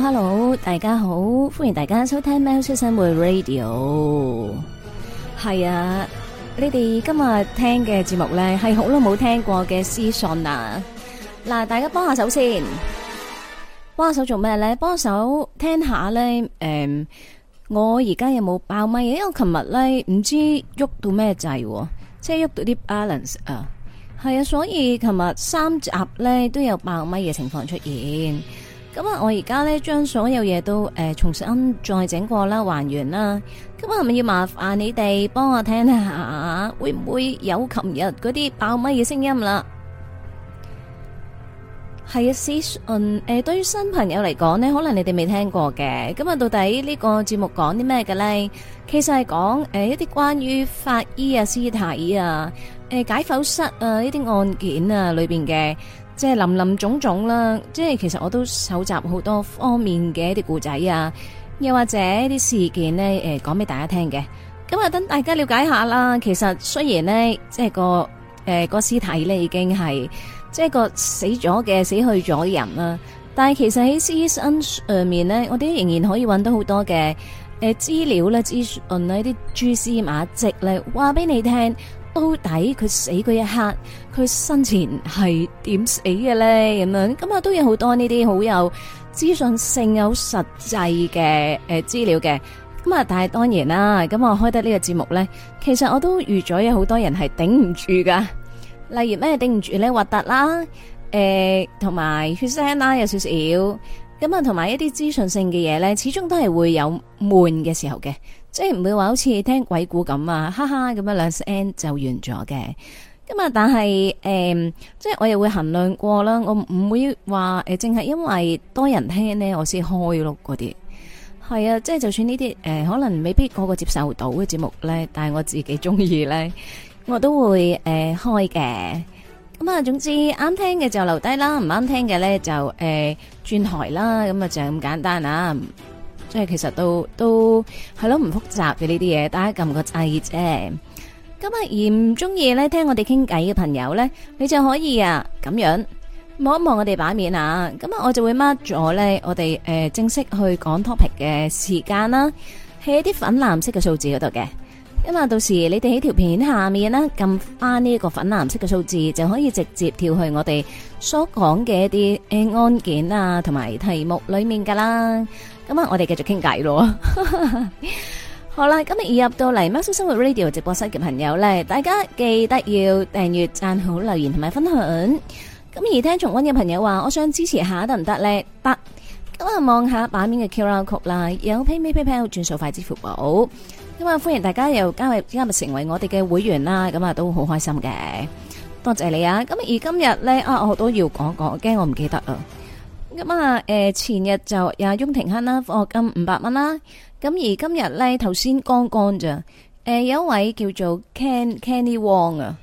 Hello, hello，大家好，歡迎大家收聽《喵式生活 Radio》。係啊，你哋今日聽嘅節目咧，係好耐冇聽過嘅屍訊啊！嗱，大家幫一下手先，幫下手做咩咧？幫手聽一下咧，誒、嗯，我而家有冇爆咪？因為我琴日咧唔知喐到咩掣？即係喐到啲 balance 啊，係啊，所以琴日三集咧都有爆咪嘅情況出現。咁啊！我而家咧將所有嘢都誒重新再整過啦，還原啦。咁啊，係咪要麻煩你哋幫我聽下，會唔會有琴日嗰啲爆米嘅聲音啦？係啊，屍訊誒，對於新朋友嚟講咧，可能你哋未聽過嘅。咁啊，到底呢個節目講啲咩嘅咧？其實係講誒一啲關於法醫啊、屍體啊、誒解剖室啊呢啲案件啊裏邊嘅。即係林林總總啦，即係其實我都搜集好多方面嘅一啲故仔啊，又或者啲事件咧，誒講俾大家聽嘅。咁啊，等大家了解一下啦。其實雖然咧，即係個誒、呃、個屍體咧已經係即係個死咗嘅死去咗人啦，但係其實喺屍體上面咧，我哋仍然可以揾到好多嘅誒資料啦、資訊咧、啲蛛絲馬迹咧，話俾你聽。到底佢死嗰一刻，佢生前係點死嘅咧？咁樣咁啊，都有好多呢啲好有資訊性、有實際嘅誒資料嘅。咁啊，但係當然啦，咁我開得呢個節目咧，其實我都預咗有好多人係頂唔住噶。例如咩頂唔住咧？核突啦，誒、呃，同埋血腥啦，有少少。咁啊，同埋一啲資訊性嘅嘢咧，始終都係會有悶嘅時候嘅。即係唔會話好似聽鬼故咁啊，哈哈咁樣兩首 n 就完咗嘅。咁啊，但係誒、呃，即係我又會衡量過啦，我唔會話誒、呃，正係因為多人聽咧，我先開咯，嗰啲係啊。即係就算呢啲誒，可能未必個個接受到嘅節目咧，但係我自己中意咧，我都會誒、呃、開嘅。咁啊，總之啱聽嘅就留低啦，唔啱聽嘅咧就誒轉、呃、台啦。咁啊就咁簡單啊。即係其實都都係咯，唔複雜嘅呢啲嘢，大家撳個掣啫。咁啊而唔中意咧聽我哋傾偈嘅朋友咧，你就可以啊咁樣望一望我哋版面啊。咁啊，我就會 mark 咗咧，我哋誒正式去講 topic 嘅時間啦，喺啲粉藍色嘅數字嗰度嘅。因為，到時你哋喺條片下面咧，撳翻呢一個粉藍色嘅數字，就可以直接跳去我哋所講嘅一啲誒案件啊，同埋題目裏面噶啦。今晚我哋繼續傾偈咯。 好啦，今日入到嚟《喵式生活 Radio》直播室嘅朋友咧，大家記得要訂閱、讚好、留言同埋分享。咁而聽重溫嘅朋友話，我想支持下得唔得咧？得咁啊，望下版面嘅 QR Code 啦，有 pay pay pay pay 轉數快支付寶。咁啊，歡迎大家又加入，加入成為我哋嘅會員啦。咁啊，都好開心嘅。多謝你啊！咁而今日咧啊，我都要講講，驚我唔記得啊。咁啊，誒，前日就有翁庭亨啦，放金五百蚊啦。咁而今日咧，頭先剛剛咋？誒、嗯，有一位叫做 Ken Kenny Wong 啊，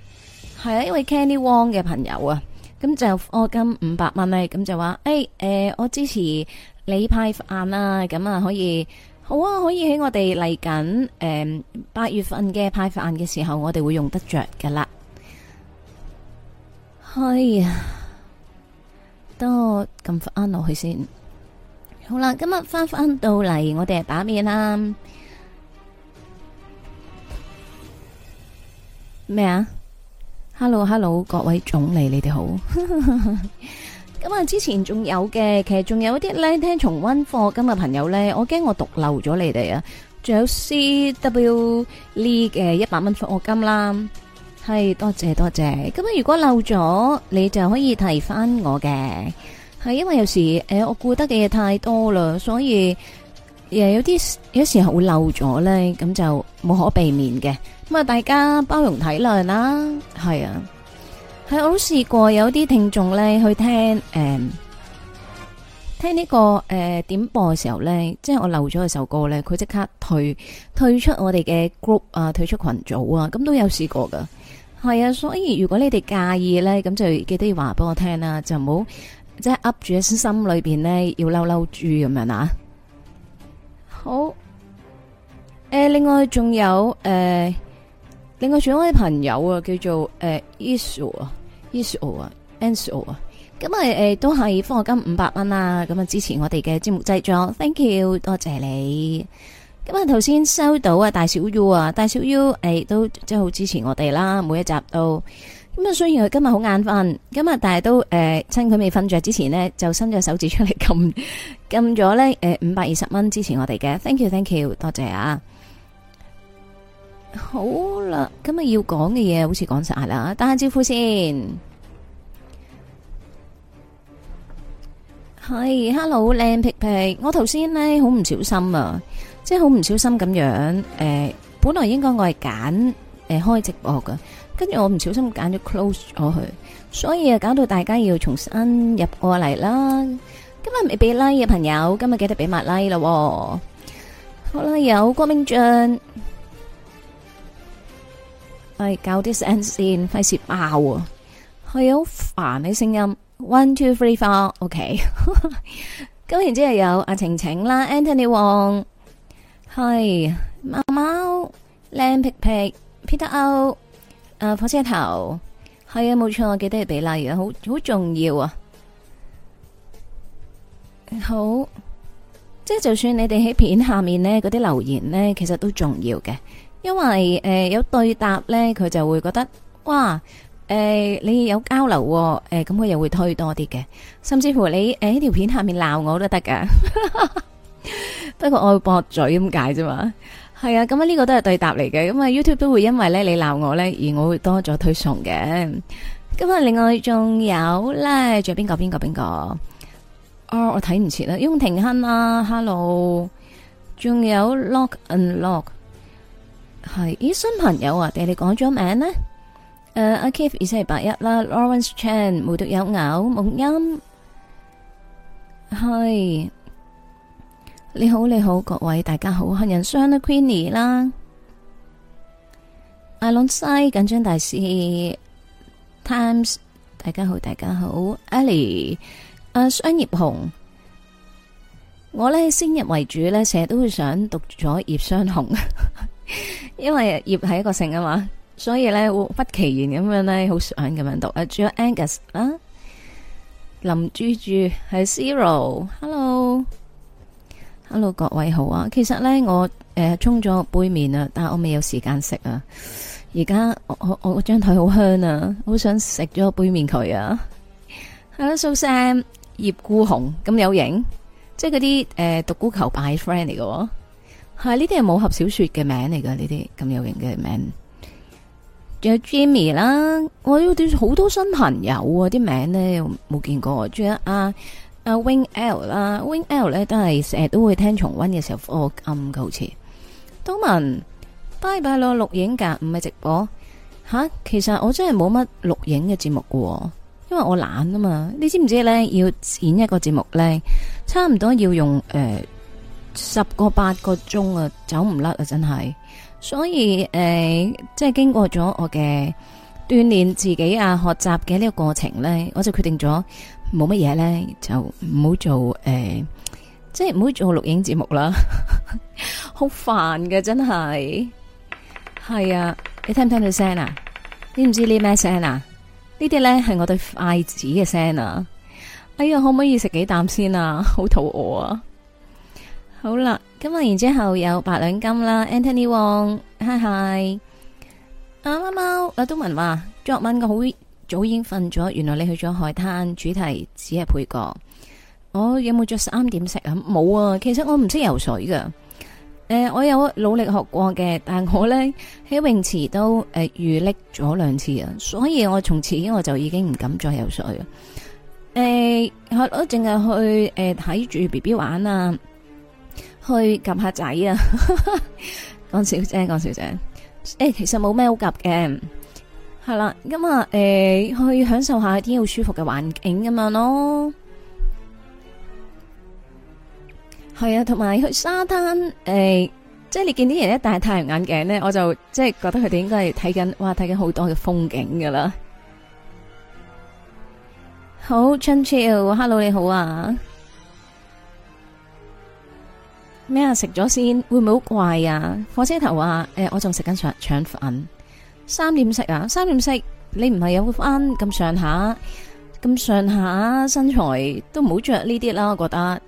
係啊，一位 Kenny Wong 嘅朋友啊，咁、嗯、就放金五百蚊咧，咁、嗯、就話誒，誒、欸呃，我支持你派飯啦，咁啊，可以，好啊，可以喺我哋嚟緊誒八月份嘅派飯嘅時候，我哋會用得着噶啦。開啊！等我撳翻落去先。好啦，今日翻翻到嚟，我哋係把面啦。咩啊？Hello，Hello，各位總理，你哋好。咁啊，之前仲有嘅，其實仲有啲呢聽重溫課金嘅朋友呢，我驚我讀漏咗你哋啊！仲有 C W L 嘅一百蚊課金啦。係多謝多謝，咁啊！如果漏咗，你就可以提翻我嘅。係因為有時誒、欸，我顧得嘅嘢太多啦，所以又有啲有時候會漏咗咧，咁就冇可避免嘅。咁啊，大家包容體諒啦。係啊，係我都試過有啲聽眾咧去聽誒、嗯，聽呢、這個誒、呃、點播嘅時候咧，即、就、係、是、我漏咗一首歌咧，佢即刻退退出我哋嘅 group 啊，退出群組啊，咁都有試過噶。係啊，所以如果你哋介意咧，咁就記得要話俾我聽啦，就唔好即係噏住喺心裏邊咧，要嬲嬲豬咁樣啊。好，誒、呃，另外仲有誒、呃，另外仲有位朋友啊，叫做誒、呃、i s o 啊 i s o 啊，Enso 啊，咁啊誒，都係獎學金五百蚊啊，咁啊支持我哋嘅節目製作，thank you，多謝你。咁啊，頭先收到啊，大小 U 啊，大小 U，誒，都即係好支持我哋啦，每一集都。咁啊，雖然佢今日好眼瞓，今日但係都誒，趁佢未瞓着之前呢，就伸咗手指出嚟撳撳咗呢，誒，五百二十蚊支持我哋嘅，thank you，thank you，多謝啊。好啦，今日要講嘅嘢好似講晒啦，打下招呼先。係，hello，靚皮皮，我頭先呢，好唔小心啊。即係好唔小心咁樣，誒，本來應該我係揀誒開直播噶，跟住我唔小心揀咗 close 咗佢，所以啊，搞到大家要重新入過嚟啦。今日未俾 like 嘅朋友，今日記得俾埋 like 咯。好啦，有郭明俊，係搞啲聲先，費事爆啊，係好煩嘅聲音。One two three four，OK。咁然之後有阿晴晴啦，Anthony Wong。係貓貓靚皮皮 Peter O，誒火車頭係啊，冇錯，我記得係比例啊，好好重要啊，好即係就算你哋喺片下面咧嗰啲留言咧其實都重要嘅，因為誒有對答咧佢就會覺得哇，誒你有交流誒咁佢又會推多啲嘅，甚至乎你誒呢條片下面鬧我都得噶。不過我會駁嘴咁解啫嘛，係啊，咁啊呢個都係對答嚟嘅，咁啊 YouTube 都會因為咧你鬧我咧，而我會多咗推送嘅。咁啊，另外仲有咧，仲有邊個邊個邊個？哦，我睇唔切啦，雍庭亨啊，Hello，仲有 Lock and Lock，係咦新朋友啊，定你講咗名咧？誒，阿 Kif 二千零八一啦，Lawrence Chan 無獨有偶冇音，係。你好，你好，各位大家好，客人 Shana Queenie 啦，艾朗西緊張大使 Times，大家好，大家好，Ellie 啊，商葉紅，我呢，先入為主呢成日都會想讀咗葉商紅， 因為葉係一個姓啊嘛，所以呢，會不其然咁樣呢，好想咁樣讀有 Angus，啊，仲有 Angus 啦，林豬豬係 Zero，Hello。hello 各位好啊，其實咧我誒沖咗杯麵啊，但我未有時間食啊。而家我我我張台好香啊，好想食咗杯麵佢啊。係 啦、 啊 so、，sam 葉孤雄咁有型，即係嗰啲誒獨孤求敗 friend 嚟嘅、啊。係呢啲係武俠小說嘅名嚟噶，呢啲咁有型嘅名。仲有 Jimmy 啦，我有啲好多新朋友啊，啲名咧冇見過。仲有啊。啊，Wing L 啦，Wing L 咧都係成日都會聽重溫嘅時候放暗歌好似。都文，拜拜咯，錄影噶，唔係直播。吓，其實我真係冇乜錄影嘅節目噶，因為我懶啊嘛。你知唔知咧？要剪一個節目咧，差唔多要用誒、呃、十個八個鐘啊，走唔甩啊，真係。所以誒、呃，即係經過咗我嘅鍛煉自己啊，學習嘅呢個過程咧，我就決定咗。冇乜嘢咧，就唔好做誒、呃，即係唔 好做錄影節目啦，好煩嘅真係。係啊，你聽唔聽到聲啊？你唔知呢啲咩聲啊？呢啲咧係我對筷子嘅聲啊！哎呀，可唔可以食幾啖先啊？好肚餓啊！好啦，咁啊，然之後有八兩金啦，Anthony Wong，嗨嗨，阿貓貓阿東文話作文我好。早已經瞓咗，原來你去咗海灘，主題只係配角。我、哦、有冇着三點式啊？冇啊！其實我唔識游水噶。誒、呃，我有努力學過嘅，但係我咧喺泳池都誒遇溺咗兩次啊，所以我從此我就已經唔敢再游水啊。誒、呃，我我淨係去誒睇、呃、住 B B 玩啊，去夾下仔啊。講笑啫，講笑啫，誒，其實冇咩好夾嘅。係啦，咁、嗯、啊，誒、嗯，去享受下啲好舒服嘅環境咁樣咯。係啊，同埋去沙灘，誒、嗯嗯，即係你見啲人咧戴太陽眼鏡呢，我就即係覺得佢哋應該係睇緊，哇，睇緊好多嘅風景噶啦。好，Chun Chiao，Hello，你好啊。咩啊？食咗先，會唔會好怪啊？火車頭啊，誒、嗯，我仲食緊腸腸粉。三點式啊，三點式，你唔係有翻咁上下，咁上下身材都唔好着呢啲啦，我覺得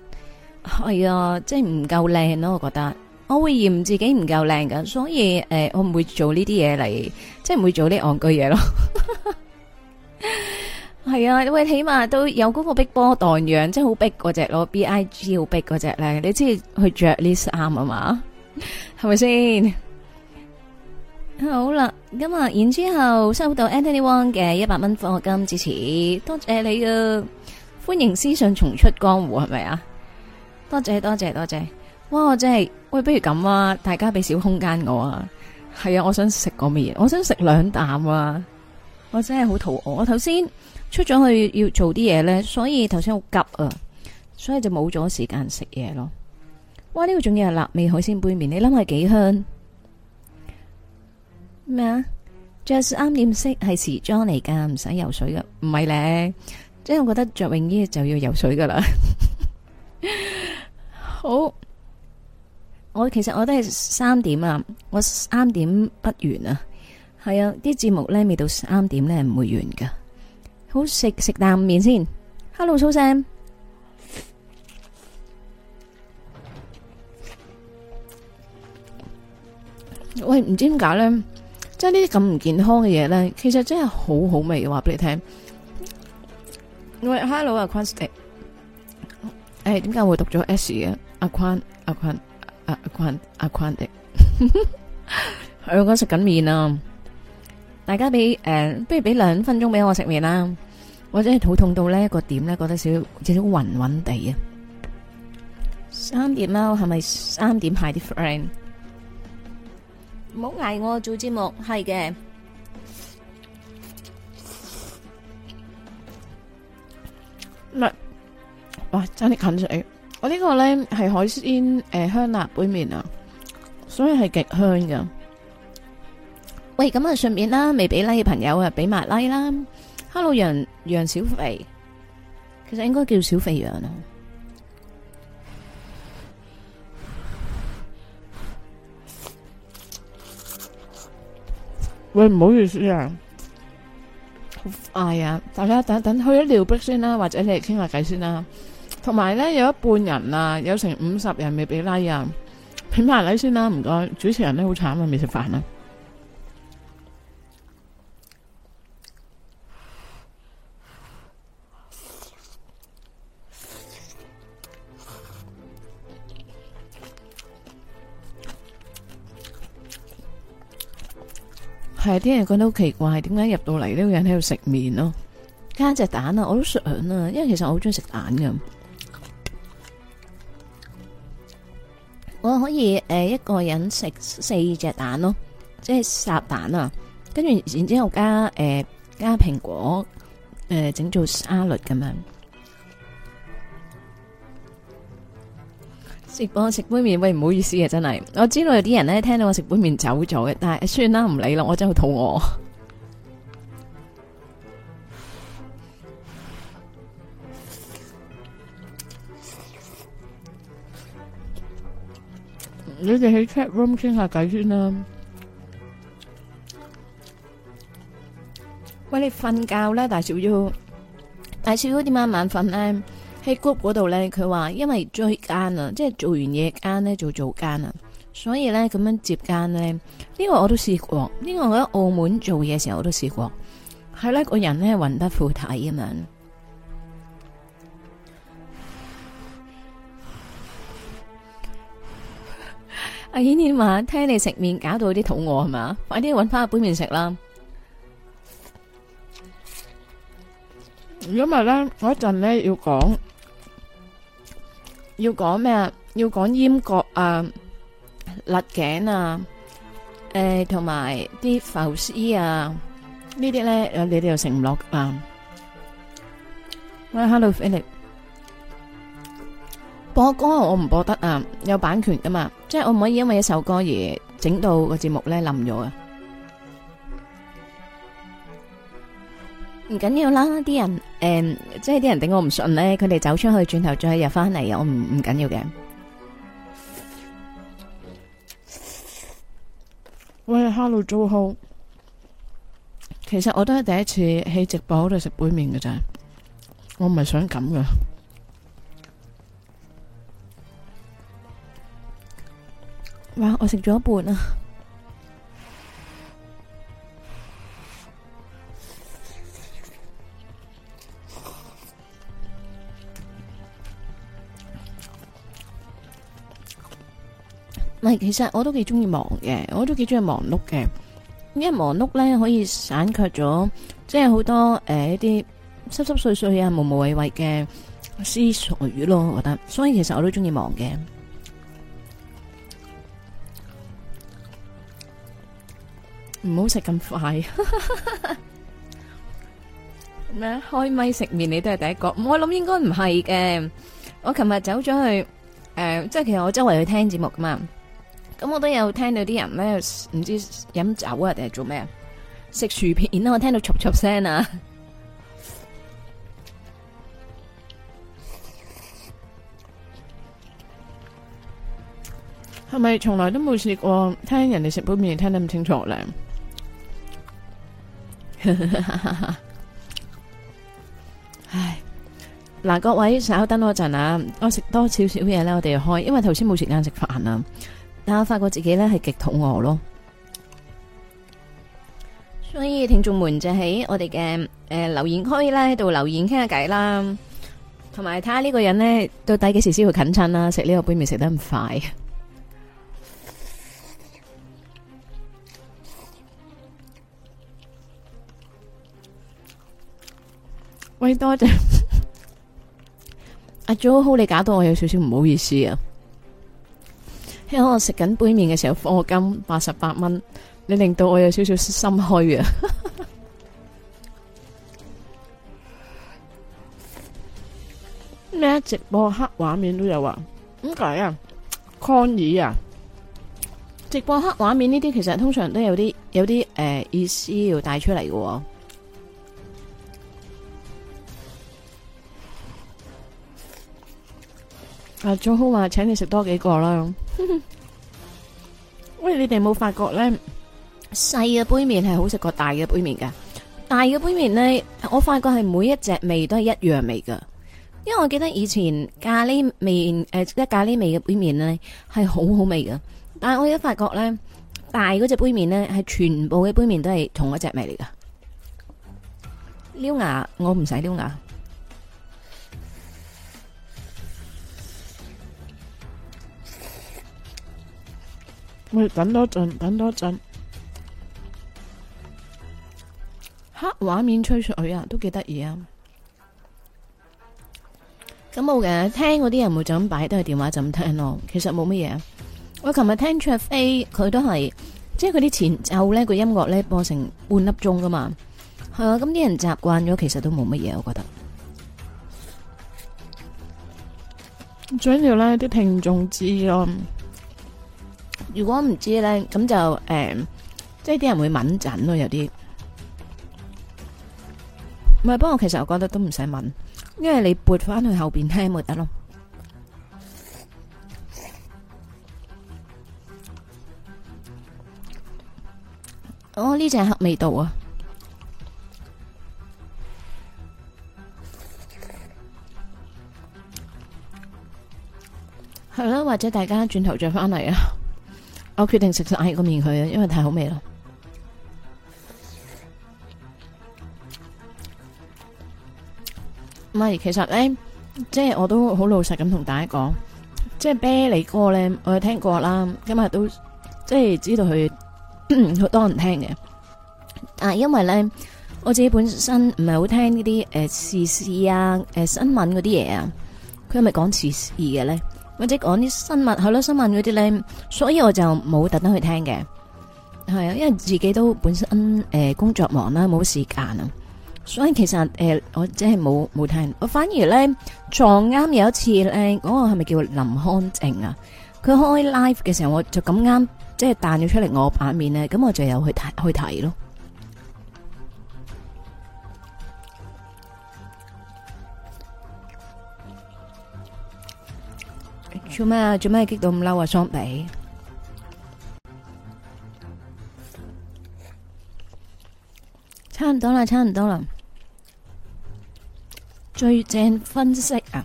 係啊、哎，即係唔夠靚咯，我覺得我會嫌自己唔夠靚嘅，所以誒、呃，我唔會做呢啲嘢嚟，即係唔會做啲戇居嘢咯。係啊，喂，起碼都有嗰個碧波蕩漾，即係好 big 嗰隻咯，B I G 好 big 嗰隻咧，你先去着呢啲衫啊嘛，係咪先？好啦，咁啊，然之後收到 Anthony Wang 嘅一百蚊課金支持，多謝你啊！歡迎思想重出江湖，係咪啊？多謝多謝多謝，哇！我真係喂，不如咁啊，大家俾少空間我啊，係啊，我想食個乜嘢？我想食兩啖啊！我真係好肚餓，我頭先出咗去要做啲嘢呢，所以頭先好急啊，所以就冇咗時間食嘢咯。哇！呢個仲要係辣味海鮮杯麵，你諗下幾香？咩啊？着三點式係時裝嚟噶，唔使游水噶，唔係咧，即係我覺得着泳衣就要游水噶啦。 好，我其實我都係三點啊，我三點不完啊，係啊，啲節目呢未到三點呢，唔會完噶。好食食啖麵先，Hello 蘇生，喂，唔知點解呢？即係呢啲咁唔健康嘅嘢咧，其實真係好好味，話俾你聽。 喂，Hello 阿 q u a 迪，誒、啊，點解會讀咗 S 嘅？阿寬，阿寬，阿阿阿寬迪，我而家食緊麵啊！大家俾誒、呃，不如俾兩分鐘俾我食麵啦、啊。我真係肚痛到咧，那個點咧覺得少少暈暈地是是啊！三點貓係咪三點派啲 friend？唔好嗌我做節目，係嘅。嚟，哇！真係啃水。我呢個咧係海鮮誒香辣杯麵啊，所以係極香㗎。喂，咁啊，順便啦，未俾 like 嘅朋友啊，俾埋 like 啦。Hello 楊楊小肥，其實應該叫小肥羊咯。喂，唔好意思啊，好快啊，大家等等等，去咗尿壁先啦，啊，或者你嚟傾下偈先啦，啊。同埋咧，有一半人啊，有成五十人未俾拉，like，啊，品牌 like 先啦、啊，唔該，主持人咧好慘啊，未食飯啊。係，啲人覺得好奇怪，點解入到嚟呢個人喺度食麵咯？加隻蛋啊，我都想響啊，因為其實我好中意食蛋噶，我可以誒、呃、一個人食四隻蛋咯，即係烚蛋啊，跟住然之後加誒、呃、加蘋果誒整、呃、做，做沙律咁樣。我食杯麵，喂，唔好意思啊，真係，我知道有啲人咧聽到我食杯麵走咗嘅，但係算啦，唔理咯，我真係好肚餓。你哋喺 chat room 傾下偈先啦。喂，你瞓覺啦，大少少，大少少點啊，晚瞓咧。喺谷嗰度咧，佢話因為追間啊，即係做完夜間咧就做早間啊，所以咧咁樣接間咧，呢、這個我都試過，呢、這個我喺澳門做嘢時候我都試過，係咧個人咧魂不附體咁樣。阿燕燕話聽你食麵搞到有啲肚餓係嘛，快啲揾翻個杯麵食啦。如果唔係咧，我一陣咧要講。要講咩啊？要講閹割啊、勒頸啊、誒同埋啲浮屍啊，呢啲咧誒你哋又食唔落啊？喂，Hello，Philip，播歌我唔播得啊，有版權噶嘛，即係我唔可以因為一首歌而整到個節目咧冧咗啊！唔緊要啦，啲人誒、嗯，即係啲人頂我唔順咧，佢哋走出去，轉頭再入翻嚟，我唔唔緊要嘅。喂，hello，做 o 其實我都係第一次喺直播度食杯麵嘅咋，我唔係想咁嘅。哇！我食咗一半啊。唔其實我都幾中意忙嘅，我都幾中意忙碌嘅。因為忙碌咧可以省卻咗，即係好多誒一啲濕濕碎碎啊、無無謂謂嘅思緒咯。我覺得，所以其實我都中意忙嘅。唔好食咁快。咩？ 開咪食麵，你都係第一個。我諗應該唔係嘅。我琴日走咗去，誒、呃，即係其實我周圍去聽節目噶嘛。咁我都有聽到啲人咩？唔知飲酒啊定係做咩，食薯片、啊，我聽到嘈嘈聲啊，係咪從來都冇食過？聽人哋食杯麵聽得唔清楚咧？ 唉，嗱、呃、各位稍等我一陣啊，我食多少少嘢咧，我哋要開，因為頭先冇時間食飯啊。啊！發覺自己咧係極肚餓咯，所以聽眾們就喺我哋嘅誒留言區啦，喺度留言傾下偈啦，同埋睇下呢個人呢，到底幾時先會近親啦？食呢個杯麵食得咁快，喂，多謝阿 Jojo，你搞到我有少少唔好意思啊！聽我食緊杯麵嘅時候，課金八十八蚊，你令到我有少少心虛啊！咩直播黑畫面都有啊？點解啊，Conny 啊，直播黑畫面呢啲其實通常都有啲有啲誒、呃、意思要帶出嚟嘅、啊。阿、啊、祖好話，請你食多幾個啦。喂， 你哋有冇發覺呢？細嘅杯麵係好食過大嘅杯麵噶。大嘅杯麵呢，我發覺係每一隻味都係一樣味噶。因為我記得以前咖喱麵誒，即咖喱味嘅杯麵呢係好好味噶。但係我而家發覺咧，大嗰隻杯麵呢係全部嘅杯麵都係同一隻味嚟噶。撩牙，我唔使撩牙。等多陣，等多陣。黑畫面吹水啊，都幾得意啊。咁冇嘅，聽嗰啲人會就咁擺低佢電話就咁聽咯。其實冇乜嘢。我琴日聽卓飛，佢都係，即係佢啲前奏呢個音樂咧播成半粒鐘噶嘛。係啊，咁啲人習慣咗，其實都冇乜嘢，我覺得。最緊要咧，啲聽眾知咯。如果唔知咧，咁就誒、嗯，即係啲人會問緊咯，有啲唔係。不過其實我覺得都唔使問，因為你撥翻去後邊聽咪得咯。哦，呢隻黑味道啊！係咯，或者大家轉頭再翻嚟啊！我決定食食嗌個麵佢 啊，因為太好味咯。唔係，其實咧，即係我都好老實咁同大家講，即係啤梨歌咧，我有聽過啦。今日都即係知道佢好多人聽嘅。但因為咧，我自己本身唔係好聽呢啲誒時事啊，誒、呃、新聞嗰啲嘢啊，佢係咪講時事嘅咧？或者講啲新聞係咯，新聞嗰啲咧，所以我就冇特登去聽嘅，係啊，因為自己都本身誒、呃、工作忙啦，冇時間啊，所以其實誒、呃、我真係冇冇聽，我反而咧撞啱有一次咧，嗰、那個係咪叫林康靜啊？佢開 live 嘅時候，我就咁啱即係彈咗出嚟我版面咧，咁我就有去睇去睇咯。做咩啊？做咩激到咁嬲啊？雙比，差唔多啦，差唔多啦。最正分析啊！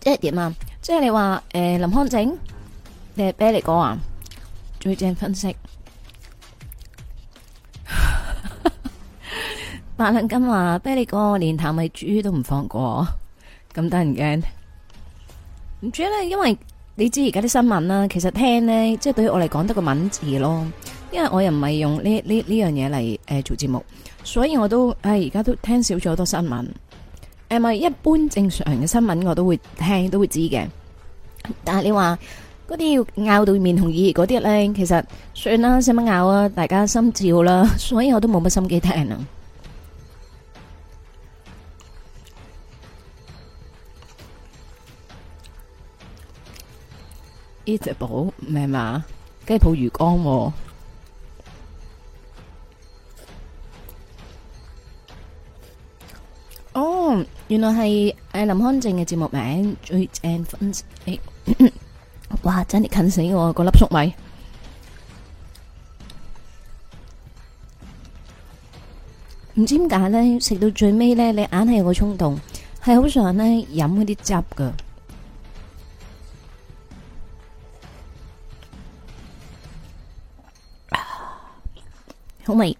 即係點啊，即係你話誒，林康正定係啤梨哥啊，最正分析。八兩金話，啤梨哥連譚米豬都唔放過，咁得人驚。唔知咧，因為你知而家啲新聞啦，其實聽呢，即係對於我嚟講得個文字咯，因為我又唔係用呢呢呢樣嘢嚟誒做節目，所以我都誒而家都聽少咗好多新聞。誒，咪一般正常人嘅新聞我都會聽，都會知嘅。但係你話嗰啲要拗到面紅耳熱嗰啲咧，其實算啦，使乜拗啊？大家心照啦，所以我都冇乜心機聽啦。椰汁煲咩嘛？雞煲魚乾喎？哦，原來係誒林康正嘅節目名最正分食。誒，哇，真係近死我個粒粟米。唔知點解咧，食到最尾咧，你眼係有個衝動，係好想咧飲嗰啲汁噶。好味，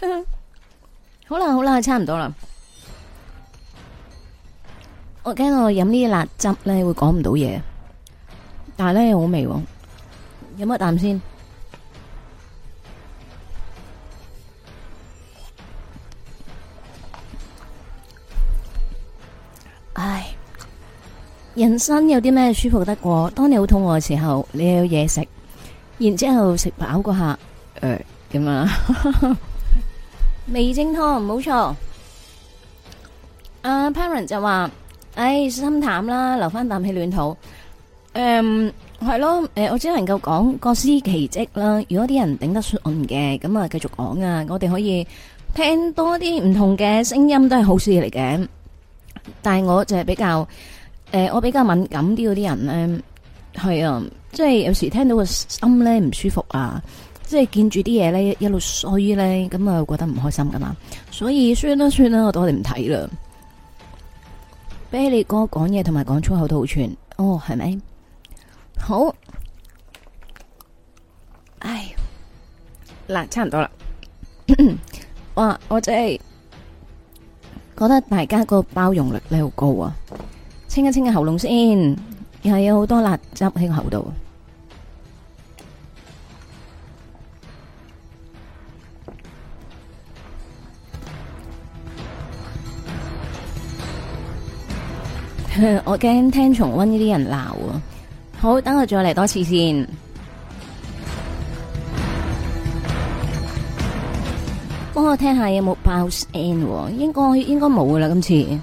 好啦好啦，差唔多啦。我驚我飲呢啲辣汁咧會講唔到嘢，但係咧好味喎。飲一啖先？唉，人生有啲咩舒服得過？當你好肚餓嘅時候，你有嘢食，然之後食飽嗰下，誒、呃。咁啊，味精湯冇錯。阿、uh, Parent 就話，唉，心淡啦，留翻啖氣暖肚。誒，係咯，誒，我只能夠講各司其職啦。如果啲人頂得順嘅，咁啊，繼續講啊。我哋可以聽多啲唔同嘅聲音都係好事嚟嘅。但係我就係比較，誒、呃，我比較敏感啲，嗰啲人咧，係啊，即係有時聽到個心咧唔舒服啊。即係見住啲嘢咧，一路衰咧，咁啊，覺得唔開心噶嘛，所以算啦算啦，我都我哋唔睇啦。俾你哥講嘢同埋講粗口都好串，哦係咪？好，唉，嗱，差唔多啦。 哇，我真係覺得大家個包容力咧好高啊！清一清個喉嚨先，又係有好多辣汁喺個喉度。 我驚聽重溫呢啲人鬧啊！好，等我再嚟多次先。幫我聽下有冇爆聲？應該應該冇啦，今次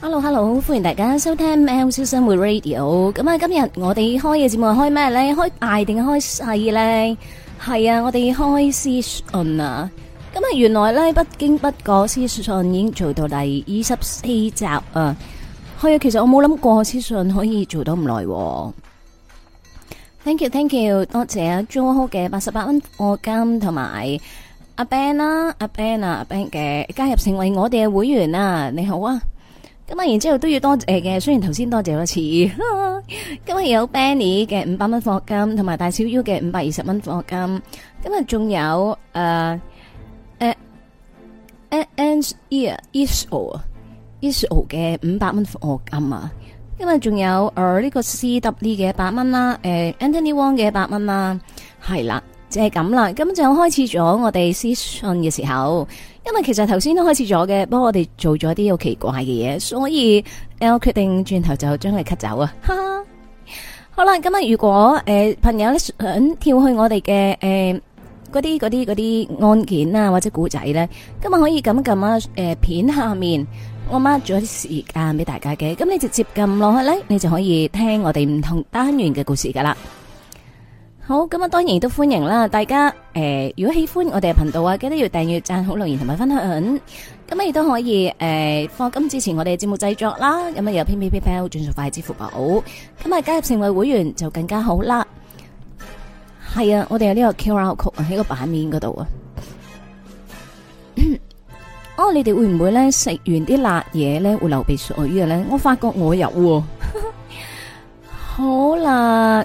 Hello。Hello，Hello，歡迎大家收聽喵式生活 Radio。咁啊，今日我哋開嘅節目係開咩咧？開大定開細咧？係啊，我哋開屍訊啊！咁原來呢，不經不覺屍訊已經做到第二十四集啊！可啊，其實我冇諗過屍訊可以做到唔耐、啊。Thank you，Thank you，多謝啊 Jo 嘅八十八蚊課金，同埋阿 Ben 啦、啊，阿 Ben 啊阿 Ben 嘅加入成為我哋嘅會員啊！你好啊！咁啊，然之後都要多謝嘅，雖然頭先多謝多一次。哈哈今日有 Benny 嘅五百蚊課金，同埋大小 U 嘅五百二十蚊課金。今日仲有誒。呃 e a n s ear i s a l Isol 嘅五百蚊獎學金啊，因為仲有誒呢個 C W 嘅一百蚊啦、嗯，誒 Anthony Wong 嘅一百蚊啦，係啦，就係咁啦。咁就開始咗我哋私信嘅時候，因為其實頭先都開始咗嘅，不過我哋做咗啲好奇怪嘅嘢，所以誒我決定轉頭就將佢吸走啊！哈哈，好啦，今日如果誒、呃、朋友咧想跳去我哋嘅誒。嗯嗰啲嗰啲嗰啲案件啊，或者古仔咧，今日可以咁撳啊！誒、呃，片下面我 mark 咗啲時間俾大家嘅，咁你直接撳落去咧，你就可以聽我哋唔同單元嘅故事噶啦。好，咁啊，當然都歡迎啦！大家誒、呃，如果喜歡我哋嘅頻道啊，記得要訂閱、讚好、留言同埋分享。咁、嗯、啊，亦都可以誒，放、呃、金支持我哋節目製作啦。咁啊，有 PayPal 轉數快支付寶，咁啊，加入成為會員就更加好啦。係啊，我哋有呢個 QR code 喺個版面嗰度啊。哦，你哋會唔會咧食完啲辣嘢咧會流鼻水嘅咧？我發覺我有、啊。 好啦，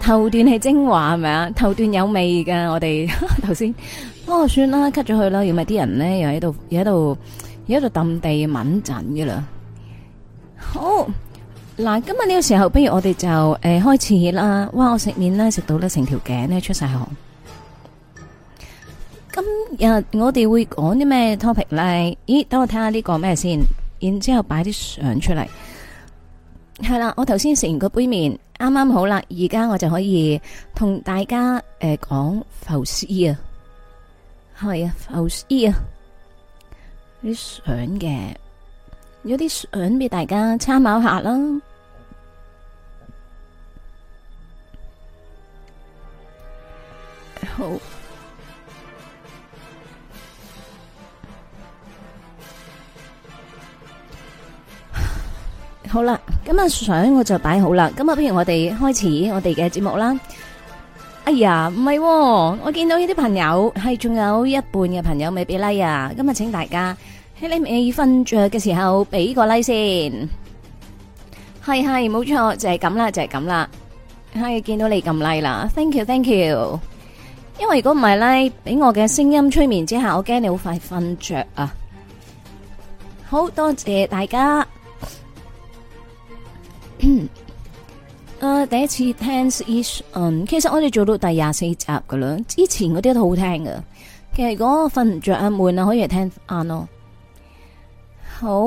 頭段係精華係咪啊？頭段有味噶，我哋頭先哦算啦，cut 咗佢啦，如果唔係啲人咧又喺度，又喺度，又喺度抌地抿陣噶啦。好。嗱，今日呢個時候，不如我哋就誒、呃、開始啦。哇，我食麵咧食到咧成條頸咧出晒汗。今日我哋會講啲咩 topic 咧？咦，等我睇下呢個咩先。然之後擺啲相出嚟，係啦。我頭先食完個杯麵，啱啱好啦。而家我就可以同大家誒講浮屍啊，係、呃、啊，浮屍啊，啲相嘅，有啲相俾大家參考下啦。好，好啦，咁啊，相我就擺好啦。咁啊，不如我哋開始我哋嘅節目啦。哎呀，唔係，我見到呢啲朋友係仲有一半嘅朋友未俾 like 啊。咁啊，請大家喺你未瞓着嘅時候俾個 like 先。係係，冇錯，就係咁啦，就係咁啦。係見到你咁 like 啦，thank you，thank you。因為如果唔係咧，俾我嘅聲音催眠之下，我驚你好快瞓着啊！好多謝大家。誒、 呃，第一次聽《Is》，其實我哋做到第廿四集噶啦，之前嗰啲都好聽噶。其實如果瞓唔着啊，悶啊，可以嚟聽 a 咯。好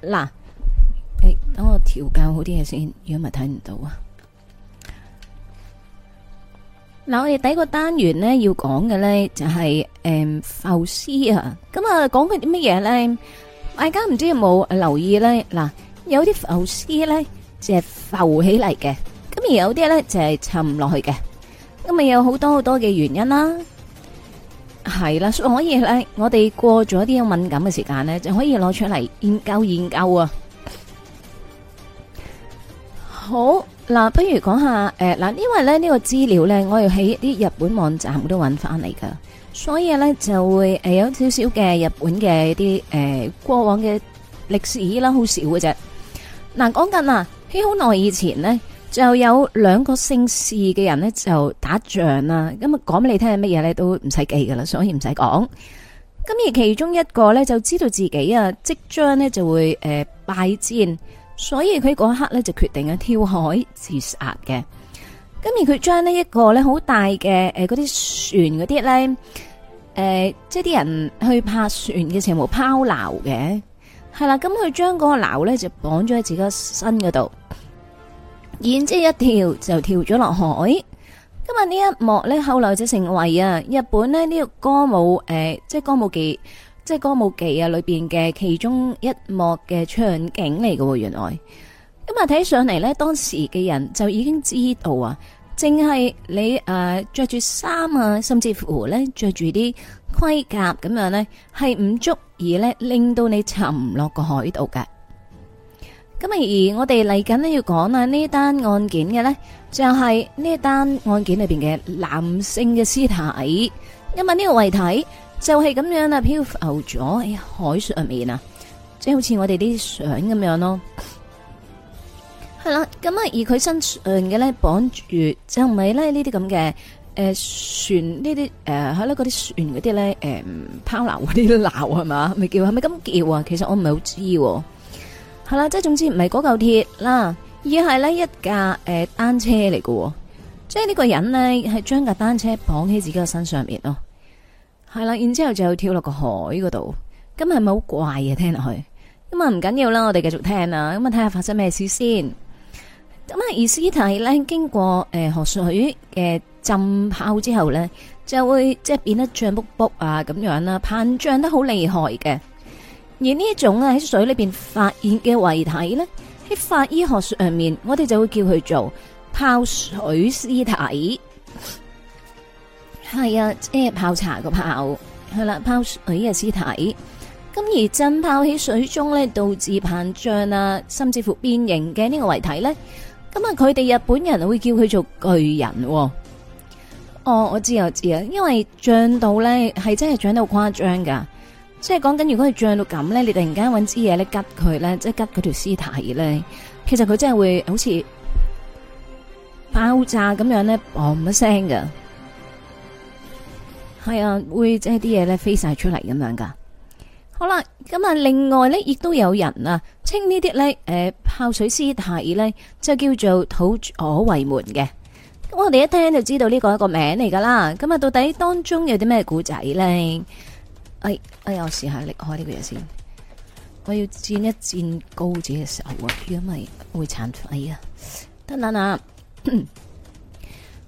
嗱，誒，等、欸、我調校好啲嘢先，如果唔係睇唔到啊。嗱，我哋第一個單元咧要講嘅咧就係誒浮屍啊，咁啊講佢講緊啲乜嘢咧？大家唔知有冇留意咧？嗱，有啲浮屍咧就係浮起嚟嘅，咁而有啲咧就係沉落去嘅，咁啊咁咪有好多好多嘅原因啦。係啦，所以可以咧我哋過咗啲敏感嘅時間咧，就可以攞出嚟研究研究啊。好。嗱、啊，不如講下誒，嗱、呃，因為咧呢、呢個資料咧，我要喺一啲日本網站都搵翻嚟噶，所以咧就會誒有少少嘅日本嘅一啲誒、呃、過往嘅歷史啦，好少嘅啫。嗱、啊，講緊啊喺好耐以前呢，就有兩個姓氏嘅人呢就打仗啦，咁啊講俾你聽係乜嘢咧都唔使記噶啦，所以唔使講。咁而其中一個咧就知道自己啊即將呢就會誒、呃、敗戰。所以佢嗰一刻咧就決定咗跳海自殺嘅，咁而佢將呢一個咧好大嘅，誒嗰啲船嗰啲咧誒，即係啲人去泊船嘅時候冇拋錨嘅，係啦，咁佢將嗰個錨咧就綁咗喺自己身嗰度，然之一跳就跳咗落海。今日呢一幕咧，後來就成為啊日本呢、呢、這個歌舞誒、呃，即係歌舞伎。即係《歌舞伎》啊，裏邊嘅其中一幕嘅場景嚟嘅，原來咁啊，睇上嚟呢，當時嘅人就已經知道啊，淨係你誒、呃、着住衫啊，甚至乎呢着住啲盔甲咁樣呢，係唔足以呢令到你沉落個海度㗎。咁啊而我哋嚟緊呢要講啊呢單案件嘅呢，就係呢單案件裏邊嘅男性嘅屍體。咁啊呢個遺體。就係、是、咁樣啦，漂浮咗喺海上面啊，即係好似我哋啲相咁樣咯。係啦，咁啊，而佢身上嘅咧綁住，就唔係咧呢啲咁嘅誒船呢啲誒，喺咧嗰啲船嗰啲咧誒拋流嗰啲流係嘛，咪叫係咪咁叫啊？其實我唔係好知喎。係啦、呃，即係總之唔係嗰嚿鐵啦，而係咧一架誒單車嚟嘅，即係呢個人咧係將架單車綁喺自己嘅身上面咯。係啦，然之後就跳落個海嗰度，咁係咪好怪啊？聽落去咁啊，唔緊要啦，我哋繼續聽啦，咁啊睇下發生咩事先。咁啊，而屍體咧經過誒河水嘅浸泡之後咧，就會即係變得脹卜卜啊咁樣啦，膨脹得好厲害嘅。而呢一種啊喺水裏邊發現嘅遺體咧，喺法醫學上面，我哋就會叫佢做泡水屍體。係啊，即係泡茶個泡，係啦，泡水嘅屍體。咁而浸泡喺水中咧，導致膨脹啊，甚至乎變形嘅呢個遺體咧。咁啊，佢哋日本人會叫佢做巨人。哦，我知，我知啊，因為脹到咧係真係脹得好誇張噶，即係講緊如果佢脹到咁咧，你突然間揾支嘢咧拮佢咧，即係拮佢條屍體咧，其實佢真係會好似爆炸咁樣咧，嘭一聲噶。係啊，會即係啲嘢咧飛晒出嚟咁樣噶。好啦，咁啊，另外咧亦都有人啊，稱呢啲咧，誒、呃，泡水屍體咧，即係叫做土左衛門嘅。咁我哋一聽就知道呢個係一個名嚟噶啦。咁啊，到底當中有啲咩故仔咧？哎哎呀，我試下力開呢個嘢先，我要戰一戰高自己嘅手喎，如果唔係會殘廢啊！得啦啦，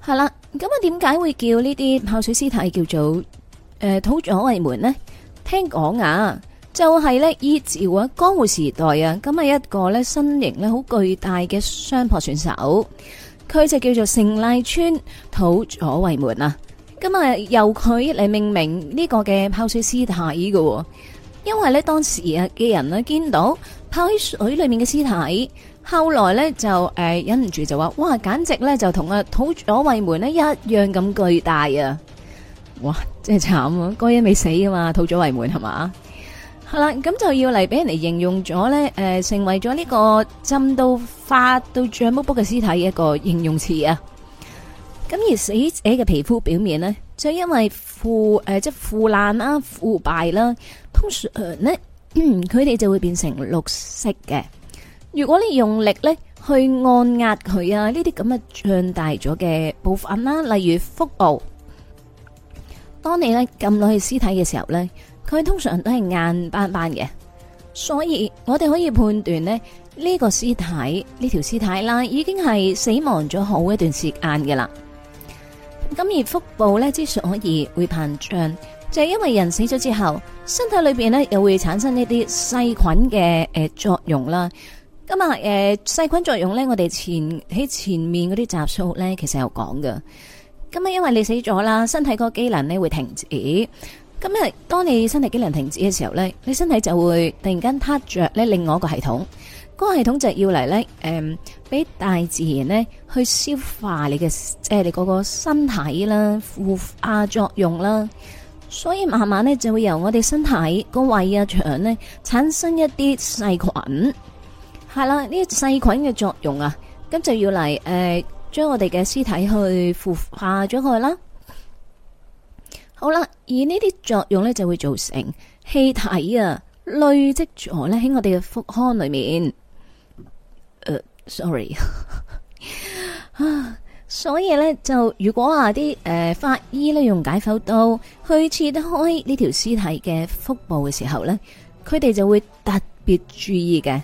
好啦。咁啊，點解會叫呢啲泡水屍體叫做誒、呃、土左衛門呢？聽講啊，就係咧，依照啊江戶時代啊，咁啊一個咧身形咧好巨大嘅相撲選手，佢就叫做成瀨川土左衛門啊。咁啊，由佢嚟命名呢個嘅泡水屍體嘅，因為咧當時啊嘅人呢見到泡喺水裏面嘅屍體。後來咧就誒、呃、忍唔住就話，哇，簡直咧就同啊土左衛門咧一樣咁巨大啊！哇，真係慘啊！嗰人未死噶嘛，土左衛門係嘛？係啦，咁就要嚟俾人嚟形容咗咧，誒、呃、成為咗呢個浸到化到脹卜卜嘅屍體嘅一個形容詞啊！咁而死者嘅皮膚表面呢就因為腐誒、呃、即係腐爛啦、腐敗啦、啊，通常咧佢哋就會變成綠色嘅。如果你用力咧去按壓佢啊，呢啲咁嘅脹大咗嘅部分啦，例如腹部，當你咧撳落去屍體嘅時候咧，佢通常都係硬斑斑嘅，所以我哋可以判斷咧呢個屍體呢條屍體啦，已經係死亡咗好一段時間㗎啦。咁而腹部咧，之所以會膨脹，就係因為人死咗之後，身體裏邊咧又會產生一啲細菌嘅誒作用啦。咁、嗯、啊，誒細菌作用咧，我哋前喺前面嗰啲集數咧，其實有講㗎。咁、嗯、啊，因為你死咗啦，身體個機能咧會停止。咁、嗯、啊，當你身體機能停止嘅時候咧，你身體就會突然間塌着咧，另外一個系統，嗰、那個系統就要嚟咧，誒、嗯、俾大自然呢去消化你嘅，即、呃、係你嗰個身體啦，腐化作用啦。所以慢慢咧就會由我哋身體個胃啊腸咧、啊、產生一啲細菌。係啦，呢啲細菌嘅作用啊，咁就要嚟誒，將、呃、我哋嘅屍體去腐化咗佢啦。好啦，而呢啲作用呢，就會造成氣體啊累積咗呢喺我哋嘅腹腔裏面。呃、sorry 啊，所以呢，就如果話啲誒法醫呢，用解剖刀去切開呢條屍體嘅腹部嘅時候呢，佢哋就會特別注意嘅。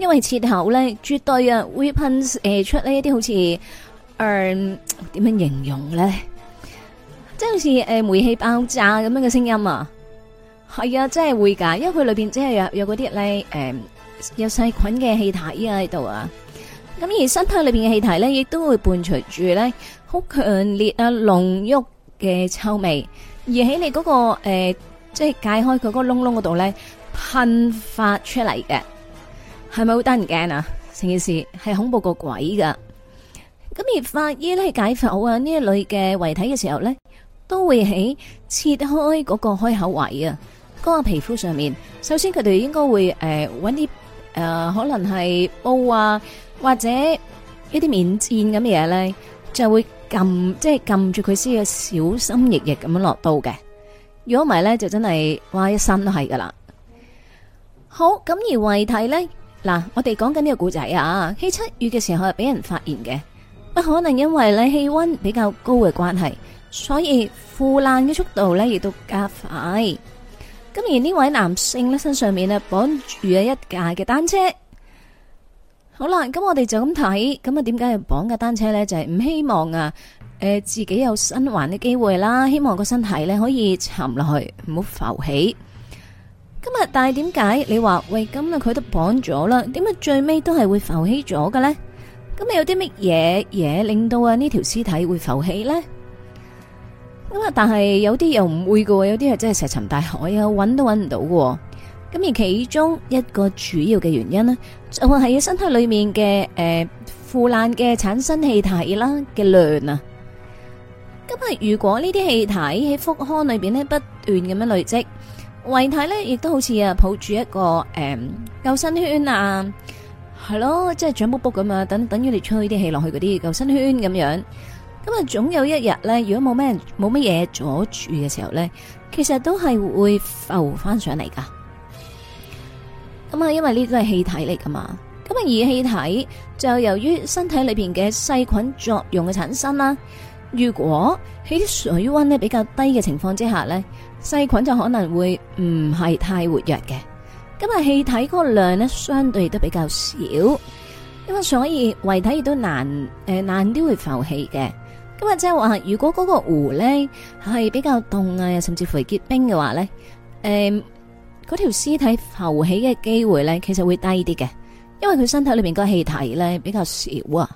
因為切口咧，絕對啊會噴誒出呢一啲好似，嗯、呃、點樣形容咧？即係好似誒煤氣爆炸咁樣嘅聲音啊，係啊，真係會噶，因為佢裏邊即係有有嗰啲咧誒有細菌嘅氣體啊喺度啊，咁而身體裏邊嘅氣體咧，亦都會伴隨住咧好強烈啊濃郁嘅臭味，而喺你嗰、嗰個誒、呃、即係解開佢嗰個窿窿嗰度咧噴發出嚟嘅。係咪好得人驚啊？成件事係恐怖過鬼噶。咁而法醫咧解剖啊呢一類嘅遺體嘅時候咧，都會喺切開嗰個開口位啊，嗰個皮膚上面。首先佢哋應該會誒揾啲誒可能係煲啊，或者一啲面墊咁嘅嘢咧，就會撳即係撳住佢先嘅，小心翼翼咁樣落刀嘅。如果唔係咧，就真係哇一身都係噶啦。好，咁而遺體咧。嗱，我哋講緊呢個故仔啊，喺七月嘅時候俾人發現嘅，不可能因為咧氣溫比較高嘅關係，所以腐爛嘅速度呢亦都加快。咁而呢位男性呢，身上面呢，綁住咗一架嘅單車，好啦，咁我哋就咁睇，咁啊點解係綁架單車呢？就係、是、唔希望啊，誒、呃、自己有生還嘅機會啦，希望個身體呢可以沉落去，唔好浮起。今日但係，點解你話，喂，咁啊佢都綁咗啦？點解最尾都係會浮起咗嘅呢？咁有啲乜嘢嘢令到啊呢條屍體會浮起呢？咁啊，但係有啲又唔會嘅，有啲係真係石沉大海啊，揾都揾唔到嘅。咁而其中一個主要嘅原因呢，就係嘅身體裏面嘅誒、呃、腐爛嘅產生氣體啦嘅量啊。今日如果呢啲氣體喺腹腔裏邊呢不斷咁樣累積。遺體咧，亦都好似啊，抱住一個誒、嗯、救生圈啊，係咯，即係脹卜卜咁啊，等等於你吹啲氣落去嗰啲救生圈咁樣。咁啊，總有一日咧，如果冇咩冇乜嘢阻住嘅時候咧，其實都係會浮翻上嚟噶。咁啊，因為呢啲係氣體嚟噶嘛。咁啊，而氣體就由於身體裏邊嘅細菌作用嘅產生啦。如果喺水溫咧比較低嘅情況之下咧，細菌就可能會唔係太活躍嘅，咁啊氣體嗰個量呢，相對都比較少，因為所以遺體亦都難誒、呃、難啲會浮起嘅。咁啊即係話，如果嗰個湖呢係比較凍啊，甚至乎結冰嘅話呢，誒，嗰條屍體浮起嘅機會呢，其實會低啲嘅，因為佢身體裏面個氣體呢比較少啊。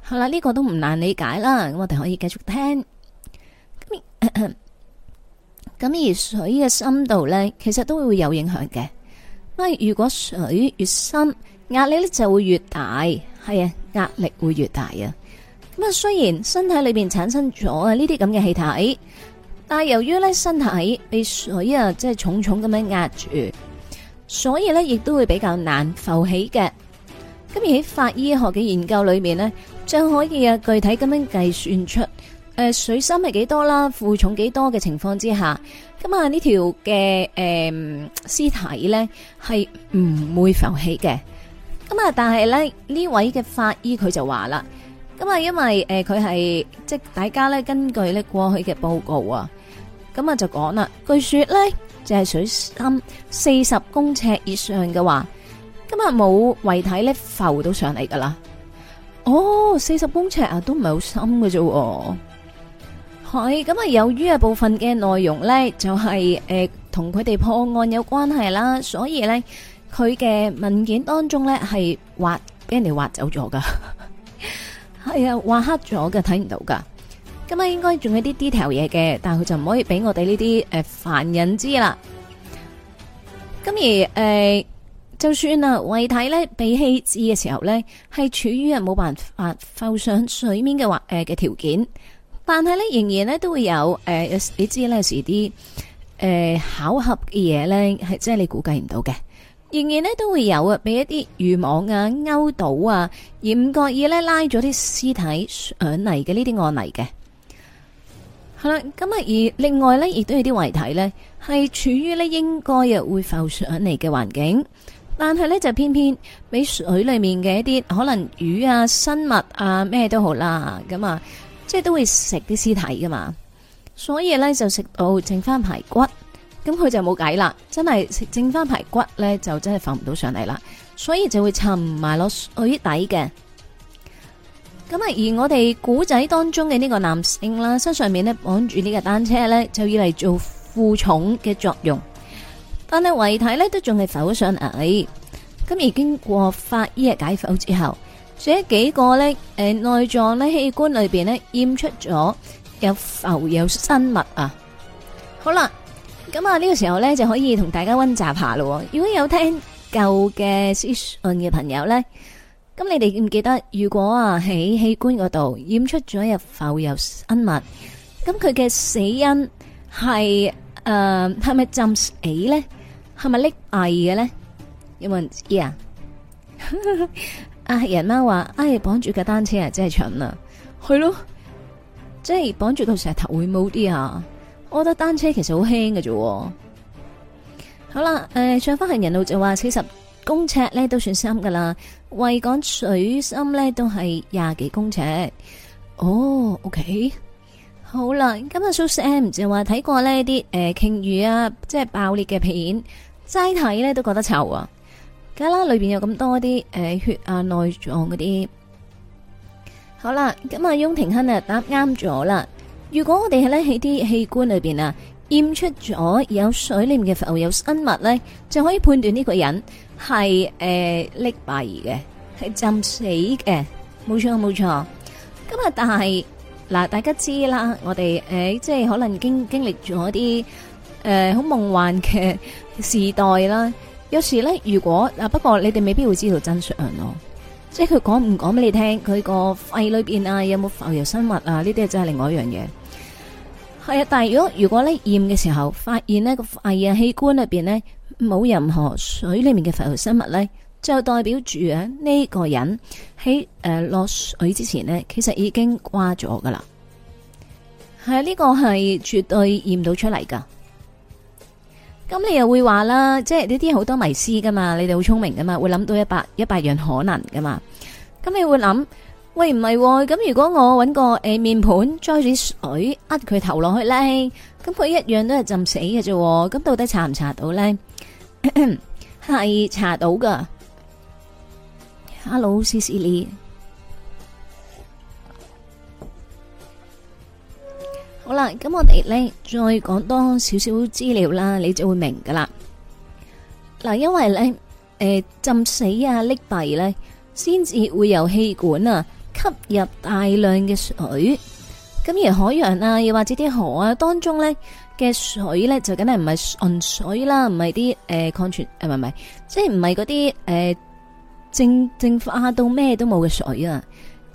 好啦，呢、呢個都唔難理解啦，咁我哋可以繼續聽。咁而水嘅深度呢，其實都會有影響嘅。因為如果水越深，壓力呢就會越大，係啊，壓力會越大啊。咁啊，雖然身體裏面產生咗啊呢啲咁嘅氣體，但係由於呢身體被水啊即係重重咁樣壓住，所以呢亦都會比較難浮起嘅。咁而喺法醫學嘅研究裏面呢，就可以啊具體咁樣計算出。誒，水深係幾多啦？負重幾多嘅情況之下，咁啊呢條嘅誒屍體咧係唔會浮起嘅。咁啊，但係咧呢位嘅法醫佢就話啦，咁啊因為誒佢係即係大家咧根據咧過去嘅報告啊，咁啊就講啦，據說咧就係水深四十公尺以上嘅話，今日冇遺體咧浮到上嚟噶啦。哦，四十公尺啊，都唔係好深嘅啫。係咁啊！由於部分嘅內容咧，就係誒同佢哋破案有關係啦，所以咧佢嘅文件當中咧係畫俾人哋畫走咗噶，係 啊畫黑咗嘅睇唔到噶。咁、嗯、今日應該仲有啲 detail 嘢嘅，但係佢就唔可以俾我哋呢啲誒凡人知啦。咁而誒、呃，就算啊遺體咧被棄置嘅時候咧，係處於啊冇辦法浮上水面嘅話誒嘅條件。但係咧、呃，仍然咧都會有誒，你知咧有時啲誒巧合嘅嘢咧，係即係你估計唔到嘅。仍然咧都會有啊，俾一啲漁網啊、勾到啊，而唔覺意咧拉咗啲屍體上嚟嘅呢啲案例嘅。係啦，咁啊，而另外咧，亦都有啲遺體咧係處於咧應該啊會浮上嚟嘅環境，但係咧就偏偏俾水裏面嘅一啲可能魚啊、生物啊咩都好啦，咁啊。即係都會食啲屍體噶嘛，所以咧就食到剩翻排骨，咁佢就冇計啦。真係食剩翻排骨咧，就真係浮唔到上嚟啦，所以就會沉埋落水底嘅。咁啊，而我哋古仔當中嘅呢個男性啦，身上面咧綁住呢架單車咧，就以嚟做負重嘅作用，但係遺體咧都仲係浮上嚟。咁而經過法醫嘅解剖之後。這幾個咧，誒，內臟咧，器官裏邊咧，驗出咗有浮游生物啊！好啦，咁啊呢個時候咧就可以同大家溫習下咯。如果有聽舊嘅屍訊嘅朋友咧，咁你哋記唔記得，如果啊喺器官嗰度驗出咗有浮游生物，咁佢嘅死因係誒係咪浸死咧？係咪溺斃嘅咧？有冇人知啊？啊！人貓話，哎，綁住架單車啊，真係蠢啊，係咯，即係綁住個石頭會冇啲啊！我覺得單車其實好輕嘅啫。好啦，誒、呃，上翻行人路就話四十公尺咧都算深噶啦，為講水深咧都係廿幾公尺。哦、oh，OK，好啦，今日蘇 Sir 就話睇過呢啲誒鯨魚啊，即係爆裂嘅片，齋睇咧都覺得臭啊！而家啦，裏邊有咁多啲誒血、啊內臟嗰啲有時咧，如果啊，不過你哋未必會知道真相咯，即係佢講唔講俾你聽，佢個肺裏邊啊有冇浮游生物啊？呢啲就係另外一樣嘢。係啊，但係如果如果咧驗嘅時候發現呢個肺啊器官裏邊呢，冇任何水裏面嘅浮游生物咧，就代表住啊呢個人喺誒落水之前呢，其實已經掛咗噶啦。係啊，呢個係絕對驗到出嚟噶。咁你又會話啦，即係呢啲好多迷思噶嘛，你哋好聰明噶嘛，會諗到一百一百樣可能噶嘛。咁你會諗，喂，唔係，咁、哦、如果我搵個誒、呃、面盤，栽住水，呃佢頭落去咧，咁佢一樣都係浸死嘅啫。咁到底查唔查到咧？係查到噶。Hello，C C L。好啦，咁我哋咧再講多少少資料啦，你就會明噶啦。嗱，因為咧，誒、呃，浸死啊，溺斃咧，先至會由氣管啊吸入大量嘅水。咁而海洋啊，又或者啲河啊當中咧嘅水咧，就梗係唔係純水啦，唔係啲誒礦泉水，誒唔係，即係唔係嗰啲誒正淨化到咩都冇嘅水啊。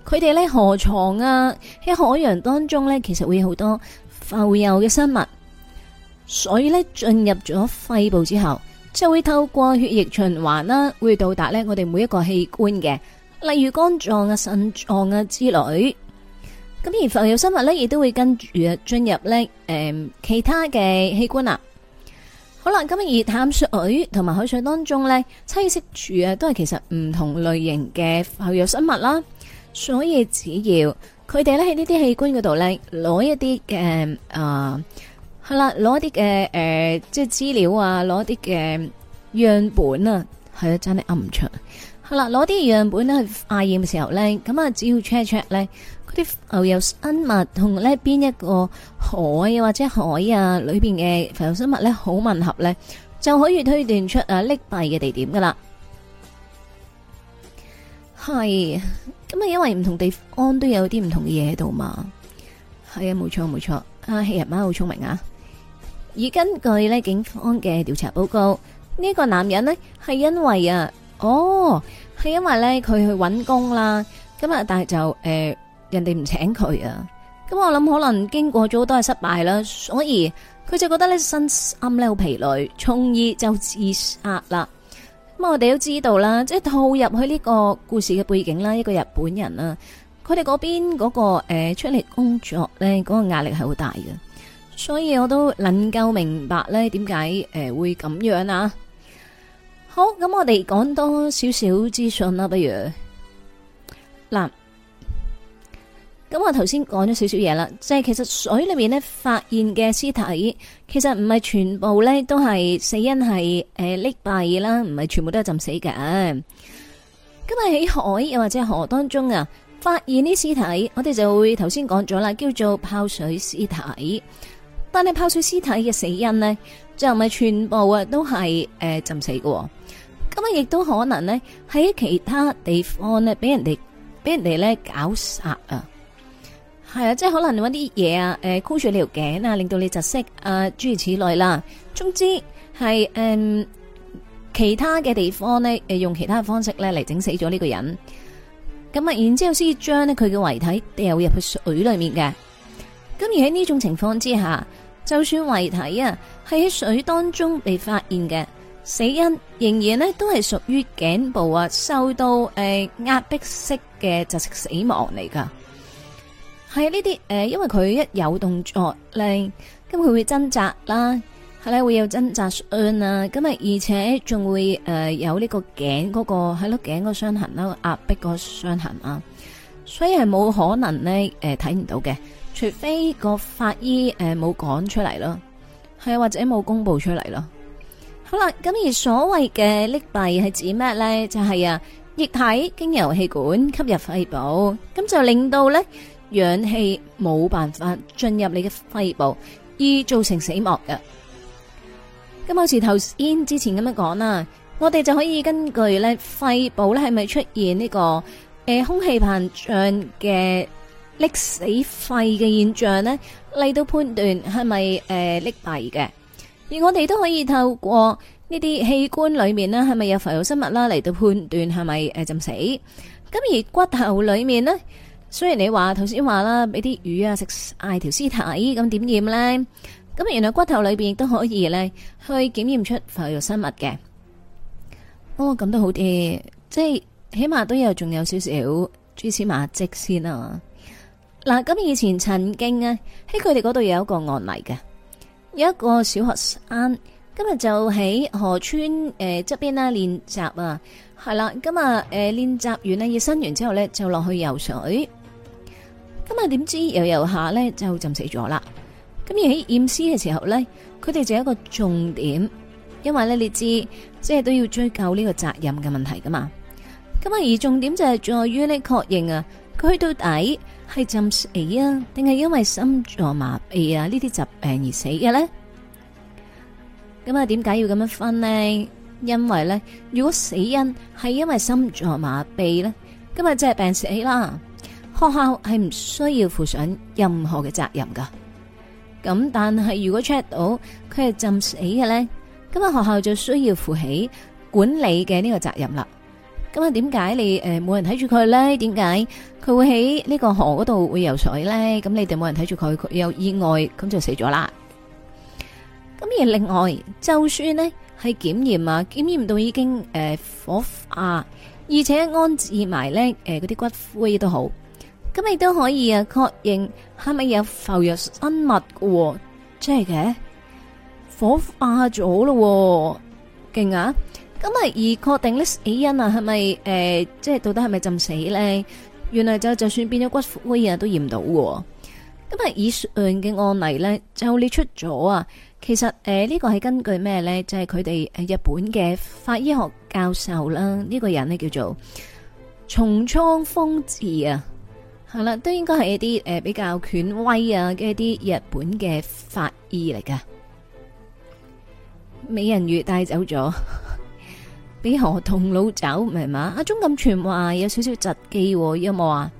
佢哋呢河床啊，喺海洋當中呢，其實會有好多浮游嘅生物，所以呢，進入咗肺部之後，就會透過血液循環啦，會到達呢我哋每一個器官嘅，例如肝臟啊、腎臟啊之類。咁而浮游生物呢，亦都會跟住進入呢誒其他嘅器官啦。好啦，咁而淡水同埋海水當中呢，棲息住啊，都係其實唔同類型嘅浮游生物啦。所以只要佢哋咧喺呢啲器官嗰度咧，攞、嗯嗯、一啲嘅啊，係啦，攞一啲嘅誒，即係資料啊，攞一啲嘅樣本啊，係、嗯、啊，真係暗唔出。係、嗯、啦，攞啲樣本咧去化驗嘅時候咧，咁啊，只要 check check 咧，嗰啲浮游生物同呢邊一個海啊或者海啊裏邊嘅浮游生物咧好吻合咧，就可以推斷出啊溺斃嘅地點噶啦，係。咁啊，因為唔同地方都有啲唔同嘅嘢喺度嘛，係啊，冇錯冇錯。啊，喜人媽好聰明啊！而根據咧警方嘅調查報告，呢、這個男人呢係因為啊，哦，係因為咧佢去搵工啦，咁啊，但係就誒、呃、人哋唔請佢啊，咁我諗可能經過咗好多嘅失敗啦，所以佢就覺得咧身心呢好疲累，從而就自殺啦。咁、嗯、我哋都知道啦，即係套入去呢個故事嘅背景啦，一個日本人啊，佢哋嗰邊嗰個誒、呃、出嚟工作咧，嗰個壓力係好大嘅，所以我都能夠明白咧點解誒會咁樣啊！好，咁我哋講多少少資訊啦，不如，嗱。咁我頭先講咗少少嘢啦，即係其實水裏面咧發現嘅屍體，其實唔係全部咧都係死因係誒溺斃啦，唔係全部都係、呃、浸死嘅。咁喺海又或者河當中啊，發現啲屍體，我哋就會頭先講咗啦，叫做泡水屍體。但係泡水屍體嘅死因呢，就唔係全部啊都係誒、呃、浸死喎。咁啊，亦都可能呢喺其他地方咧，俾人哋俾人哋咧搞殺啊。係啊，即係可能揾啲嘢啊，誒、呃，箍住你條頸啊，令到你窒息啊，諸如此類啦。總之係誒、嗯、其他嘅地方呢，誒用其他嘅方式咧嚟整死咗呢個人。咁啊，然之後先將呢佢嘅遺體掉入去水裏面嘅。咁而喺呢種情況之下，就算遺體啊係喺水當中被發現嘅，死因仍然呢都係屬於頸部啊受到誒呃、壓迫式嘅窒息死亡嚟噶。係呢啲誒，因為佢一有動作咧，咁佢會掙扎啦，係咧會有掙扎傷啊。咁啊，而且仲會誒有呢個頸嗰個喺度頸個傷痕啦，壓迫個傷痕啊。所以係冇可能咧誒睇唔到嘅，除非個法醫誒冇講出嚟咯，係或者冇公布出嚟咯。好啦，咁而所謂嘅溺斃係指咩咧？就係啊，液體經由氣管吸入肺部，咁就令到咧。氧氣冇辦法進入你嘅肺部，而造成死亡嘅。咁好似頭先之前咁樣講啦，我哋就可以根據咧肺部咧係咪出現呢、這個誒、呃、空氣膨脹嘅溺死肺嘅現象咧嚟到判斷係咪誒溺斃嘅。而我哋都可以透過呢啲器官裏面咧係咪有浮游生物啦嚟到判斷係咪誒浸死。咁而骨頭裏面呢，雖然你話頭先話啦，俾啲魚啊食嗌條屍體咁點驗呢？咁原來骨頭裏邊亦都可以呢，去檢驗出浮游生物嘅。哦，咁都好啲，即係起碼都有仲有少少蛛絲馬跡先啊！嗱，咁以前曾經啊喺佢哋嗰度有一個案例嘅，有一個小學生。今日就喺河川，誒側邊啦練習啊，係啦、啊，今日誒練習完啦，熱身完之後咧就落去游水。今日點知游游下咧就浸死咗啦。咁而喺驗屍嘅時候咧，佢哋就有一個重點，因為咧你知，即係都要追究呢個責任嘅問題噶嘛。咁啊而重點就係在於咧確認啊，佢到底係浸死啊，定係因為心臟麻痺啊呢啲疾病而死嘅咧？咁啊，點解要咁樣分呢？因為咧，如果死因係因為心臟麻痹咧，咁啊即係病死啦。學校係唔需要負上任何嘅責任噶。咁但係如果 check 到佢係浸死嘅咧，咁啊學校就需要負起管理嘅呢個責任啦。咁啊點解你誒冇、呃、人睇住佢咧？點解佢會喺呢個河度會游水咧？咁你哋冇人睇住佢，佢有意外咁就死咗啦。咁而另外，就算咧係檢驗啊，檢驗到已經誒、呃、火化，而且安置埋咧誒嗰啲骨灰都好，咁亦都可以啊確認係咪有浮游生物嘅，真係嘅火化咗咯，勁啊！咁啊而確定咧死因啊係咪誒即係到底係咪浸死咧？原來就就算變咗骨灰啊都驗唔到嘅，咁啊以上嘅案例咧就列出咗啊。其實誒，呢、呃這個係根據咩呢？就係佢哋日本嘅法醫學教授啦，呢、這個人呢叫做松倉豐治啊，係、嗯、啦，都應該係一啲誒、呃、比較權威，威啊嘅一啲日本嘅法醫嚟噶。美人魚帶走咗，俾河童擄走，明嘛？阿鍾錦全話有少少窒機，有冇啊？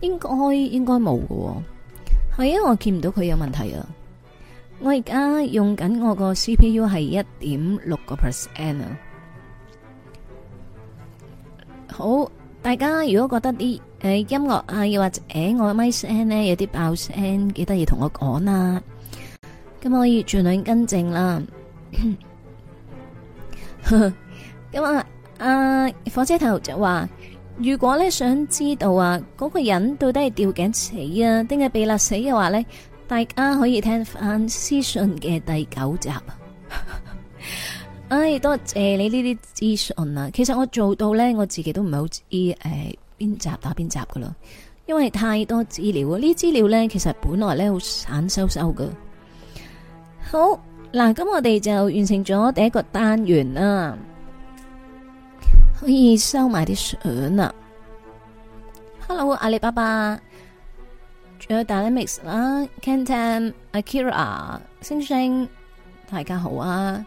應該應該冇噶，係啊，我見唔到佢有問題啊。我而家用緊我個 C P U 係一點六個 percent 啊！好，大家如果覺得啲誒音樂啊，又或者我 m 麥聲咧有啲爆聲，記得要同我講啦、啊。咁我可以盡量更正啦。咁 啊，啊火車頭就話，如果咧想知道啊，嗰、那個人到底係吊頸死啊，定係被勒死嘅話呢？」大家可以聽翻屍訊嘅第九集，唉、 哎，多謝你呢啲資訊啊！其實我做到呢，我自己都唔係好知誒邊集打邊集噶喇，因為太多資料啊！呢資料呢，其實本來呢好散修修噶。好嗱，咁我哋就完成咗第一個單元啦，可以收埋啲相啦。Hello，阿里巴巴。仲有大嶺 Mix 啦，Ken Tam，Akira，星星，大家好啊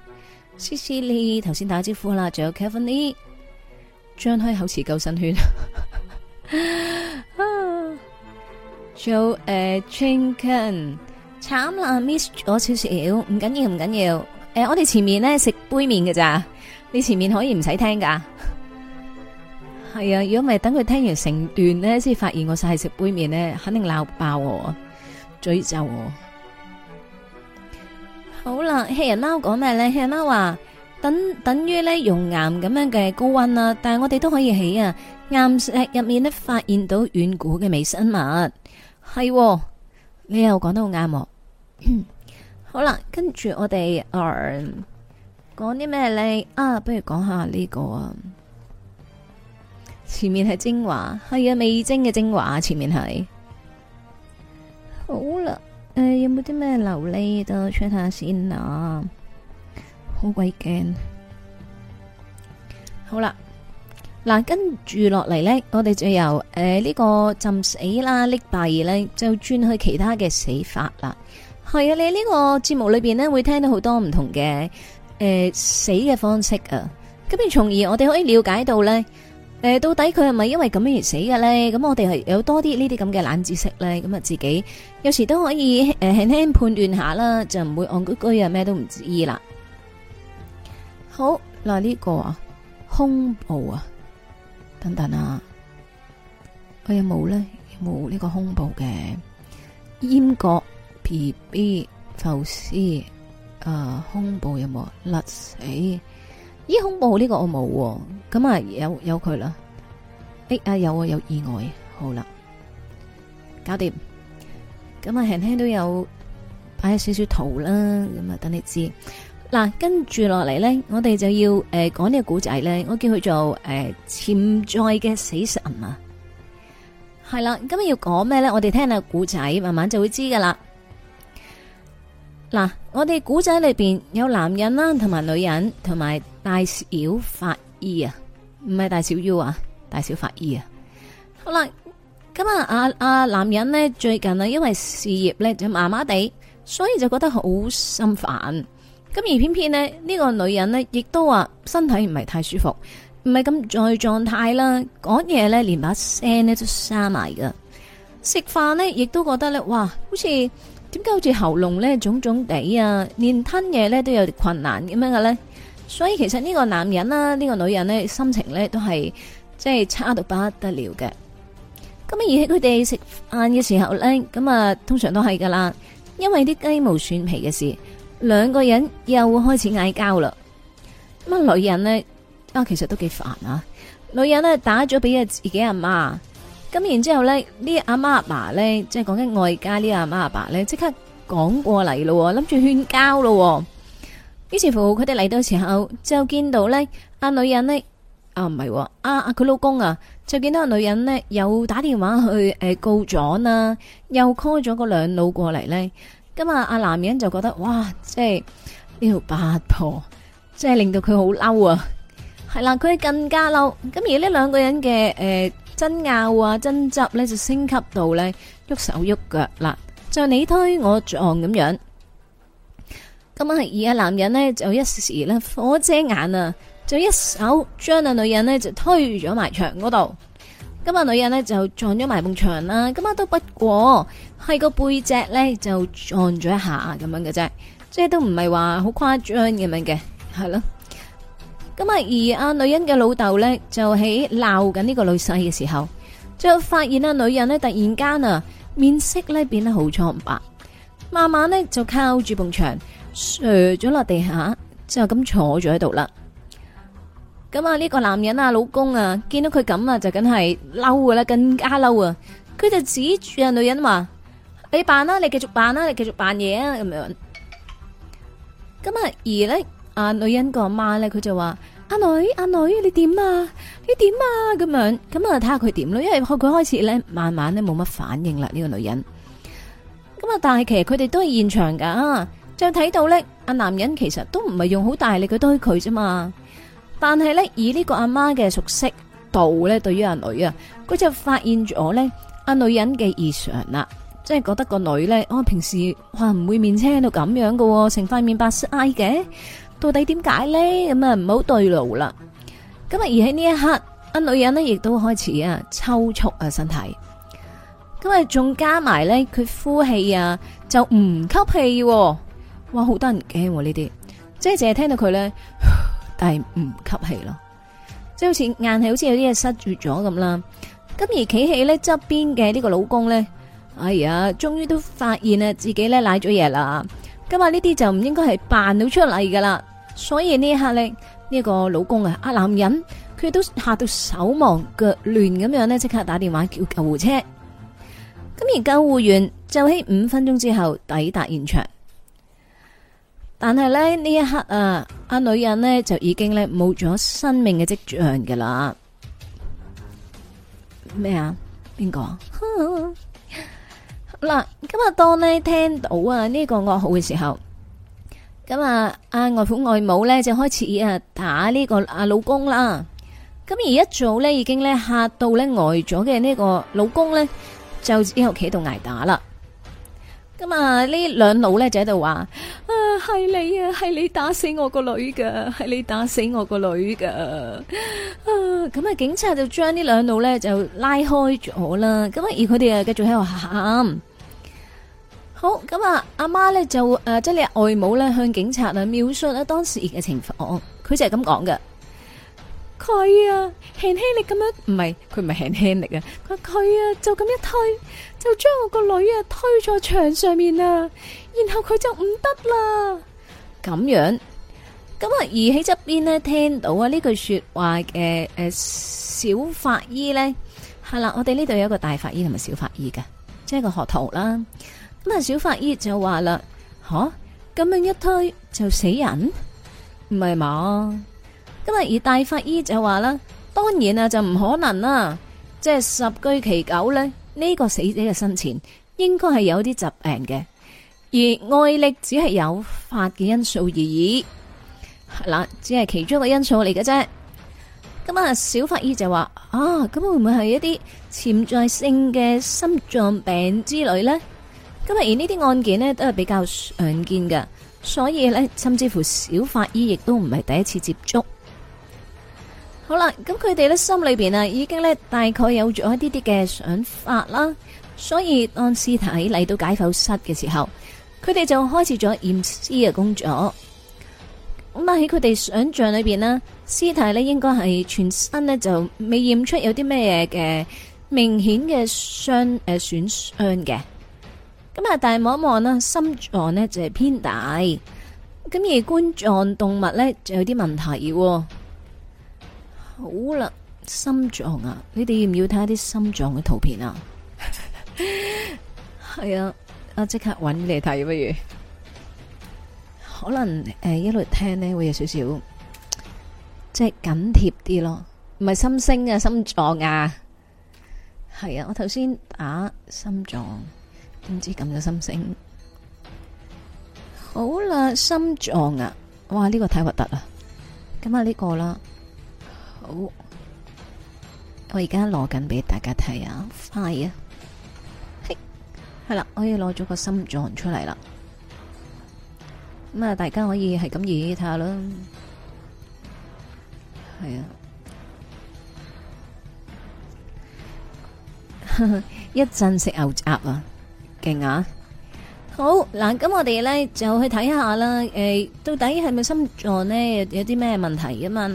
，C C 李頭先打招呼啦，仲有 Kevin Lee，張開口持救生圈，仲有誒 Ching Ken，慘啦，Miss 咗少少，唔緊要，唔緊要，誒我哋前面咧食杯麵㗎咋，你前面可以唔使聽噶。係啊，如果唔係等佢聽完成段呢，先發現我係食杯麵呢，肯定鬧爆我，詛咒我。好啦，吃人貓講咩咧？吃人貓話，等等於呢熔岩，咁樣嘅高溫啊，但係我哋都可以喺啊，岩石入面呢，發現到遠古嘅微生物，係、啊、你又講得好啱喎。好啦，跟住我哋啊，講啲咩咧？啊，不如講下呢、呢個啊。前面係精華係啊，味精嘅精華。前面係好，了、呃、有有了好了啦，誒，有冇啲咩流利都 check 下先啊？好鬼驚，好啦，嗱，跟住落嚟呢，我哋就由誒呢、呃這個浸死啦，溺斃呢，就轉去其他嘅死法啦。係啊，你呢個節目裏邊呢，會聽到好多唔同嘅誒、呃、死嘅方式啊。咁，而從而我哋可以了解到呢。誒，到底佢係咪因為咁樣而死嘅咧？咁我哋係有多啲呢啲咁嘅冷知識咧，咁啊自己有時都可以誒、呃、輕輕判斷下啦，就唔會戇居居啊咩都唔知啦。好，嗱呢個啊，胸部啊，等等啊，佢有冇咧？有冇呢個胸部嘅？閹割 B B 浮屍啊、呃，胸部有冇甩死？咦，恐怖呢、呢個我冇，咁啊有有佢啦，哎、欸、啊有啊有意外，好啦，搞掂，咁啊輕輕都有擺咗少少圖啦，咁啊等你知，嗱跟住落嚟呢，我哋就要誒講、呃、呢個古仔咧，我叫佢做誒潛、呃、在嘅死神啊，係啦，咁日要講咩咧？我哋聽下古仔，慢慢就會知噶啦。嗱，我哋古仔裏邊有男人啦、啊，同埋女人，同埋大小法醫啊，唔係大小 U 啊，大小法醫啊。好啦，咁啊，阿、啊、阿男人呢，最近啊，因為事業呢，就麻麻地，所以就覺得好心煩。咁而偏偏呢，呢、呢個女人呢，亦都話身體唔係太舒服，唔係咁在狀態啦。講嘢呢，連把聲呢都沙埋噶，食飯呢，亦都覺得呢，哇，好似～點解好似喉嚨咧腫腫地啊，連吞嘢咧都有啲困難咁樣嘅咧？所以其實呢個男人啦、啊，呢、呢個女人呢，心情呢都係即係差到不得了嘅。咁而喺佢哋食飯嘅時候呢，咁啊通常都係噶啦，因為啲雞毛蒜皮嘅事，兩個人又會開始嗌交啦。咁啊女人呢，啊其實都幾煩啊，女人呢，打咗俾啊自己阿媽。咁然之後咧，呢阿媽阿爸咧，即係講緊外家呢阿媽阿爸咧，即刻講過嚟咯，諗住勸交咯。於是乎，佢哋嚟到時候就見到咧，阿女人呢，啊唔係，喎、哦，阿、啊、佢、啊、老公啊，就見到個女人呢，又打電話去誒、呃、告狀啦，又 call 咗個兩老過嚟咧。咁、嗯、啊，阿男人就覺得哇，即係呢條八婆，即係令到佢好嬲啊。係 啦，佢更加嬲。咁而呢兩個人嘅誒。呃爭拗啊，爭執呢就升級到呢，喐手喐腳啦，就你推我撞咁樣。咁啊而家男人呢，就一時呢火遮眼啊，就一手將啊女人呢就推咗埋牆嗰度。咁啊女人呢，就撞咗埋埲牆啦，咁啊都不過係個背脊呢就撞咗一下咁樣嘅啫，即係都唔係話好誇張嘅咁樣嘅，係咯。咁啊，而阿女人嘅老豆呢，就喺鬧緊呢個女婿嘅時候，就發現阿女人呢突然間啊面色呢變得好蒼白，慢慢呢，就靠住埲牆，坐咗落地下，之後就咁坐咗喺度啦。咁啊，呢個男人啊，老公啊，見到佢咁啊，就梗係嬲噶啦，更加嬲啊！佢就指住阿女人話：你扮啦，啊，你繼續扮啦，啊，你繼續扮嘢啊！咁樣。咁啊，而呢。女人個阿媽咧，佢就話：阿女，阿女，你點啊？你點啊？咁樣咁啊，睇下佢點咯。因為佢開始咧，慢慢咧冇乜反應啦。呢、這個女人咁啊，但係其實佢哋都係現場噶。就睇到咧，阿男人其實都唔係用好大力去推佢啫嘛。但係咧，以呢個阿媽嘅熟悉度咧，對於阿女啊，佢就發現咗我咧，阿女人嘅異常啦，即係覺得個女咧，我、啊、平時話唔會面青到咁樣噶，成塊面白晒嘅。到底點解咧？咁啊唔好對路啦！咁啊而喺呢一刻，阿女人呢亦都開始啊抽搐啊身體。咁啊仲加埋咧，佢呼氣啊就唔吸氣，哇好多人驚呢啲！即係淨係聽到佢咧，但係唔吸氣咯，即係好似硬係好似有啲嘢塞住咗咁啦。咁而企起咧側邊嘅呢個老公咧，哎呀，終於都發現啊自己咧瀨咗嘢啦。今日呢啲就唔應該係扮到出嚟噶啦。所以呢一刻，呢，呢個老公啊，阿男人，佢都嚇到手忙腳亂咁樣呢，即刻打電話叫救護車。咁而救護員就喺五分鐘之後抵達現場，但係呢一刻啊，阿女人呢就已經冇咗生命嘅跡象噶啦。咩啊？邊個？嗱，今日當呢聽到啊呢個噩耗嘅時候。咁、嗯、啊，阿外父外母咧就開始啊打呢個阿老公啦。咁而一早咧已經咧嚇到咧呆咗嘅呢個老公咧就喺屋企度挨打啦。咁、嗯、啊，兩呢兩老咧就喺度話：啊係你啊，係你打死我個女噶，係你打死我個女噶。咁啊、嗯嗯嗯，警察就將呢兩老咧就拉開咗啦。咁、嗯、啊，而佢哋啊繼續喺度喊。好咁啊！阿媽咧就誒，即係你外母咧向警察啊描述啊當時嘅情況，佢、哦、就係咁講嘅。佢啊輕輕力咁樣，唔係佢，唔係輕輕力啊？佢啊就咁一推，就將我個女啊推咗牆上面啊，然後佢就唔得啦。咁樣咁啊，而喺側邊呢聽到啊呢句說話嘅誒小法醫咧係啦，我哋呢度有一個大法醫同埋小法醫嘅，即係個學徒啦。咁啊，小法醫就話啦，吓、啊、咁樣一推就死人，唔係嘛？咁啊，而大法醫就話啦，當然啊，就唔可能啦，即係十居其九咧。呢、呢個死者嘅生前應該係有啲疾病嘅，而外力只係誘發嘅因素而已，嗱，只係其中一個因素嚟嘅啫。咁啊，小法醫就話啊，咁會唔會係一啲潛在性嘅心臟病之類呢？」咁而呢啲案件呢，都係比較常見㗎，所以呢，甚至乎小法醫亦都唔係第一次接觸。好啦，咁佢哋呢，心裏邊啊，已經呢，大概有咗一啲啲嘅想法啦。所以當屍體嚟到解剖室嘅時候，佢哋就開始咗驗屍嘅工作。咁啊，喺佢哋想象裏邊咧，屍體呢應該係全身呢，就未驗出有啲咩嘅明顯嘅傷誒損傷嘅。呃咁啊！但係望一望啦，心臟呢就係偏大，咁而冠狀動物呢就有啲問題。好啦，心臟啊，你哋要唔要睇一啲心臟嘅圖片啊？係 啊，阿即刻搵你睇不如。可能誒、呃、一路聽呢會有少少，即係緊貼啲咯。唔係心聲啊，心臟啊。係啊，我頭先打心臟。唔知咁嘅心聲，好啦，心臟啊，哇，呢個太核突啦！咁啊，呢個啦，好，我而家攞緊俾大家睇啊，快啊，係啦，我要攞咗個心臟出嚟啦，咁啊，大家可以係咁意睇下囉，係啊，一陣食牛雜啊！勁啊！好嗱，咁我哋呢就去睇下啦。誒、欸，到底係咪心臟呢？有啲咩問題啊嘛？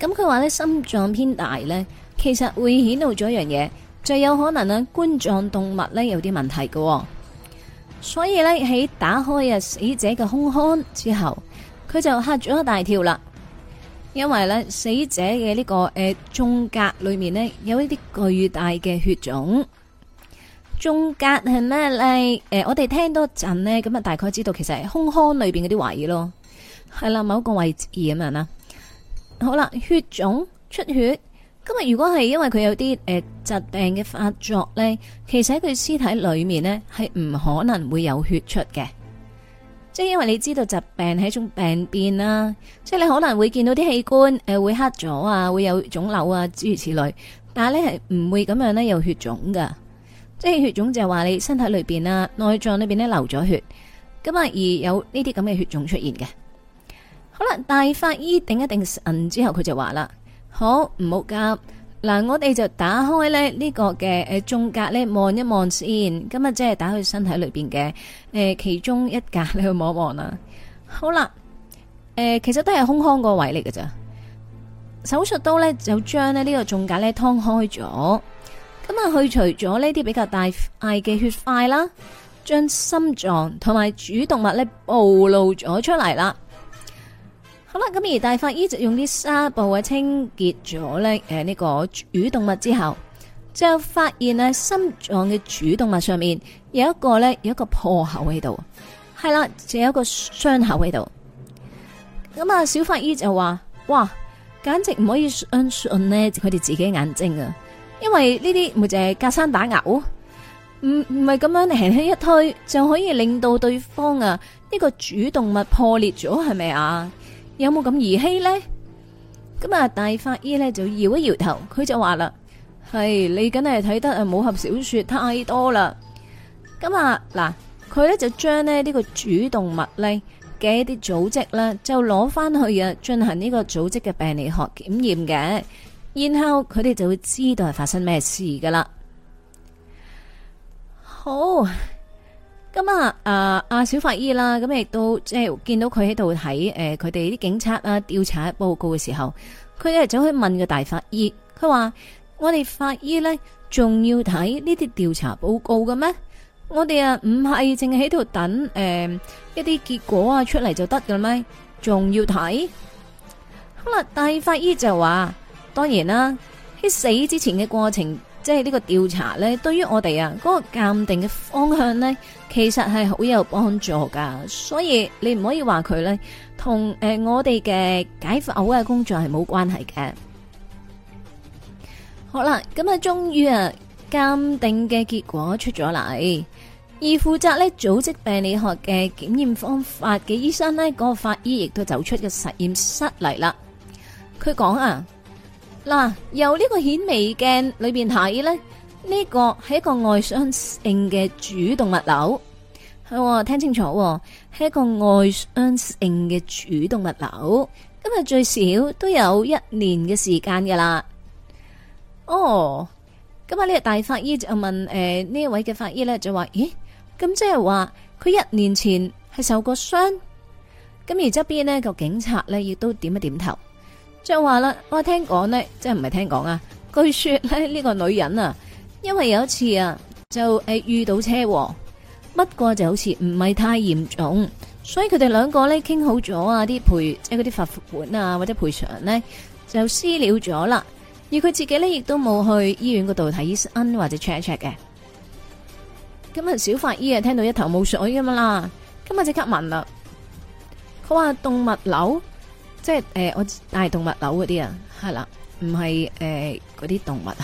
啱，咁佢話呢，心臟偏大呢，其實會顯露咗一樣嘢，就有可能呢，冠狀動脈呢有啲問題嘅。所以呢，喺打開啊死者嘅胸腔之後，佢就嚇咗一大跳啦，因為呢，死者嘅呢、這個誒縱隔裏面呢，有一啲巨大嘅血腫。中隔係咩呢？誒，我哋聽多陣呢，咁啊，大概知道其實係胸腔裏邊嗰啲位咯，係啦，某一個位置咁樣啦。好啦，血腫出血，今日如果係因為佢有啲誒、呃、疾病嘅發作呢，其實喺佢屍體裏面呢，係唔可能會有血出嘅，即係因為你知道疾病係一種病變啦，即係你可能會見到啲器官誒、呃、會黑咗啊，會有腫瘤啊諸如此類，但係呢，係唔會咁樣呢，有血腫噶。即係血腫就係話你身體裏邊啊內臟裏邊呢流咗血，咁啊而有呢啲咁嘅血腫出現嘅。好啦，大法醫定一定神之後，佢就話啦：好，唔好急。嗱，我哋就打開咧呢個嘅誒縱隔咧望一望先。咁啊，即係打開身體裏邊嘅誒其中一格，你去望一望啦。好啦，誒、呃、其實都係空腔個位嚟噶咋？手術刀呢就將咧呢個縱隔呢劏開咗。咁啊，去除咗呢啲比較大嗌嘅血塊啦，將心臟同埋主動脈咧暴露咗出嚟啦。好啦，咁而大法醫就用啲紗布啊清潔咗咧誒呢個主動脈之後，就發現啊心臟嘅主動脈上面有一個咧有一個破口喺度，係啦，就有一個傷口喺度。咁啊，小法醫就話：哇，簡直唔可以相信呢佢哋自己眼睛啊！因為呢啲咪就係隔山打牛，唔唔係咁樣輕輕一推就可以令到對方啊呢個主動脈破裂咗，係咪啊？有冇咁兒戲咧？咁啊，大法醫咧就搖一搖頭，佢就話啦：係你梗係睇得啊武俠小說太多啦。咁啊嗱，佢咧就將咧呢個主動脈咧嘅一啲組織咧就攞翻去啊進行呢個組織嘅病理學檢驗嘅。然後佢哋就會知道係發生咩事噶啦。好，咁啊，阿、啊、阿小法醫啦，咁亦都即係、呃、見到佢喺度睇誒，佢哋啲警察啊調查報告嘅時候，佢就走去問個大法醫，佢話：我哋法醫呢，仲要睇呢啲調查報告嘅咩？我哋啊唔係淨係喺度等誒、呃、一啲結果啊出嚟就得㗎咩？仲要睇？好啦，大法醫就話。當然啦，喺死之前嘅過程，即係呢個調查呢，對於我哋啊，嗰個鑑定嘅方向呢，其實係好有幫助噶。所以你唔可以話佢呢同誒、呃、我哋嘅解剖嘅工作係冇關係嘅。好啦，咁啊，終於啊，鑑定嘅結果出咗嚟，而負責呢組織病理學嘅檢驗方法嘅醫生呢，嗰個法醫亦都走出個實驗室嚟啦。佢講啊。嗱、啊，由呢個顯微鏡裏邊睇呢，呢、這個係一個外傷性嘅主動脈瘤。我、嗯、聽清楚、啊，係一個外傷性嘅主動脈瘤。今、嗯、日最少都有一年嘅時間㗎喇。哦，今日呢個大法醫就問誒呢、呃、一位嘅法醫呢，就話：，咦，咁即係話佢一年前係受過傷？咁而側邊呢個警察呢，亦都點一點頭。就話啦，我聽講呢，即係唔係聽講啊？據說咧，呢個女人啊，因為有一次啊，就誒遇到車禍，不過就好似唔係太嚴重，所以佢哋兩個呢傾好咗啊，啲賠即係嗰啲罰款啊或者賠償呢，就私了咗啦。而佢自己呢，亦都冇去醫院嗰度睇醫生或者 check check 嘅。今日小法醫啊聽到一頭霧水咁啦，今日即刻問啦，佢話動物樓。即係誒、呃，我帶動物瘤嗰啲啊，係啦，唔係誒嗰啲動物啊，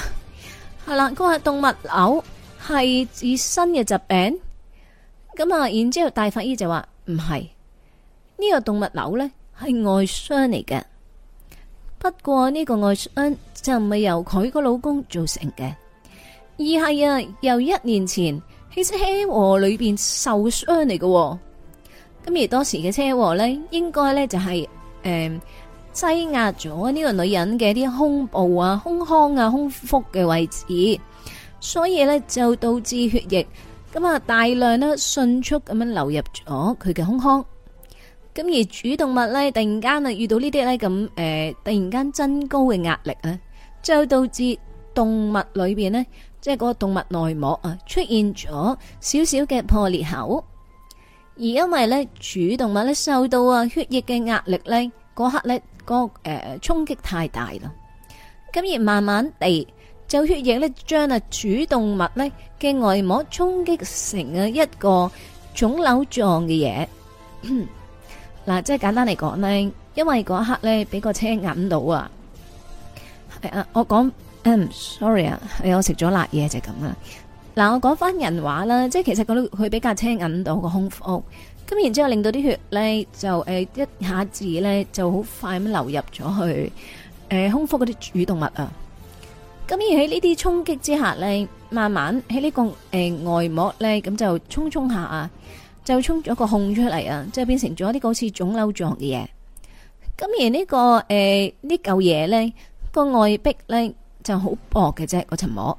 係 啦。嗰個動物瘤係自身嘅疾病咁啊。然之後大法醫就話唔係呢個動物瘤呢係外傷嚟嘅。不過呢個外傷就唔係由佢個老公造成嘅，而係啊由一年前汽車車禍裏邊受傷嚟嘅。咁而當時嘅車禍呢，應該呢就係、是。誒、呃，擠壓咗呢個女人嘅啲胸部啊、胸腔啊、胸腹嘅位置，所以呢就導致血液咁啊大量呢迅速咁樣流入咗佢嘅胸腔。咁而主動脈呢，突然間啊遇到呢啲呢咁誒突然間增高嘅壓力呢就導致動脈裏邊呢，即、就、係、是、個動脈內膜啊出現咗少少嘅破裂口。而因為咧，主動脈咧受到啊血液嘅壓力咧，嗰刻咧個誒衝擊太大啦，咁而慢慢地就血液咧將啊主動脈咧嘅外膜衝擊成啊一個腫瘤狀嘅嘢。嗱，即係簡單嚟講咧，因為嗰刻咧俾個車揞到啊！啊，我講，嗯，sorry 啊，我食咗辣嘢就咁啦。嗱，我講翻人話啦，即係其實嗰啲佢比較輕引到個胸腹，咁然之後令到啲血咧就誒一下子咧就好快咁流入咗去誒胸腹嗰啲主動脈啊，咁而喺呢啲衝擊之下咧，慢慢喺呢個誒外膜咧，咁就衝衝下啊，就衝咗個空出嚟啊，即係變成咗啲好似腫瘤狀嘅嘢，咁而呢個誒呢舊嘢咧個外壁咧就好薄嘅啫，嗰層膜。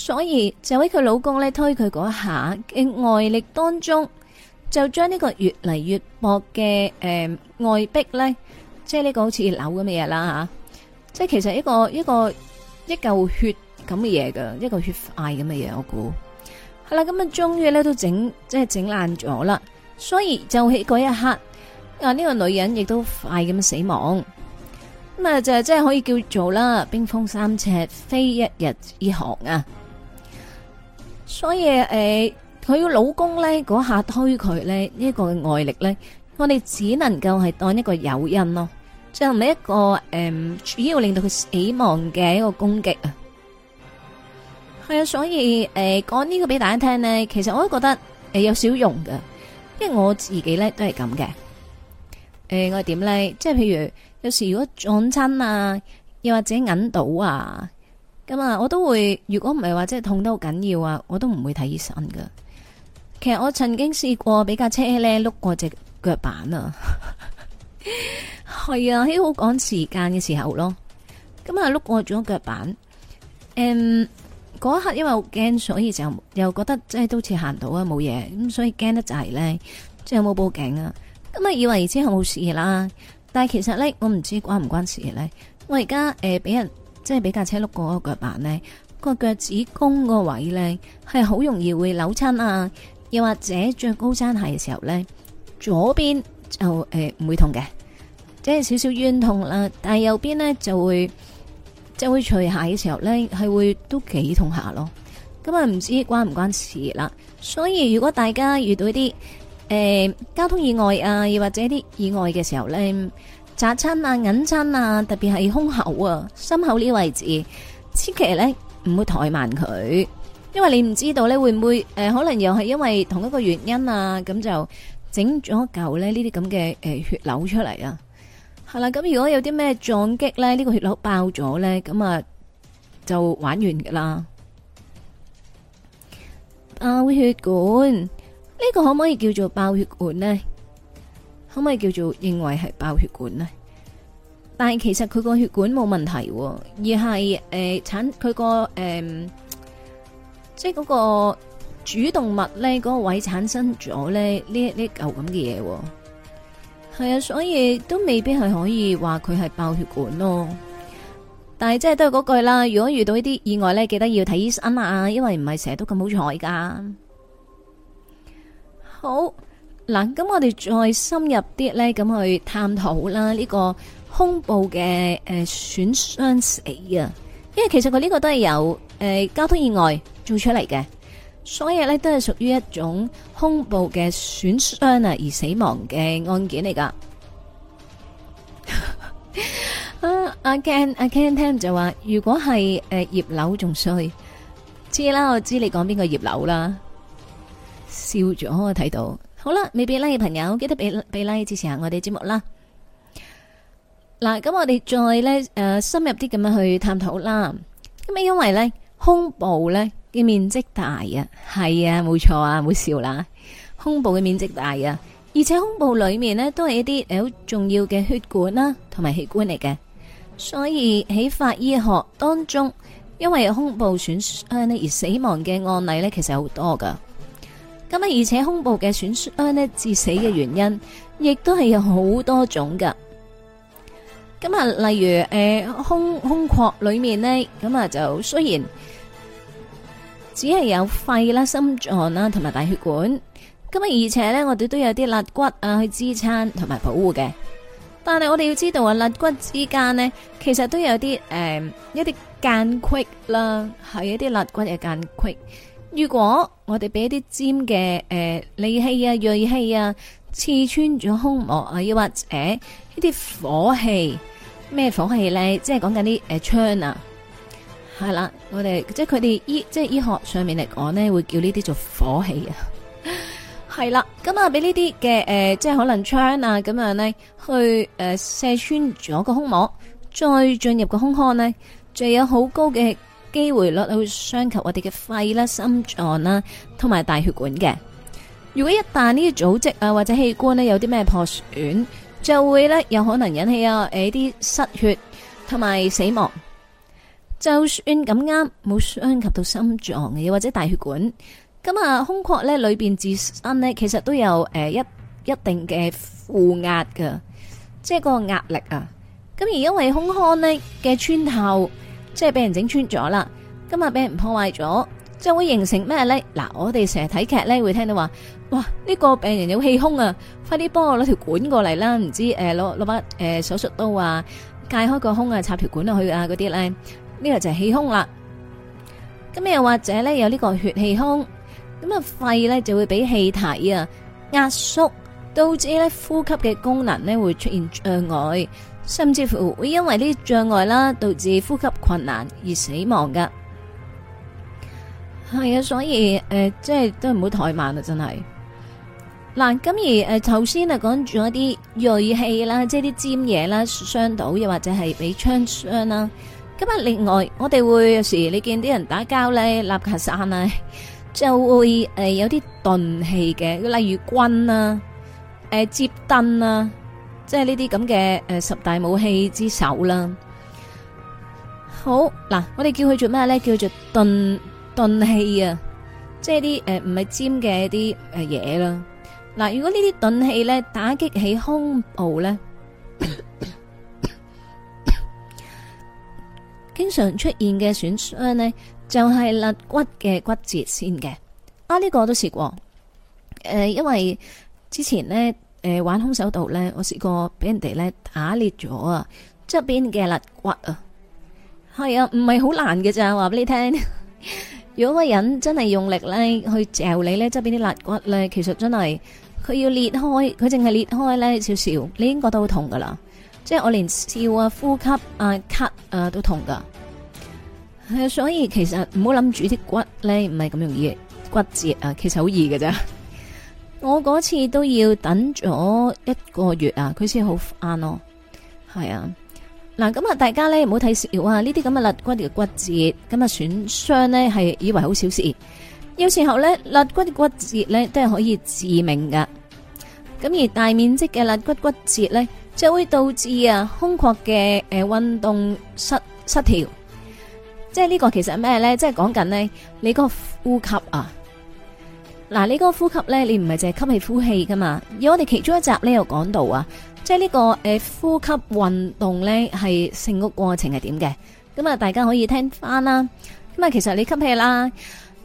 所以就喺佢老公咧推佢嗰下嘅外力當中，就將呢個越嚟越薄嘅誒、呃、外壁咧，即係呢個好似樓咁嘅嘢啦吓，即係其實一個一個一嚿血咁嘅嘢噶，一個血塊咁嘅嘢我估係啦。咁、嗯、啊，終於咧都整即係整爛咗啦。所以就喺嗰一刻，啊呢、這個女人亦都快咁死亡咁啊，就係即係可以叫做啦，冰封三尺非一日之寒啊！所以誒，佢、呃、老公咧嗰下推佢咧，呢、這、一個外力咧，我哋只能夠係當一個誘因咯，即係唔係一個誒、呃，主要令到佢死亡嘅一個攻擊啊。係、呃、啊，所以誒講呢個俾大家聽咧，其實我都覺得誒、呃、有少用噶，因為我自己咧都係咁嘅。誒、呃，我係點咧？即係譬如有時如果撞親啊，又或者揞到啊。咁啊，我都會，如果唔係話即係痛得好緊要啊，我都唔會睇醫生噶。其實我曾經試過俾架車咧碌過隻腳板啊，係 啊，喺好趕時間嘅時候咯。咁啊碌過咗腳板，誒、嗯，嗰一刻因為好驚，所以就又覺得即係都似行到啊冇嘢，咁所以驚得滯咧，即係有冇報警啊？咁、嗯、啊以為而家冇事啦，但係其實咧我唔知關唔關事咧。我而家誒俾人。即係俾架車碌過個腳板咧，個腳趾公個位咧係好容易會扭親啊！又或者着高踭鞋嘅時候咧，左邊就誒唔會痛嘅，即係少少酸痛啦。但係右邊咧就會即係會除鞋嘅時候咧係會都幾痛下咯。咁啊唔知關唔關事啦？所以如果大家遇到一啲誒、欸、交通意外啊，又或者啲意外嘅時候咧。扎親啊，引親啊，特別係胸口啊、心口呢位置，千祈咧唔好怠慢佢，因為你唔知道咧會唔會誒，可能又係因為同一個原因啊，咁就整咗舊咧呢啲咁嘅誒血瘤出嚟啊。係啦，咁如果有啲咩撞擊咧，呢個血瘤爆咗咧，咁啊就玩完噶啦。爆血管呢個可唔可以叫做爆血管咧？可唔可以叫做認為係爆血管呢？但係其實佢個血管冇問題，而係誒、呃、產佢個誒，即係嗰個主動脈呢，嗰個位產生咗咧呢呢嚿咁嘅嘢，係啊，所以都未必係可以話佢係爆血管咯。但係即係都係嗰句啦，如果遇到呢啲意外呢，記得要睇醫生啊，因為唔係成日都咁好彩噶。好。嗱，咁我哋再深入啲咧，咁去探討啦，呢個胸部嘅、誒損傷死啊，因為其實佢呢個都係由誒交通意外做出嚟嘅，所以咧都係屬於一種胸部嘅損傷啊而死亡嘅案件嚟噶。阿阿 Ken 阿 KenTim 就話，如果係誒葉劉仲衰，知啦，我知你講邊個葉劉啦，笑住我睇到。好啦，未俾拉嘅朋友，記得俾俾拉支持下我哋節目啦。嗱，咁我哋再呢誒、呃，深入啲咁樣去探討啦。咁啊，因為呢，胸部呢嘅面積大啊，係啊，冇錯啊，唔好笑啦。胸部嘅面積大啊，而且胸部裏面呢都係一啲好重要嘅血管啦、啊，同埋器官嚟嘅。所以喺法醫學當中，因為胸部損傷而死亡嘅案例呢，其實好多噶。咁啊！而且胸部嘅損傷呢、致死嘅原因，亦都係有好多種噶。咁啊，例如誒、呃，胸胸廓裏面呢，咁、呃、啊，就雖然只係有肺啦、心臟啦同埋大血管，咁啊，而且呢，我哋都有啲肋骨啊去支撐同埋保護嘅。但係我哋要知道啊，肋骨之間呢，其實都有啲誒、呃，一啲間隙啦，係一啲肋骨嘅間隙。如果我哋俾一啲尖嘅誒、呃、利器啊、銳器啊刺穿咗胸膜啊，又或誒呢啲火器咩火器咧？即係講緊啲誒槍啊，係啦，我哋即係佢哋醫即係醫學上面嚟講咧，會叫呢啲做火器啊。係 啦，咁啊俾呢啲嘅誒，即係可能槍啊咁樣咧，去誒、呃、射穿咗個胸膜，再進入個胸腔咧，就有好高嘅。機會咧會傷及我哋嘅肺啦、心臟啦，同埋大血管嘅。如果一旦呢啲組織啊或者器官咧有啲咩破損，就會咧有可能引起啊誒啲失血同埋死亡。就算咁啱冇傷及到心臟嘅，又或者大血管，咁啊胸廓咧裏邊自身咧其實都有誒一一,一定嘅負壓噶，即係個壓力啊。咁而因為胸腔咧嘅穿透。即係俾人整穿咗啦，今日俾人破壞咗，就會形成咩咧？嗱，我哋成日睇劇咧，會聽到話，哇，呢個病人有氣胸啊，快啲幫我攞條管過嚟啦！唔知誒，攞攞把誒手術刀啊，解開個胸啊，插條管落去啊，嗰啲咧，呢個就係氣胸啦。咁又或者咧，有呢個血氣胸，咁啊肺咧就會俾氣體啊壓縮，導致咧呼吸嘅功能咧會出現障礙。甚至乎會因為呢啲障礙啦，導致呼吸困難而死亡噶。係啊，所以誒、呃，即係都唔好怠慢啊，真係。嗱，咁而誒，頭先啊講咗一啲銳器啦，即係啲尖嘢啦，傷到又或者係俾槍傷啦。咁啊，另外我哋會有時你見啲人打交咧，立下山、就是、opposite, 啊，就會誒有啲鈍器嘅，例如棍啊，誒摺凳啊。即係呢啲咁嘅誒十大武器之首啦。好嗱，我哋叫佢做咩咧？叫做鈍鈍器啊，即係啲誒唔係尖嘅一啲誒嘢啦。嗱，如果這些呢啲鈍器咧打擊起胸部咧， 經常出現嘅損傷咧就係、是、肋骨嘅骨折先嘅。啊，呢、這個我都試過。誒、呃，因為之前呢。誒，玩空手道咧，我試過俾人哋咧打裂咗啊，側邊嘅肋骨啊，係啊，唔係好難嘅咋，話俾你聽。如果個人真係用力咧去嚼你咧，側邊啲肋骨咧，其實真係佢要裂開，佢淨係裂開咧少少，你已經覺得好痛噶啦。即係我連笑啊、呼吸啊、咳啊都痛噶。係所以其實唔好諗住啲骨咧，唔係咁容易骨折啊。其實好易嘅咋。我嗰次都要等咗一個月啊，佢先好翻咯。係啊，嗱，咁啊，大家咧唔好睇小啊，呢啲咁嘅肋骨嘅骨折，咁啊損傷咧係以為好小事，有時候咧肋骨骨折咧都係可以致命噶。咁而大面積嘅肋骨骨折咧，就會導致啊胸廓嘅誒運動失失調。即係呢個其實係咩咧？即係講緊呢，你個呼吸啊。嗱，你個呼吸咧，你唔係淨係吸氣呼氣噶嘛？而我哋其中一集咧又講到啊，即係、這、呢個誒、呃、呼吸運動咧係成個過程係點嘅，咁啊大家可以聽翻啦。咁啊，其實你吸氣啦，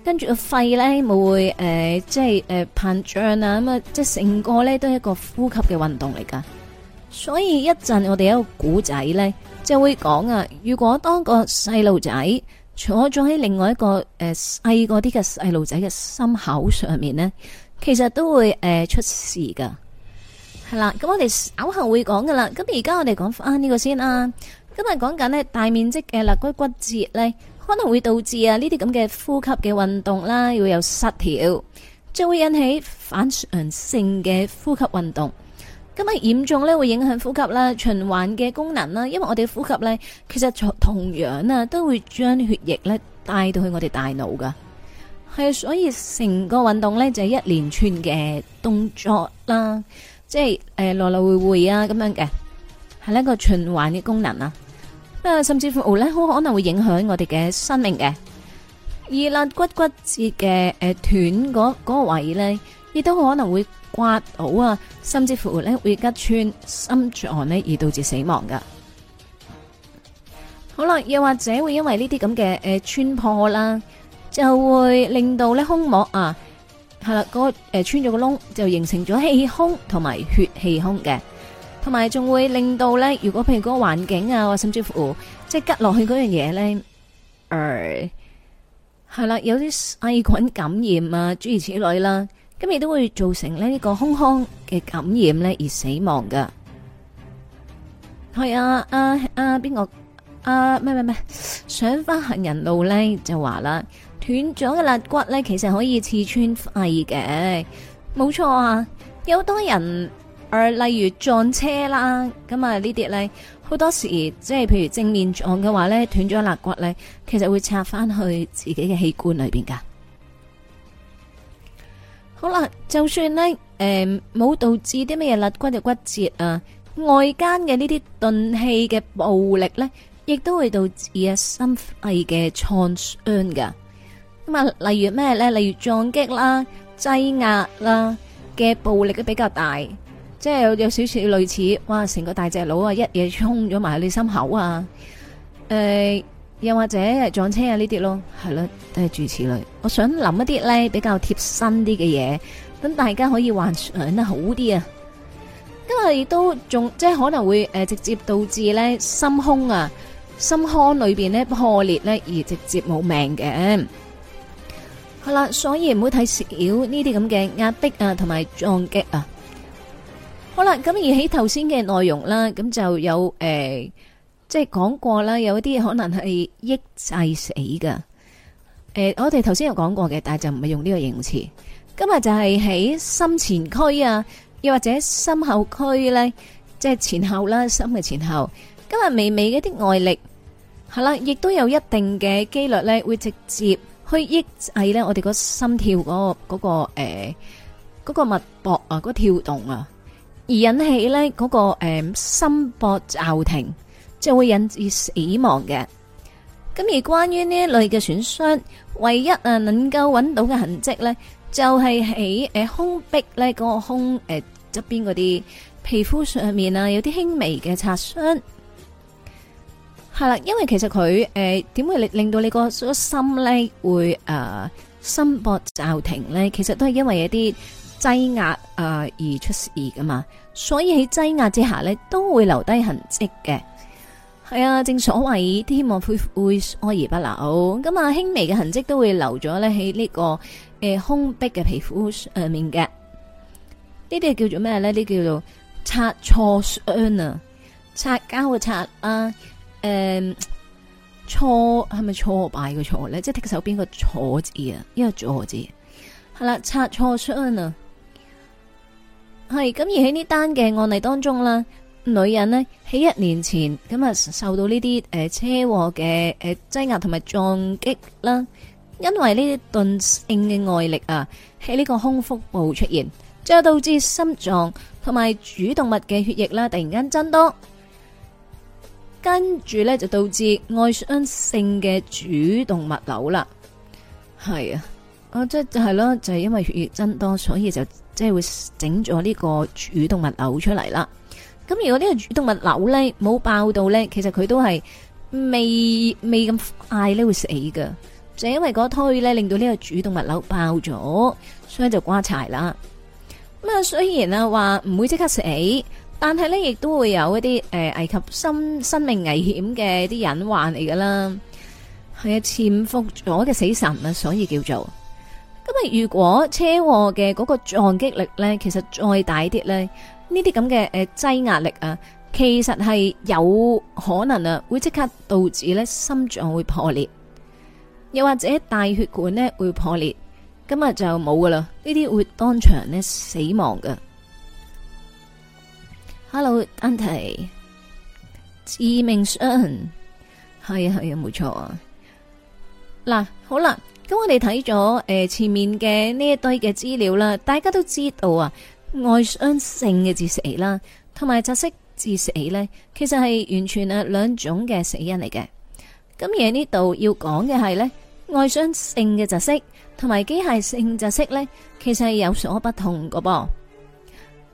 跟住個肺咧冇會誒、呃、即係誒膨脹啊，咁啊即係成個咧都係一個呼吸嘅運動嚟噶。所以一陣我哋有一個古仔咧，就會講啊，如果當個細路仔，坐咗喺另外一個誒細個啲嘅細路仔嘅心口上面呢，其實都會誒、呃、出事噶，係啦。咁我哋稍後會講噶啦。咁而家我哋講翻呢個先啊。今日講緊呢，大面積嘅肋骨骨折呢，可能會導致啊呢啲咁嘅呼吸嘅運動啦，會有失調，將會引起反常性嘅呼吸運動。咁啊，嚴重咧會影響呼吸啦、循環嘅功能啦。因為我哋呼吸咧，其實同同樣啊，都會將血液咧帶到去我哋大腦噶。係啊，所以成個運動咧就係、是、一連串嘅動作啦，即係誒來來回回啊咁樣嘅，係呢個循環嘅功能啊。甚至乎咧好可能會影響我哋嘅生命嘅。而肋骨骨折嘅誒斷嗰嗰個位咧。亦都可能會刮到啊，甚至乎咧會拮穿心臟咧，而導致死亡噶。好啦，又或者會因為呢啲咁嘅誒穿破啦，就會令到咧胸膜啊，係啦，個誒穿咗個窿就形成咗氣胸同埋血氣胸嘅，同埋仲會令到咧，如果譬如嗰個環境啊，甚至乎即係拮落去嗰樣嘢咧，誒係啦，有啲細菌感染啊，諸如此類啦。咁亦都會造成呢個胸腔嘅感染咧而死亡噶。係啊啊啊邊個啊？唔係唔係唔係，上翻行人路咧就話啦，斷咗嘅肋骨咧其實可以刺穿肺嘅，冇錯啊！有好多人誒、呃，例如撞車啦，咁啊呢啲咧，好多時即係譬如正面撞嘅話咧，斷咗肋骨咧，其實會插翻去自己嘅器官裏邊噶。好啦，就算呢，誒、呃，冇導致啲咩嘢肋骨嘅骨折啊，外間嘅呢啲鈍器嘅暴力呢，亦都會導致啊心肺嘅創傷噶。咁、嗯、啊，例如咩呢？例如撞擊啦、擠壓啦嘅暴力都比較大，即係有有少少類似，哇！成個大隻佬啊，一嘢衝咗埋你心口啊，誒、呃。又或者撞車啊呢啲咯，係咯，都係住此類。我想諗一啲咧比較貼身啲嘅嘢，等大家可以幻想得好啲啊。今日亦都仲即係可能會誒直接導致咧心胸啊、心腔裏邊咧破裂咧而直接冇命嘅。係啦，所以唔好睇少呢啲咁嘅壓迫啊同埋撞擊啊。好啦，咁而喺頭先嘅內容啦，咁就有誒。即係講過啦，有一啲可能係抑制死噶。誒，我哋頭先有講過嘅，但係就唔係用呢個形容詞。今日就係喺心前區啊，又或者心後區呢，即係前後啦，心嘅前後。今日微微嗰啲外力，係啦，亦都有一定嘅幾率呢，會直接去抑制呢我哋個心跳嗰個嗰個誒嗰個脈搏啊，嗰個跳動啊，而引起呢嗰個誒心搏驟停。就會引致死亡嘅。咁而關於呢一類嘅損傷，唯一啊能夠揾到嘅痕迹咧，就係喺誒胸壁咧嗰、嗰個胸誒側、呃、邊嗰啲皮膚上面啊，有啲輕微嘅擦傷係啦。因為其實佢誒點會令令到你個心咧會誒、呃、心搏驟停咧，其實都係因為一啲擠壓啊而出事噶嘛。所以喺擠壓之下咧，都會留低痕跡嘅。係啊，正所謂天網恢恢，疏而不漏。咁啊，輕微嘅痕跡都會留咗咧喺呢個誒胸、呃、壁嘅皮膚上面嘅。呢啲啲叫做咩咧？呢啲叫做擦錯傷啊、嗯、啊！擦膠嘅擦啊，誒，錯係咪挫敗嘅挫咧？即係提手邊個挫字啊，呢個挫字。係啦，擦錯傷啊。係咁而喺呢單嘅案例當中啦。女人呢，喺一年前咁啊，受到呢啲誒車禍嘅誒擠壓同埋撞擊啦，因為呢啲鈍性嘅外力啊，喺呢個胸腹部出現，就導致心臟同埋主動脈嘅血液啦，突然間增多，跟住呢，就導致外傷性嘅主動脈瘤啦。係啊，啊即係囉，咯，就係、是、因為血液增多，所以就即係會整咗呢個主動脈瘤出嚟啦。咁如果呢個主動脈瘤呢冇爆到呢，其實佢都係未未咁快呢會死噶，就因為嗰胎呢令到呢個主動脈瘤爆咗，所以就瓜柴啦。咁啊，雖然啊話唔會即刻死，但係呢亦都會有一啲誒危及生生命危險嘅啲隱患嚟噶啦，係啊潛伏咗嘅死神啊，所以叫做。咁啊，如果車禍嘅嗰個撞擊力呢，其實再大啲呢。呢啲咁嘅誒，擠壓力啊，其實係有可能啊，會即刻導致咧心臟會破裂，又或者大血管咧會破裂，咁咪就冇噶啦，呢啲會當場咧死亡噶。Hello，安提，致命傷痕，係啊，係啊，冇錯啊。嗱，好啦，咁我哋睇咗誒前面嘅呢一堆嘅資料啦，大家都知道啊。外傷性嘅窒息啦，同埋窒息致死咧，其實係完全啊兩種嘅死因嚟嘅。今日呢度要講嘅係呢外傷性嘅窒息同埋機械性窒息呢其實係有所不同個噃。咁啊，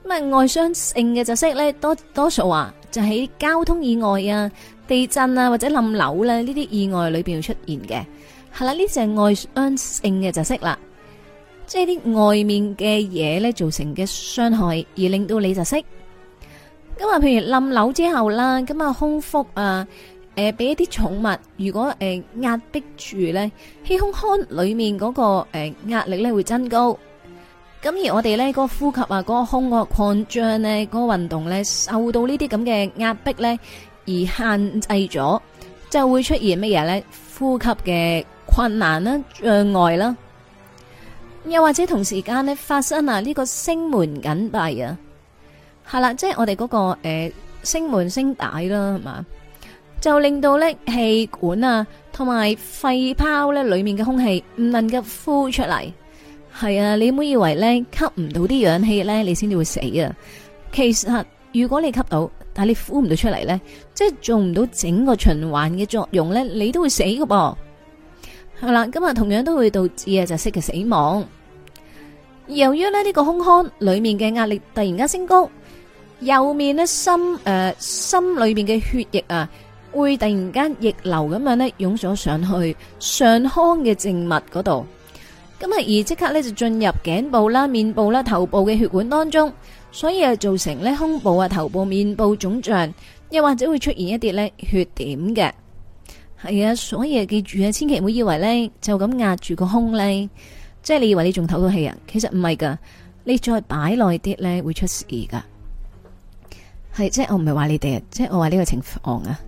外傷性嘅窒息呢多多數話就喺交通意外啊、地震啊、或者冧樓咧呢啲意外裏邊出現嘅。係啦，呢隻外傷性嘅窒息啦。即係啲外面嘅嘢咧造成嘅傷害，而令到你窒息。咁啊，譬如冧樓之後啦，咁啊，胸腹啊，誒，俾一啲重物如果誒壓迫住咧，氣胸腔裏面嗰個誒壓力咧會增高。咁而我哋咧嗰個呼吸啊，嗰個胸廓擴張咧，嗰個運動咧受到呢啲咁嘅壓迫咧而限制咗，就會出現乜嘢咧？呼吸嘅困難啦，障礙啦。又或者同時間咧發生啊呢個聲門緊閉啊，係啦，即係我哋嗰、那個誒聲、呃、門聲帶啦，係嘛，就令到呢氣管啊同埋肺泡咧裏面嘅空氣唔能夠呼出嚟，係啊，你唔好以為呢吸唔到啲氧氣呢，你先至會死啊。其實如果你吸到，但係你呼唔到出嚟呢，即係做唔到整個循環嘅作用呢，你都會死噶噃。係啦，咁啊同樣都會導致啊，窒息嘅死亡。由於呢呢個胸腔裏面嘅壓力突然間升高，右面呢心誒心裏面嘅血液啊，會突然間逆流咁樣呢湧咗上去上腔嘅靜脈嗰度。咁啊而即刻呢就進入頸部啦、面部啦、頭部嘅血管當中，所以啊造成呢胸部啊、頭部、面部腫脹，又或者會出現一啲呢血點嘅。係啊，所以記住啊，千祈唔好以為呢就咁壓住個胸呢。即係你以為你仲唞到氣啊，其實唔係噶，你再擺耐啲呢，會出事噶。係即係我唔係話你哋即係我話呢個情況啊。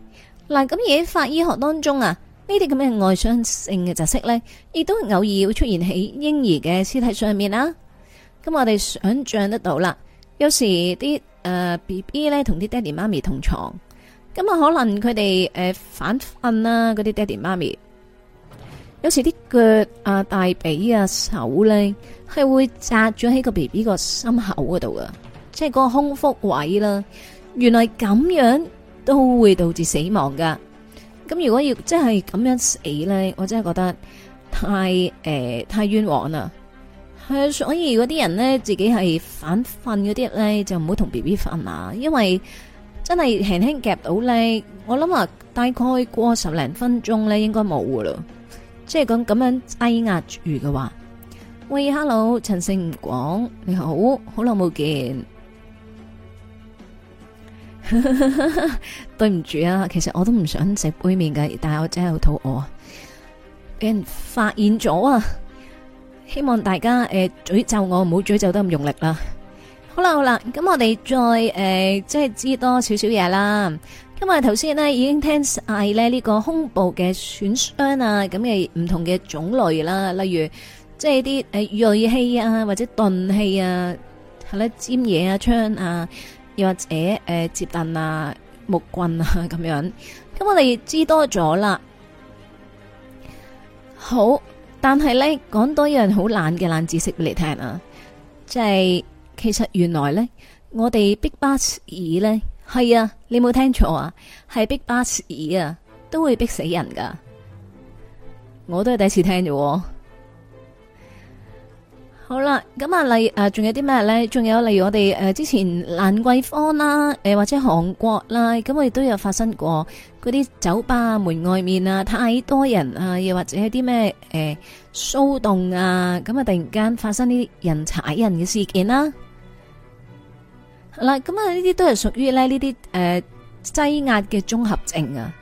嗱咁而喺法醫學當中啊，呢啲咁嘅外傷性嘅窒息呢，亦都偶爾會出現喺嬰兒嘅屍體上面啊。咁我哋想象得到啦，有時啲誒 B B 呢，同啲爹哋媽咪同床。咁啊，可能佢哋誒反瞓啦，嗰啲爹哋媽咪，有時啲腳啊、大髀啊、手咧，係會扎咗喺個 B B 個心口嗰度噶，即係個胸腹位啦。原來咁樣都會導致死亡噶。咁如果要即係咁樣死咧，我真係覺得太誒太冤枉啦。係啊，所以如果啲人咧自己係反瞓嗰啲咧，就唔好同 B B 瞓啦，因為。真係輕輕夾到咧，我諗啊，大概過十零分鐘咧，應該冇噶啦。即係咁咁樣擠壓住嘅話，喂，Hello，陳勝唔講，你好，好耐冇見。 對唔住啊，其實我都唔想食杯麵嘅，但係我真係好肚餓啊。俾人發現咗啊！希望大家誒詛咒我，唔好詛咒得咁用力啦。好啦，好啦，咁我哋再誒、呃，即係知多少少嘢啦。今日頭先呢已經聽晒咧呢個胸部嘅損傷啊，咁嘅唔同嘅種類啦，例如即係啲誒銳器啊，或者鈍器啊，係咧尖嘢啊，槍啊，又或者誒，折、呃、凳啊，木棍啊，咁樣。咁、嗯、我哋知多咗啦。好，但係咧講多一樣好懶嘅冷知識俾你聽啊，即係。其實原來呢，我哋逼巴士呢，咧，係啊，你冇聽錯啊，係逼巴士啊，都會逼死人噶。我都係第一次聽啫。好啦，咁啊，例誒，仲有啲咩呢？仲有例如我哋誒，之前蘭桂坊啦，誒、呃、或者韓國啦，咁、嗯、我哋都有發生過嗰啲酒吧門外面啊，太多人啊，又或者有啲咩誒騷動啊，咁、嗯、啊突然間發生呢啲人踩人嘅事件啦、啊。嗱，咁、呃、啊，呢啲都係屬於咧呢啲誒擠壓嘅綜合症啊，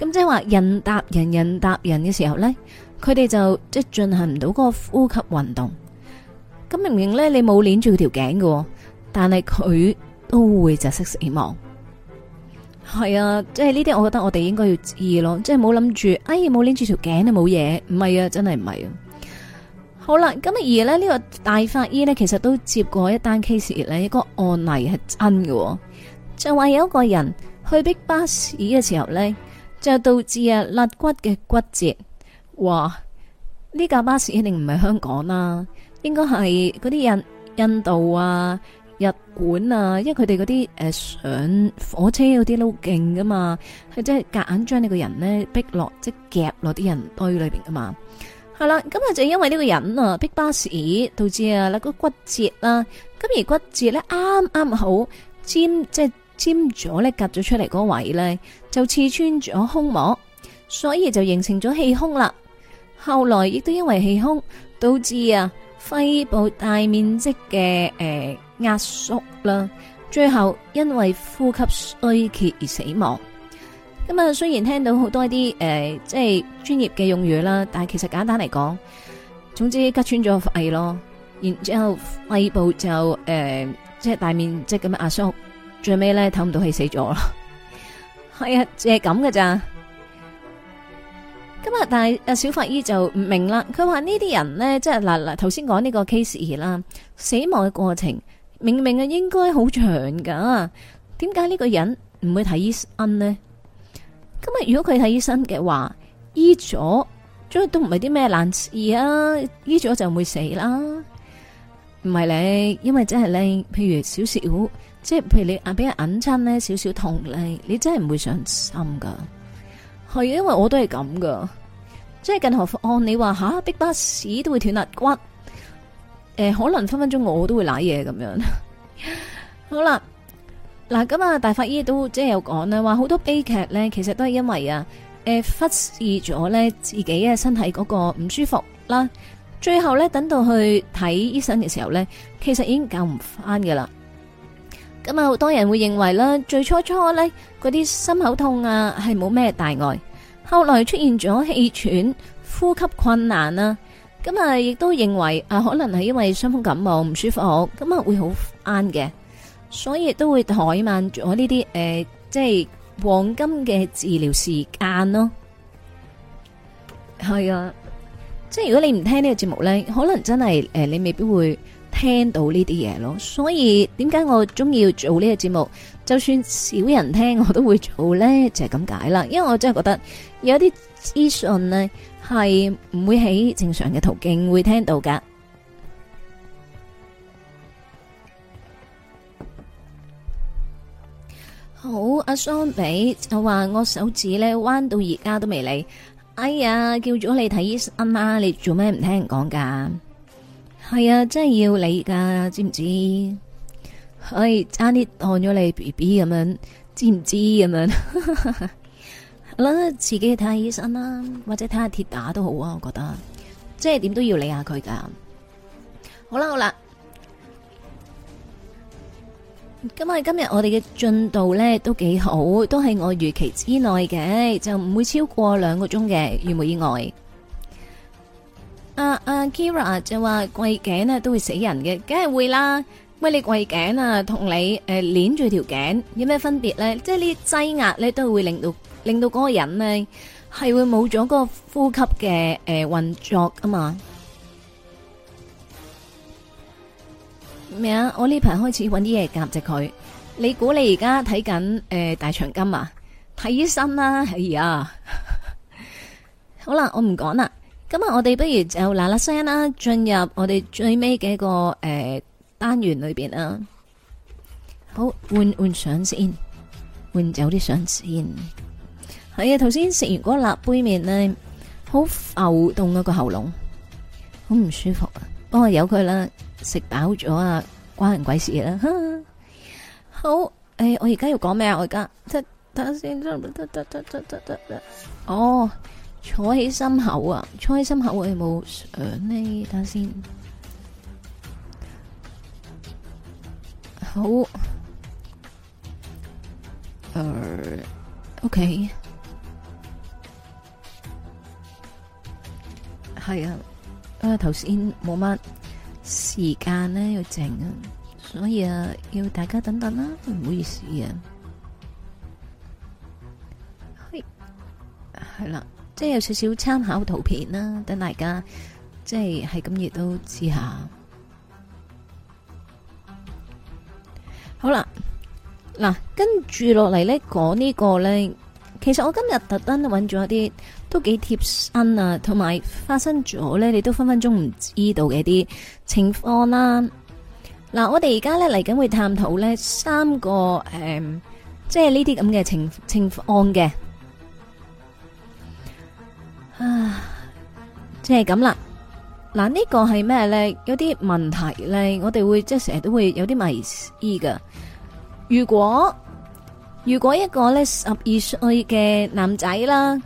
咁即係話人搭人，人搭人嘅時候咧，佢哋就即係進行唔到嗰個呼吸運動，咁明明咧你冇捻住佢條頸嘅，但係佢都會窒息死亡。係啊，即係呢啲，我覺得我哋應該要注意咯，即係冇諗住，哎，冇捻住條頸都冇嘢，唔係啊，真係唔係啊。好啦，咁而呢呢、這個大法醫呢，其實都接過一單 case 咧，一個案例係真喎、哦，就話有一個人去逼巴士嘅時候呢，就導致啊肋骨嘅骨折。哇！呢架巴士一定唔係香港啦、啊，應該係嗰啲印印度啊、日本啊，因為佢哋嗰啲誒上火車嗰啲都勁噶嘛，佢真係夾硬將呢個人呢逼落即夾落啲人堆裏邊噶嘛。係啦，咁啊就因為呢個人啊逼巴士，導致啊肋骨骨折啦。咁而骨折咧啱啱好尖，即係尖咗咧夾咗出嚟嗰位咧，就刺穿咗胸膜，所以就形成咗氣胸啦。後來亦都因為氣胸，導致啊肺部大面積嘅誒壓縮啦，最後因為呼吸衰竭而死亡。咁啊，雖然聽到好多一啲誒，即係專業嘅用語啦，但係其實簡單嚟講，總之吉穿咗肺咯，然之後肺部就誒，即係大面積咁樣壓縮，最尾咧唞唔到氣死咗啦。係啊，即係咁噶咋。今日但係阿小法醫就唔明啦，佢話呢啲人咧，即係嗱嗱頭先講呢個 case 啦，死亡嘅過程明明啊應該好長噶，點解呢個人唔會睇醫生咧？今日如果佢睇醫生嘅話，醫咗即佢都唔係啲咩難事啊，醫咗就唔會死啦。唔係你，因為真係你，譬如少少，即係譬如你阿俾人引親咧，少少痛你，你真係唔會上心噶。係啊，因為我都係咁噶，即係更何況你話吓逼巴士都會斷肋骨，誒、呃，可能分分鐘我都會瀨嘢咁樣。 好啦。嗱，咁啊，大法醫都即係有講啦，話好多悲劇咧，其實都係因為啊，誒忽視咗咧自己嘅身體嗰個唔舒服啦，最後咧等到去睇醫生嘅時候咧，其實已經救唔翻㗎喇。咁啊，好多人會認為啦，最初初咧嗰啲心口痛啊，係冇咩大礙，後來出現咗氣喘、呼吸困難啊，咁啊，亦都認為啊，可能係因為傷風感冒唔舒服，咁啊會好翻嘅。所以都會怠慢咗呢啲誒，即係黃金嘅治療時間咯。係啊，即係如果你唔聽呢個節目咧，可能真係誒，你未必會聽到呢啲嘢咯。所以點解我中意做呢個節目，就算少人聽，我都會做咧，就係咁解啦。因為我真係覺得有一啲資訊呢係唔會喺正常嘅途徑會聽到噶。好，阿桑比就話我手指咧彎到而家都未理，哎呀，叫咗你睇醫生啦，啊，你做咩唔聽人講噶？係啊，真係要理噶，知唔知？係、哎、差啲看咗你 B B 咁樣，知唔知咁樣？諗， 自己去睇醫生啦，啊，或者睇下鐵打都好啊，我覺得，即係點都要理下佢噶。好啦，啊，好啦，啊。咁啊，今日我哋嘅進度咧都幾好，都係我預期之內嘅，就唔會超過兩個鐘嘅，如冇意外。阿阿 Kira 就話跪頸咧都會死人嘅，梗係會啦，喂，你跪頸啊，同你誒鏈住條頸有咩分別咧？即係呢，擠壓咧都會令到令到嗰個人咧係會冇咗個呼吸嘅誒運作啊嘛。咩、呃、啊！我呢排開始搵啲嘢夾住佢。你估你而家睇緊誒大長今啊？睇醫生啦，哎呀！好啦，我唔講啦。今日我哋不如就嗱嗱聲啦，進入我哋最尾嘅一個誒、呃、單元裏邊啦。好，換換相先，換走啲相先。係啊，頭先食完嗰個辣杯麵咧，好浮凍啊個喉嚨，好唔舒服啊！幫我由佢啦。食飽咗啊，關人鬼事啦！好，誒，我而家要講咩啊？我而家，等下先，哦，坐喺心口啊，坐喺心口，我係冇誒，等下先，好，誒，OK，係啊，啊，頭先冇乜。時間呢要整啊，所以啊要大家等等啦，唔好意思啊，係係啦，即係有少少參考圖片啦，等大家即係係咁亦都知下。好啦，嗱，跟住落嚟咧講呢個咧，其實我今日特登揾咗一啲。都幾貼身啊，同埋發生咗咧，你都分分鐘唔知道嘅啲情況啦。嗱，我哋而家咧嚟緊會探討呢三個誒，即係呢啲咁嘅情情況嘅。啊，嗯、即係咁、啊就是、啦。嗱、啊，這個、呢個係咩咧？有啲問題咧，我哋會即係成日都會有啲迷思噶。如果如果一個咧十二歲嘅男仔啦。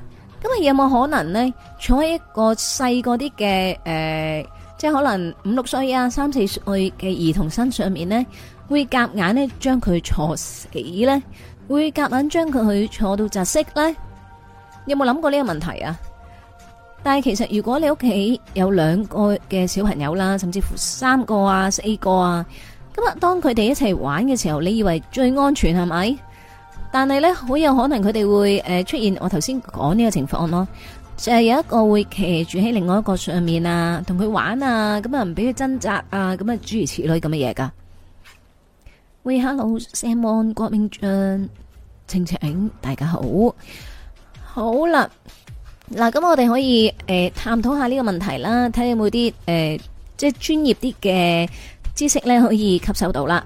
咁啊，有冇可能呢？坐喺一個細個啲嘅，誒，即係可能五六歲啊、三四歲嘅兒童身上面呢，會夾硬呢將佢坐死呢？會夾硬將佢去坐到窒息呢？有冇諗過呢個問題啊？但係其實如果你屋企有兩個嘅小朋友啦，甚至乎三個啊、四個啊，咁啊，當佢哋一齊玩嘅時候，你以為最安全係咪？是但係咧，好有可能佢哋會誒出現我頭先講呢個情況咯，就係有一個會騎住喺另外一個上面啊，同佢玩啊，咁啊唔俾佢掙扎啊，咁啊諸如此類咁嘅嘢噶。喂，Hello，Samon 郭明俊、晴晴，大家好，好啦，嗱，咁我哋可以誒探討下呢個問題啦，睇有冇啲誒即係專業啲嘅知識咧可以吸收到啦，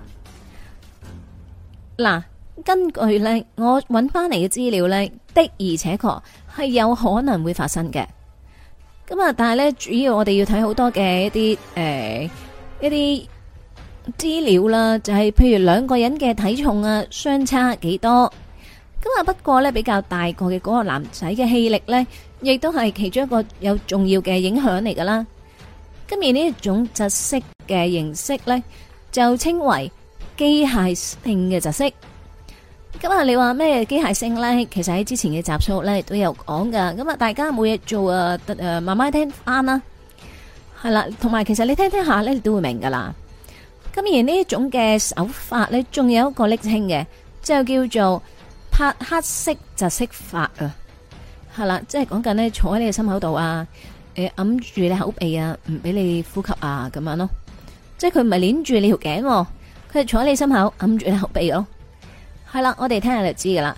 嗱。根據呢，我揾翻嚟嘅資料呢，的而且確係有可能會發生嘅。咁啊，但係呢，主要我哋要睇好多嘅一啲誒一啲資料啦，就係譬如兩個人嘅體重啊，相差幾多。咁啊，不過呢比較大個嘅嗰個男仔嘅氣力呢，亦都係其中一個有重要嘅影響嚟㗎啦。今次呢一種窒息嘅形式呢，就稱為機械性嘅窒息。今、嗯、日你話咩機械性咧？其實喺之前嘅集數咧都有講噶。咁啊，大家冇嘢做啊，誒慢慢聽返啦。係啦，同埋其實你聽聽下咧，你都會明噶啦。咁而呢一種嘅手法咧，仲有一個暱稱嘅，即係叫做拍黑色窒息法啊。係啦，即係講緊咧，坐喺你嘅心口度啊，誒，揞住你口鼻啊，唔俾你呼吸啊，咁樣咯。即係佢唔係鏈住你條頸，啊，佢係坐喺你心口揞住你口鼻咯。係啦，我哋聽下就知噶啦。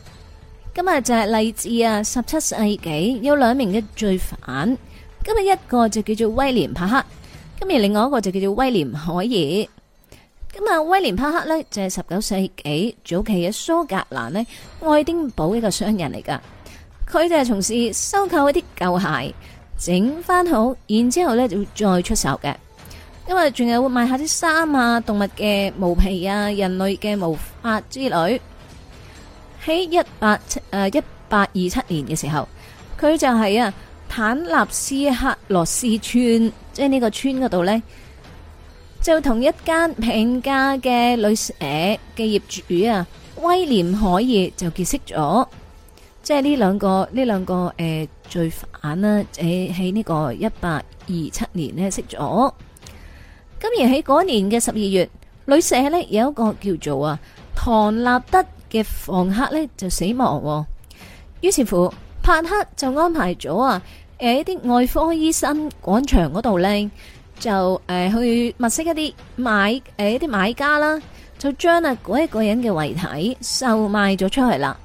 今日就係例子啊，十七世紀有兩名嘅罪犯。今日一個就叫做威廉帕克，今日另外一個就叫做威廉海爾。咁啊威廉帕克呢，就係十九世紀早期嘅蘇格蘭呢愛丁堡一個商人嚟噶。佢就係從事收購一啲舊鞋，整翻好，然之後呢就會再出售嘅。因為仲有會賣下啲衫啊、動物嘅毛皮啊、人類嘅毛髮之類。喺一八七誒，一八二七年嘅時候，佢就係啊坦納斯克羅斯村，即係呢個村嗰度呢，就同一間平價嘅旅社嘅業主啊威廉海爾就結識咗，即係呢兩個呢兩個誒罪犯呢，喺喺呢個一八二七年呢識咗，咁而喺嗰年嘅十二月，旅社呢有一個叫做啊唐納德。嘅房客呢就死亡，哦，於是乎帕克就安排咗啊，誒一啲外科醫生廣場嗰度呢，就誒、呃、去物色一啲買誒一啲買家啦，就將啊嗰一個人嘅遺體售賣咗出去啦。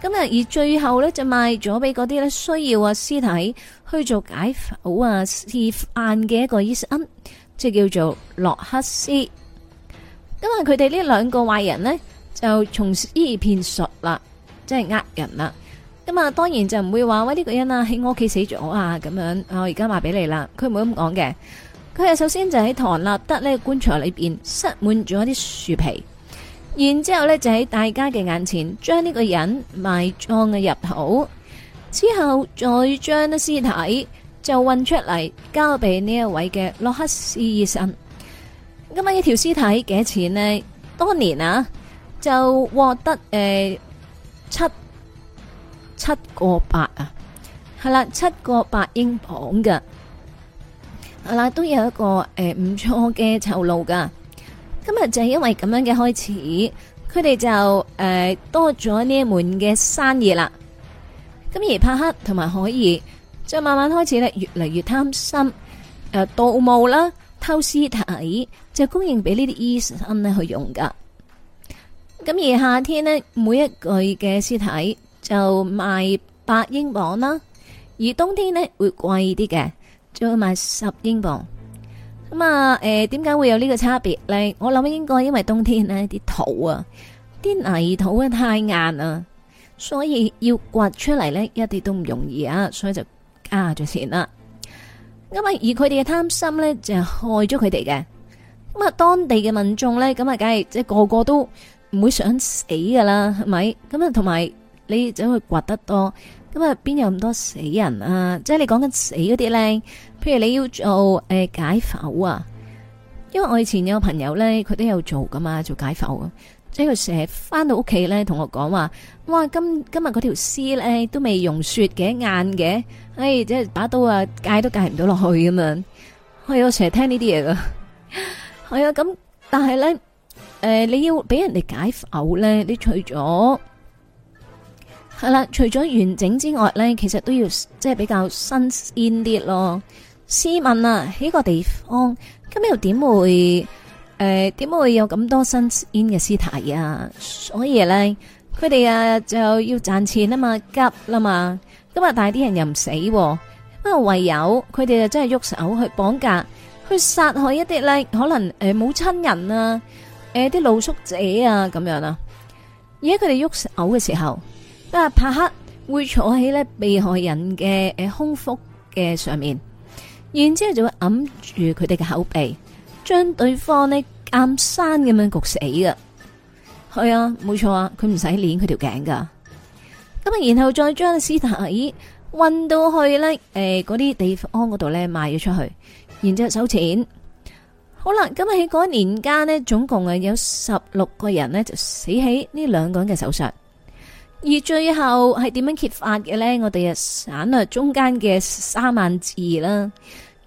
咁啊而最後呢，就賣咗俾嗰啲需要啊屍體去做解剖啊試驗嘅一個醫生，即係叫做洛克斯。咁啊佢哋呢兩個壞人呢。就從醫騙術啦，即係呃人啦。咁啊，當然就唔會話喂，呢個人啊喺我屋企死咗啊咁樣，我而家話俾你啦。佢唔會咁講嘅。佢係首先就喺唐納德呢棺材裏邊塞滿咗啲樹皮，然之後呢就喺大家嘅眼前將呢個人埋葬嘅入土，之後再將啲屍體就運出嚟交俾呢一位嘅洛克斯醫生。咁啊，呢條屍體幾錢呢？當年啊，就獲得誒、呃、七七個八啊，係啦，七個八英鎊嘅，係啦，都有一個誒唔錯嘅酬勞噶。今日就係因為咁樣嘅開始，佢哋就誒、呃、多咗呢一門嘅生意啦。咁而帕克同埋海爾，就慢慢開始咧越嚟越貪心，誒盜墓啦、偷屍體，就供應俾呢啲醫生咧去用噶。咁而夏天呢，每一具嘅屍體就賣八英鎊啦。而冬天呢會貴啲嘅，就會賣十英鎊。咁啊，誒、呃，點解會有呢個差別呢？我諗應該因為冬天呢啲土啊，啲泥土啊太硬啊，所以要掘出嚟，呢一啲都唔容易啊，所以就加咗錢啦。咁啊，而佢哋嘅貪心呢，就係害咗佢哋嘅。咁啊，當地嘅民眾呢，咁啊，梗係即係個個都。唔會想死噶啦，係咪？咁啊，同埋你就會掘得多，咁啊，邊有咁多死人啊？即係你講緊死嗰啲咧，譬如你要做誒、欸、解剖啊，因為我以前有個朋友咧，佢都有做噶嘛，做解剖，即係佢成日翻到屋企咧，同我講話，哇，今今日嗰條屍咧都未溶雪嘅，硬嘅，哎，即係把刀啊解都解唔到落去咁樣，我有成日聽、 哎、呢啲嘢噶，係啊，咁但係咧。誒、呃，你要俾人哋解剖咧？你除咗係啦，除咗完整之外咧，其實都要即係比較新鮮啲咯。試問啊，喺、這個地方，咁又點會誒？點、呃、會有咁多新鮮嘅屍體啊？所以咧，佢哋啊就要賺錢啊嘛，急啦嘛。今日帶啲人又唔死、啊，不過唯有佢哋就真係喐手去綁架，去殺害一啲咧，可能誒冇親人啊。誒、呃，啲露宿者啊，咁樣啊，而喺佢哋喐嘔嘅時候，啊，帕克會坐喺咧被害人嘅誒胸腹嘅上面，然之後就會揞住佢哋嘅口鼻，將對方呢暗生咁樣焗死噶。係啊，冇錯啊，佢唔使捻佢條頸噶。咁啊，然後再將屍體運到去咧誒嗰啲地方嗰度咧賣咗出去，然之後收錢。好啦，咁啊喺嗰年間呢，總共啊有十六個人呢就死喺呢兩個人嘅手上。而最後係點樣揭發嘅呢？我哋啊省略中間嘅三萬字啦。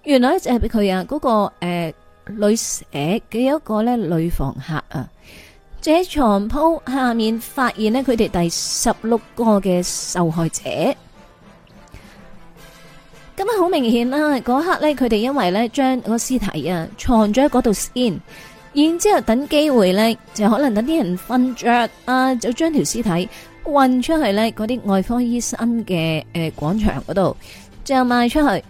原來就係俾佢啊嗰個誒、嗰個呃、旅社嘅一個呢女房客啊，就喺床鋪下面發現呢，佢哋第十六個嘅受害者。咁啊，好明顯啦！嗰刻咧，佢哋因為咧將個屍體啊藏咗喺嗰度先，然之後等機會咧，就可能等啲人瞓着啊，就將條屍體運出去咧，嗰啲外科醫生嘅誒廣場嗰度，就賣出去。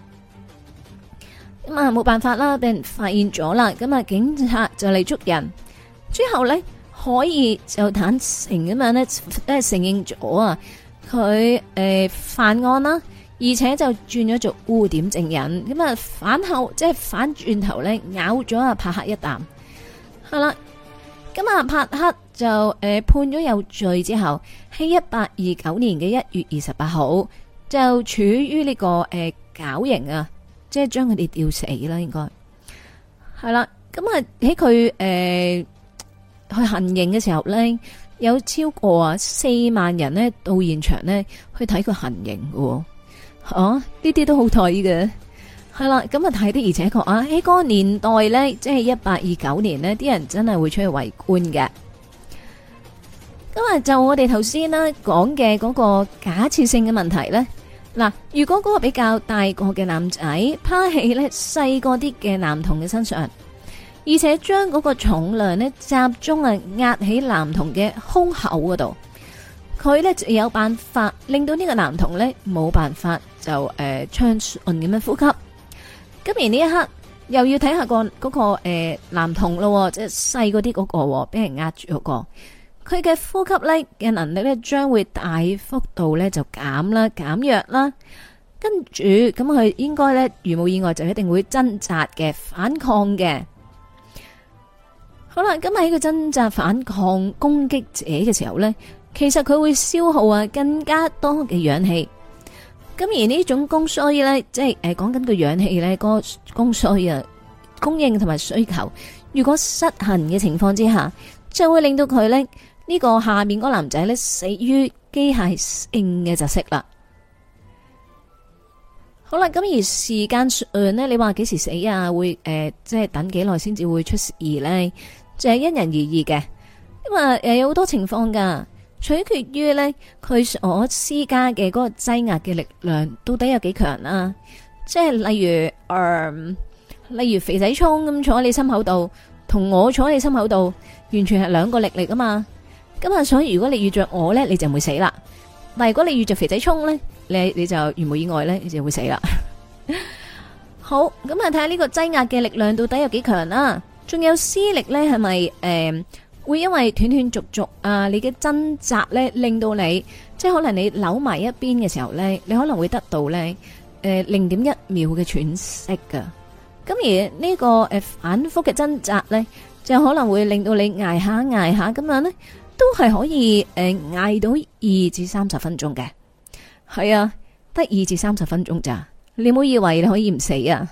咁啊，冇辦法啦，俾人發現咗啦。咁啊，警察就嚟捉人，之後咧可以就坦誠咁樣，咧都係承認咗啊，佢誒犯案啦。而且就轉咗做污點證人，咁啊反口，即係反轉頭咧，咬咗阿帕克一啖係啦。咁啊，帕克就誒、呃、判咗有罪之後，喺一八二九年嘅一月二十八號就處於呢、這個誒絞、呃、刑啊，即係將佢哋吊死啦，應該係啦。咁啊喺佢誒去行刑嘅時候咧，有超過啊四萬人呢到現場呢去睇佢行刑嘅。哦、啊，呢啲都好睇嘅，係啦，咁啊睇啲，而且確啊喺嗰個年代呢，即係一八二九年呢，啲人真係會出去圍觀嘅。咁啊，就我哋頭先啦講嘅嗰個假設性嘅問題呢。嗱，如果嗰個比較大個嘅男仔趴喺咧細個啲嘅男童嘅身上，而且將嗰個重量呢集中啊壓喺男童嘅胸口嗰度，佢呢就有辦法令到呢個男童呢冇辦法。就誒，暢順咁樣呼吸。今年呢一刻，又要睇下、嗰個、嗰個誒、呃、男童咯、哦，即係細嗰啲嗰個俾、哦、人壓住嗰、嗰個，佢嘅呼吸咧嘅能力呢，將會大幅度呢就減啦、減弱啦。跟住咁佢應該呢，如無意外就一定會掙扎嘅反抗嘅。好啦，咁喺佢掙扎、反抗、攻擊者嘅時候呢，其實佢會消耗啊更加多嘅氧氣。咁而呢種供需呢，即係誒講緊個氧氣呢，個供需啊，供應同埋需求，如果失衡嘅情況之下，就會令到佢呢，呢、呢個下面嗰男仔呢，死於機械性嘅窒息啦。好啦，咁而時間上呢，你話幾時死啊？會，誒即係等幾耐先至會出事呢？就係、係、因人而異嘅，因為誒有好多情況㗎。取決於呢，佢所施加嘅嗰個擠壓嘅力量到底有幾強啊？即係例如，呃，例如肥仔蔥咁坐喺你心口度，同我坐喺你心口度，完全係兩個力力啊嘛。咁，嗯，啊，所以如果你遇着我呢，你就唔會死啦；但如果你遇着肥仔蔥呢，你你就如冇意外呢，你就會死啦。 好，咁，嗯，啊，睇下呢個擠壓嘅力量到底有幾強啦。仲有施力呢，係咪誒？呃會因為斷斷續續啊，你嘅掙扎呢，令到你，即係可能你扭埋一邊嘅時候呢，你可能會得到呢，誒零點一秒嘅喘息㗎。咁而呢、這個誒、呃、反覆嘅掙扎呢，就可能會令到你捱下捱下咁樣呢都係可以誒捱、呃、到二至三十分鐘嘅。係啊，得二至三十分鐘咋？你唔好以為你可以唔死啊！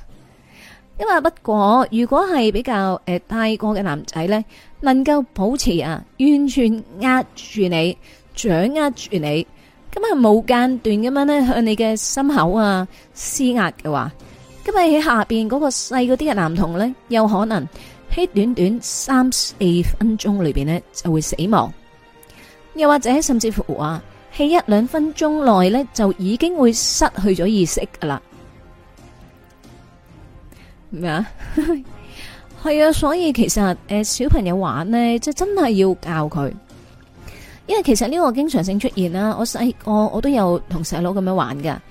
咁啊！不過如果係比較誒大個嘅男仔呢，能夠保持啊完全壓住你，掌握住你，咁啊冇間斷咁樣咧向你嘅心口啊施壓嘅話，咁啊喺下邊嗰個細嗰啲嘅男童呢，有可能喺短短三四分鐘裏邊呢就會死亡，又或者甚至乎話喺一兩分鐘內呢，就已經會失去咗意識噶啦。咩啊？係 啊，所以其實誒、呃，小朋友玩呢，即係真係要教佢，因為其實呢個經常性出現啦。我細個我都有同細佬咁樣玩噶，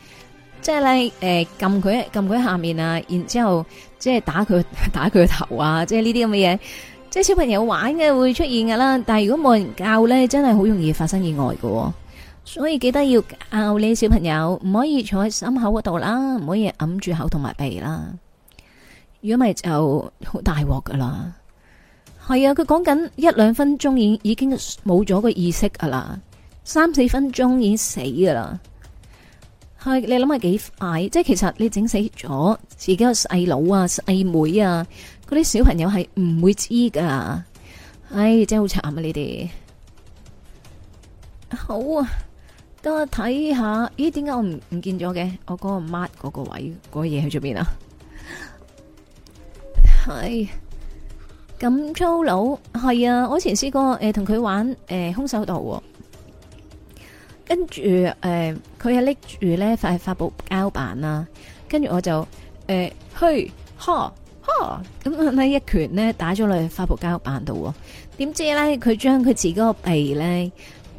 即係咧誒，撳佢撳佢下面啊，然之後即係打佢打佢個頭啊，即係呢啲咁嘅嘢。即係小朋友玩嘅會出現噶啦，但係如果冇人教咧，真係好容易發生意外噶喎。所以記得要教你小朋友，唔可以坐喺心口嗰度啦，唔可以揞住口同埋鼻啦。如果咪就好大鑊噶啦，係啊！佢講緊一兩分鐘已已經冇咗個意識噶啦，三四分鐘已經死噶啦。係你諗下幾快？即係其實你整死咗自己個細佬啊、細妹啊，嗰啲小朋友係唔會知噶。唉，真係好慘啊！呢啲好啊，等我睇下，咦？點解我唔唔見咗嘅？我嗰個 mark 嗰個位嗰嘢去咗邊啊？係咁粗魯，係啊！我以前試過誒，同、呃、佢玩誒、呃、空手道、哦，跟住誒，佢係拎住咧塊發泡膠板啊，跟住我就誒、呃，去，呵，呵，咁咧一拳咧打咗落去發泡膠板度、哦，點知咧佢將佢自己個鼻咧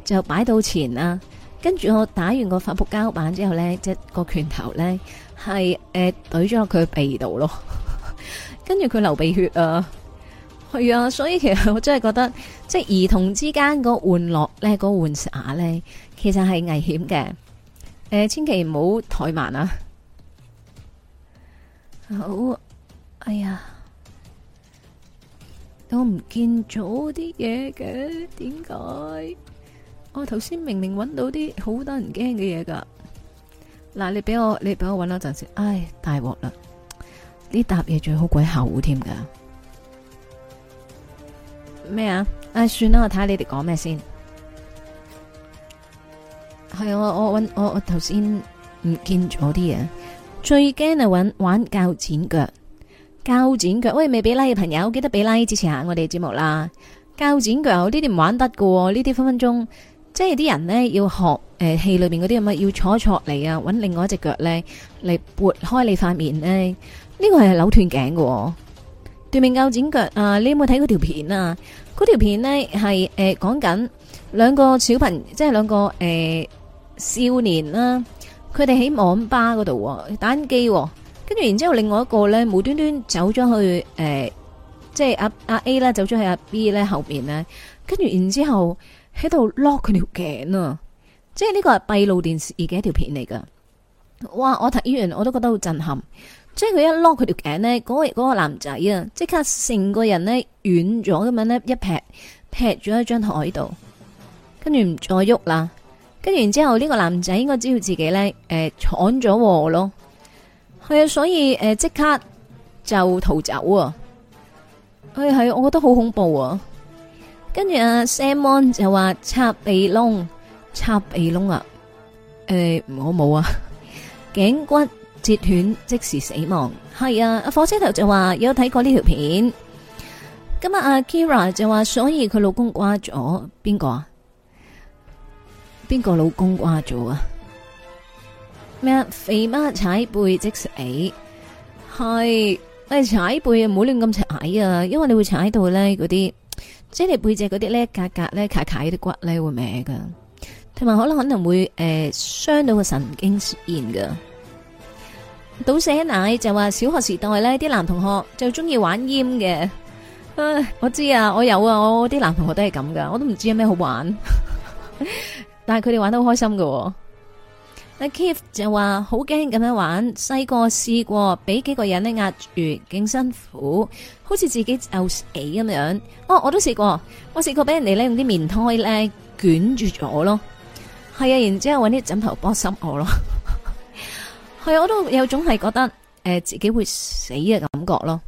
就擺到前啦，跟住我打完個發泡膠板之後咧，即、就是、個拳頭咧係誒懟咗落佢鼻度咯。跟住佢流鼻血啊，係啊，所以其實我真係覺得，即係兒童之間嗰個玩樂咧，嗰個玩耍咧，其實係危險嘅。誒、呃，千祈唔好怠慢啊！好，哎呀，我唔見咗啲嘢嘅，點解？我頭先明明揾到啲好得人驚嘅嘢噶，嗱，你俾我，你俾我揾啦陣時，唉，大鑊啦！呢搭嘢最好鬼厚添噶咩啊？唉，算啦，我睇下你哋講咩先。係我我搵我我頭先唔見咗啲嘢，最驚係搵玩鉸剪腳、鉸剪腳。喂，未俾拉嘅朋友，記得俾拉、like、支持一下我哋節目啦。鉸剪腳呢啲唔玩得噶，呢啲分分鐘即係啲人呢要學誒戲、呃、裏邊嗰啲咁啊，要坐坐嚟啊，搵另外一隻腳咧嚟撥開你塊面呢。呢個係扭斷頸嘅奪命鉸剪腳啊！你有冇睇嗰條片啊？嗰條片呢係誒講緊兩個小朋即係兩個誒、呃、少年啦、啊。佢哋喺網吧嗰度打機、啊，跟住然之後另外一個呢，無端端走咗去誒、呃，即係阿阿 A 呢，走咗去阿 B 呢後邊呢。跟住然之後喺度 lock 佢條頸啊！即係呢個係閉路電視而嘅一條片嚟噶。哇！我睇完我都覺得好震撼。即係佢一 lock 佢條頸呢嗰個嗰、嗰個男仔啊，即刻成個人呢軟咗咁樣呢，一劈劈咗喺張台度，跟住唔再喐啦。跟住之後呢個男仔應該知道自己呢，誒闖咗禍咯，係啊，所以誒即、欸、刻就逃走啊！誒係，我覺得好恐怖啊！跟住阿、啊、Samon 就話插鼻窿，插鼻窿啊！誒、欸，唔好冇啊，頸骨。截斷即時死亡，係啊！火車頭就話有睇過呢條片。今日阿 Kira 就話，所以佢，啊、老公瓜咗邊個啊？邊個老公瓜咗啊？咩啊？肥媽踩背即死，係誒、啊、踩背啊，唔好亂咁踩啊！因為你會踩到咧嗰啲即係背脊嗰啲咧夾夾咧咔咔啲骨咧會歪噶，同埋可能可能會誒傷、呃、到個神經線噶。倒寫奶就話小學時代咧，啲男同學就中意玩閹嘅。唉，我知啊，我有啊，我啲男同學都係咁噶，我都唔知有咩好玩。 但係佢哋玩得好開心噶。阿 Keith 就話好驚咁樣玩，細個試過俾幾個人咧壓住，勁辛苦，好似自己受死咁樣。哦，我都試過，我試過俾人哋咧用啲棉胎咧捲住咗咯。係啊，然之後揾啲枕頭包心我咯。係，我都有種係覺得誒、呃，自己會死嘅感覺咯。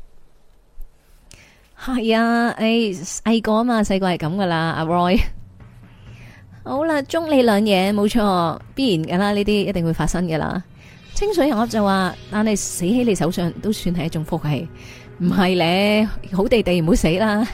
係啊，誒，細個啊嘛，細個係咁噶啦。阿 Roy，好啦，中你兩嘢冇錯，必然噶啦，呢啲一定會發生噶啦。清水岩我就話，但係你死喺你手上都算係一種福氣，唔係咧，好地地唔好死啦。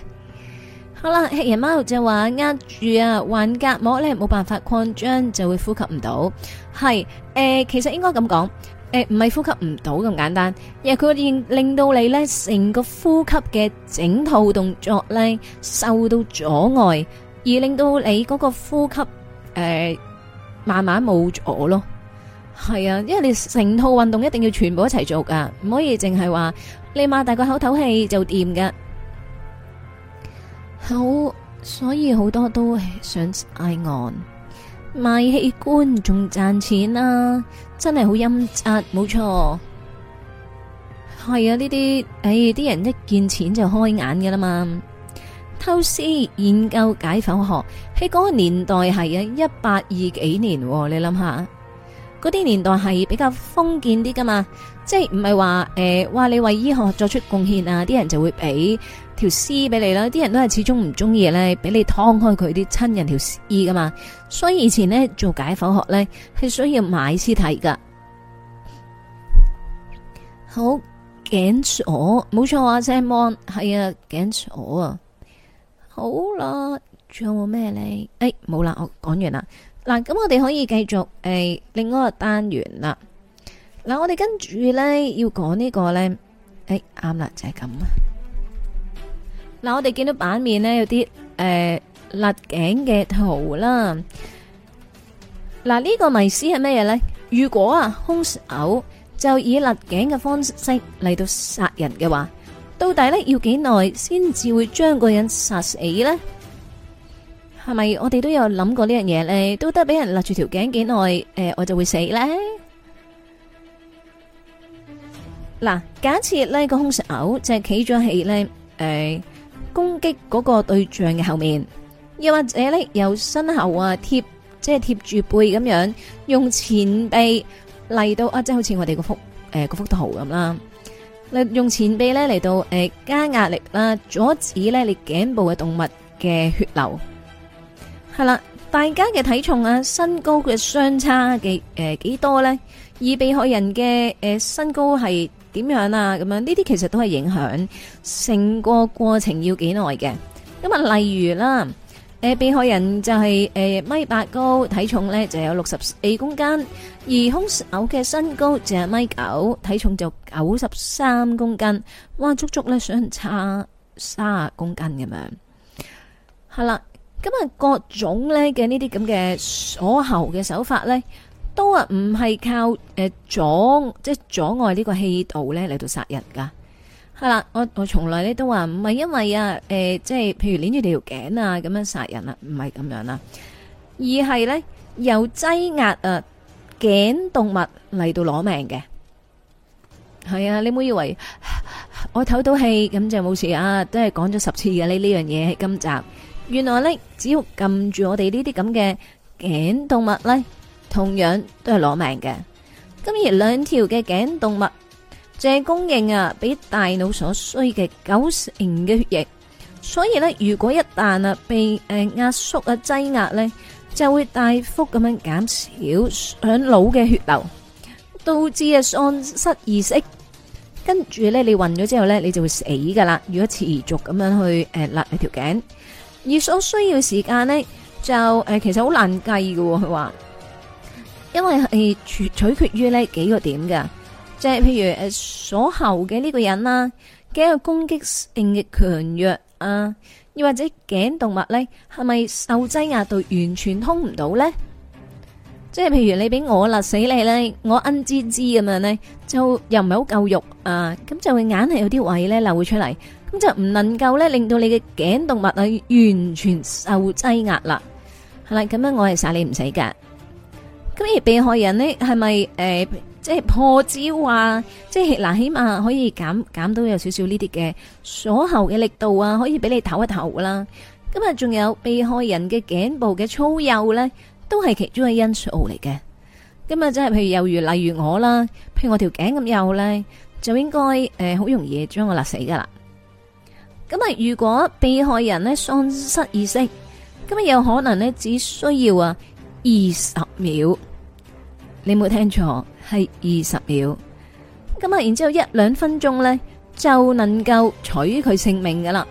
好啦，吃人貓就話壓住啊，橫膈膜咧冇辦法擴張，就會呼吸唔到。係誒，其實應該咁講，誒唔係呼吸唔到咁簡單，因為佢令令到你咧成個呼吸嘅整套動作咧受到阻礙，而令到你嗰個呼吸誒慢慢冇咗咯。係啊，因為你成套運動一定要全部一齊做噶，唔可以淨係話你擘大個口唞氣就掂噶。好，所以好多都想嗌岸賣器官，仲賺錢啊！真係好陰質，冇錯，係啊！呢啲、啊，哎，啲人一見錢就開眼㗎啦嘛。偷師研究解剖學，喺嗰個年代係啊，一八二幾年、啊，你諗下，嗰啲年代係比較封建啲噶嘛，即係唔係話誒，話、呃、你為醫學作出貢獻啊，啲人就會俾。條屍俾你啦，啲人都係始終唔中意咧，俾你劏開佢啲親人條屍噶嘛，所以以前咧做解剖學咧係需要買屍體噶。好頸鎖，冇錯啊，Simon 係啊，頸鎖啊，好啦，仲有冇咩咧？誒、欸，冇啦，我講完啦。嗱，咁我哋可以繼續誒、欸，另外一個單元啦。嗱，我哋跟住咧要講呢個咧，誒啱啦，就係咁啊。嗱，我哋見到版面呢有啲誒勒頸嘅圖啦。嗱，呢個迷思係咩嘢呢？如果啊凶手就以勒頸嘅方式嚟到殺人嘅話，到底呢要幾耐先至會將個人殺死呢？係咪我哋都有諗過呢樣嘢呢？都得俾人勒住條頸幾耐？誒，我就會死呢？嗱，假設呢個凶手就係企咗起呢，誒。攻擊嗰個對象嘅後面，又或者咧由身後啊貼，即係貼住背咁樣，用前臂嚟到啊，即係好似我哋個幅誒嗰、呃、幅圖咁啦。用前臂咧嚟到誒、呃、加壓力啦，阻止咧你頸部嘅動物嘅血流。係啦，大家嘅體重啊，身高嘅相差幾誒、呃、幾多呢？以被害人嘅誒、呃、身高係。點樣啊？咁樣呢啲其實都係影響，成個過程要幾耐嘅。今、嗯、日例如啦，誒、呃，被害人就係、是、誒、呃、米八高，體重呢就有六十四公斤，而凶手嘅身高就係米九，體重就九十三公斤，哇，足足呢相差三十公斤咁樣。係、嗯、啦，今、嗯、日、嗯嗯、各種呢嘅呢啲咁嘅鎖喉嘅手法呢。都話唔係靠誒阻即係阻礙呢個氣道咧嚟到殺人噶係啦，我我從來咧都話唔係因為啊誒即係譬如捏住條頸啊咁樣殺人啦，唔係咁樣啦，而係咧由擠壓誒頸動物嚟到攞命嘅，係啊，你唔好以為我唞到氣咁就冇事啊，都係講咗十次嘅呢呢樣嘢係今集，原來咧只要撳住我哋呢啲咁嘅頸動物咧。同樣都係攞命嘅。咁而兩條嘅頸動脈，淨係供應啊，俾大腦所需嘅九成嘅血液。所以咧，如果一旦啊被誒壓縮啊擠壓咧，就會大幅咁樣減少響腦嘅血流，導致啊喪失意識。跟住咧，你暈咗之後咧，你就會死噶啦。如果持續咁樣去誒、呃、勒你條頸，而所需要的時間呢，就誒、呃，其實好難計嘅、啊。佢話。因為係取取決於咧幾個點噶即係譬如誒鎖喉嘅呢個人啦，嘅攻擊性嘅強弱啊，又或者頸動脈咧係咪受擠壓到完全通唔到咧？即係譬如你俾我勒死你咧，我摁支支咁樣咧，就又唔係好夠肉啊，咁就會硬係有啲位咧漏出嚟，咁就唔能夠咧令到你嘅頸動脈啊完全受擠壓啦。係啦，咁樣我係殺你唔死噶。咁而被害人呢，係咪誒，即係破招啊？即係嗱，起碼可以減減到有少少呢啲嘅鎖喉嘅力度啊，可以俾你唞一唞㗎啦。咁啊仲有被害人嘅頸部嘅粗幼呢，都係其中嘅因素嚟嘅。咁啊即係譬如又如例如我啦，譬如我條頸咁幼呢，就應該誒好容易將我勒死噶啦。咁啊，如果被害人呢喪失意識，咁啊有可能呢，只需要啊二十秒。你冇聽錯，係二十秒。咁啊，然之後一兩分鐘呢，就能夠取佢性命噶啦。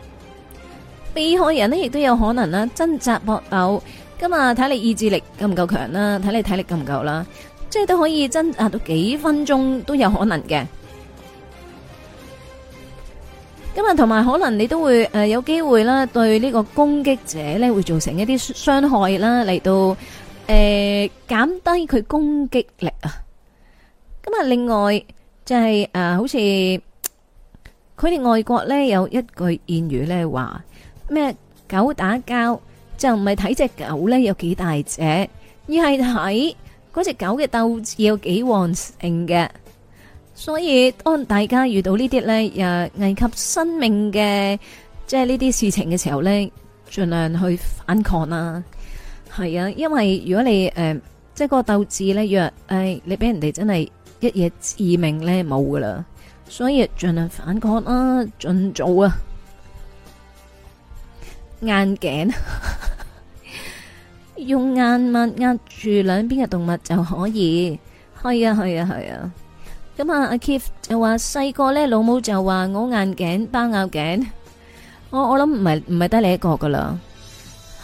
被害人呢，亦都有可能啦，掙扎搏鬥。咁啊，睇你意志力夠唔夠強啦，睇你體力夠唔夠啦，即係都可以掙扎到幾分鐘都有可能嘅。咁啊同埋可能你都會誒有機會啦，對呢個攻擊者呢，會造成一啲傷害啦，嚟到。誒，減低佢攻擊力啊！咁啊，另外就係誒，好似佢哋外國呢，有一句諺語呢話咩？狗打交就唔係睇隻狗呢有幾大隻，而係睇嗰隻狗嘅鬥志有幾旺盛嘅。所以當大家遇到呢啲呢又危及生命嘅，即係呢啲事情嘅時候呢，盡量去反抗啦。係啊，因為如果你誒，即、呃、係、就是、個鬥志咧，若誒、哎、你俾人哋真係一嘢致命咧，冇噶啦，所以盡量反抗啦，盡早啊，硬頸、啊、 用硬物壓住兩邊嘅動物就可以，係啊，係啊，係啊，咁啊，阿 K 就話細個咧，老母就話我硬頸包拗頸，我我諗唔係唔係得你一個噶啦，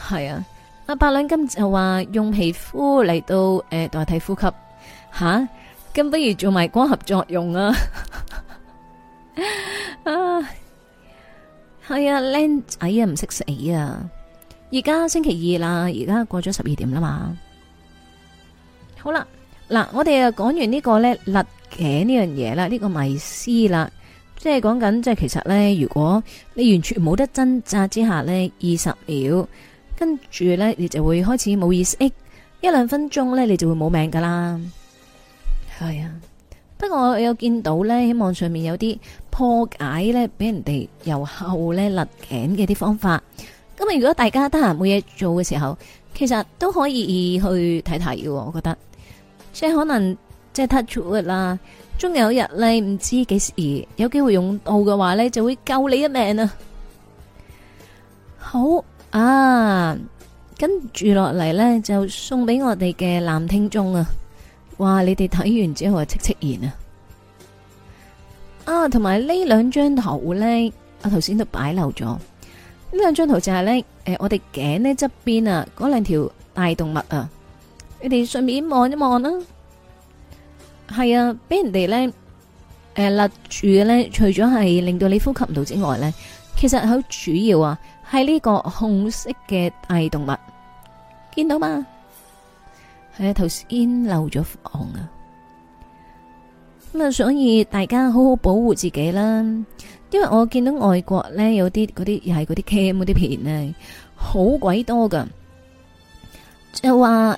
係啊。阿白娘金就話用皮膚嚟到誒、呃、代替呼吸吓，咁、啊、不如做埋光合作用啊！ 啊，係啊，靚仔啊，唔識死啊！而家星期二啦，而家過咗十二點啦嘛。好啦，嗱，我哋啊講完個呢個咧勒頸呢樣嘢啦，呢、呢個迷思啦，即係講緊即係其實咧，如果你完全冇得掙扎之下呢，二十秒。跟住咧，你就會開始冇意識。一兩分鐘咧，你就會冇命噶啦。係啊，不過我有見到咧，喺網上面有啲破解咧，俾人哋由後咧勒頸嘅啲方法。咁啊，如果大家得閒冇嘢做嘅時候，其實都可以去睇睇嘅。我覺得，即係可能即係 touch wood 啦。終有一日咧，唔知幾時有機會用到嘅話咧，就會救你一命啊！好。啊，跟住落嚟呢就送俾我哋嘅男聽眾啊！哇，你哋睇完之後啊，戚戚然啊！啊，同埋呢兩張圖咧，我頭先都擺漏咗。呢兩張圖就係咧，誒，我哋頸呢側邊啊，嗰兩條大動物啊，你哋順便望一望啦。係啊，俾、啊、人哋咧，誒、呃，勒住嘅咧，除咗係令到你呼吸唔到之外咧，其實好主要啊。係呢個紅色嘅大動物，見到嘛？係啊，頭先漏咗紅啊。咁啊，所以大家好好保護自己啦。因為我見到外國呢，有啲嗰啲又係嗰啲 K M 嗰啲片呢，好鬼多噶，就話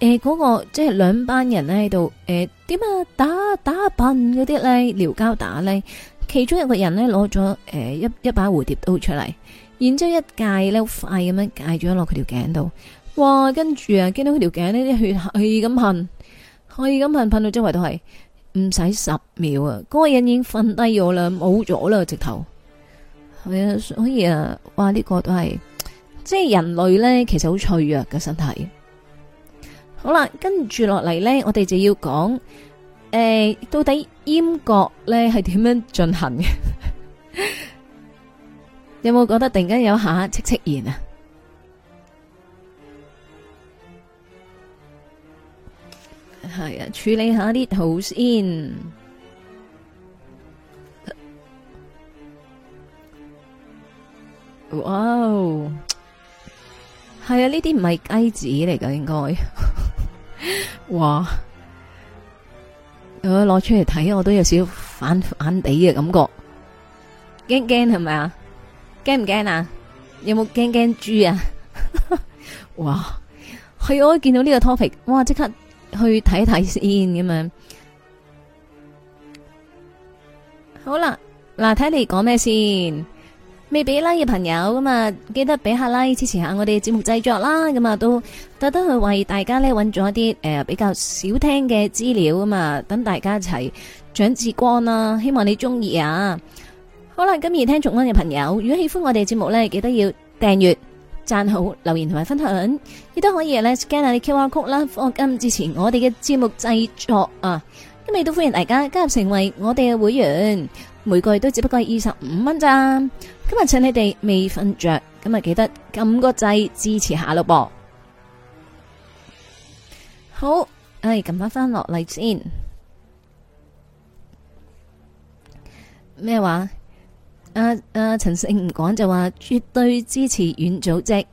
誒嗰個即係兩班人呢喺度誒點啊打打笨嗰啲咧，撩交打咧，其中一個人呢，攞咗誒一一把蝴蝶刀出嚟。然之後一戒，咧，好快咁樣戒咗落佢條頸度，哇！跟住啊，見到佢條頸咧啲血氣咁噴，可以咁噴，噴到周圍都係，唔使十秒啊！嗰、那個人已經瞓低咗啦，冇咗啦，直頭係啊！所以啊，哇！呢、這個都係即係人類咧，其實好脆弱嘅身體。好啦，跟住落嚟咧，我哋就要講誒、呃，到底閹割咧係點樣進行嘅？ 有冇覺得突然間有下戚戚然啊？係啊，處理下啲圖先。哇，係啊，呢啲唔係雞子嚟㗎，應該。哇！我攞出嚟睇，我都有少少反反地嘅感覺，驚驚係咪啊？驚唔驚啊？有冇驚驚豬啊 哇？哇！係我見到呢個 topic，哇！即刻去睇睇先咁樣。好啦，嗱，睇下你講咩先？未俾 like 嘅朋友噶嘛，記得俾下 like 支持下我哋節目製作啦。咁啊，都特登去為大家咧揾咗一啲誒、呃、比較少聽嘅資料啊嘛，等大家一齊長智光啦。希望你中意啊！好啦，今日聽重溫嘅朋友，如果喜歡我哋節目呢，記得要訂閱、讚好、留言同埋分享，亦都可以呢 scan 下啲 QR code 啦、啊。今之前我哋嘅節目製作啊，咁亦都歡迎大家加入成為我哋嘅會員，每個月都只不過係二十五蚊咋。今日趁你哋未瞓着，今日記得撳個掣支持下咯噃。好，唉、哎，撳翻翻落嚟先，咩話？誒、啊、誒，陳、啊、勝唔講就話絕對支持軟組織，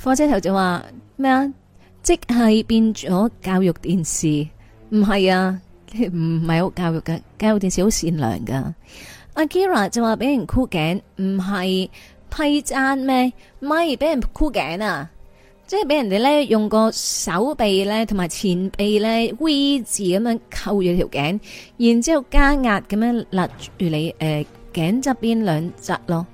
貨 車頭就話咩啊？即係變咗教育電視，唔係啊，唔係好教育嘅教育電視好善良噶。阿 Kira 就話俾人箍頸，唔係批贊咩？咪俾人箍頸啊！即係俾人哋咧用個手臂咧同埋前臂咧 V 字咁樣扣住條頸，然之後加壓咁樣勒住你誒、呃、頸側邊兩側咯。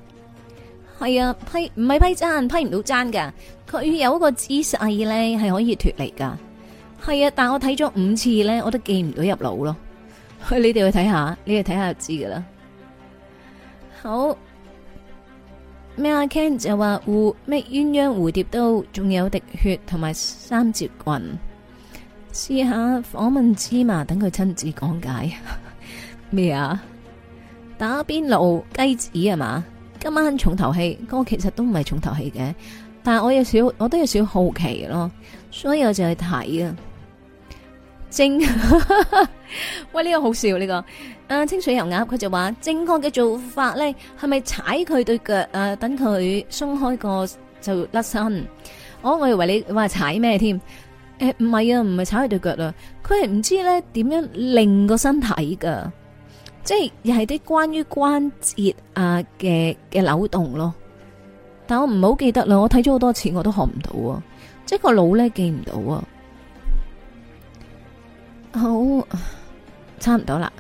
係啊，批唔係批踭，批唔到踭噶。佢有一個姿勢咧係可以脫離噶。係啊，但我睇咗五次咧，我都記唔到入腦咯、啊。你哋去睇下，你哋睇下就知噶啦。好。咩啊？Ken 就話蝴咩鴛鴦蝴蝶刀，仲有滴血同埋三節棍，試下訪問芝麻，等佢親自講解咩啊？打邊爐雞子啊嘛？今晚重頭戲，嗰個其實都唔係重頭戲嘅，但係我有少我都有少好奇咯，所以我就去睇啊。正 喂呢個好笑呢個，啊清水油鴨佢就話正確嘅做法咧，係咪踩佢對腳啊，等佢鬆開個就甩身，我、哦、我以為你話踩咩添，誒唔係啊，唔係踩佢對腳啊，佢係唔知咧，點樣令個身體噶，即係又係啲關於關節啊嘅嘅扭動咯，但我唔好記得啦，我睇咗好多次我都學唔到啊，即係個腦咧，記唔到啊。好，差唔多啦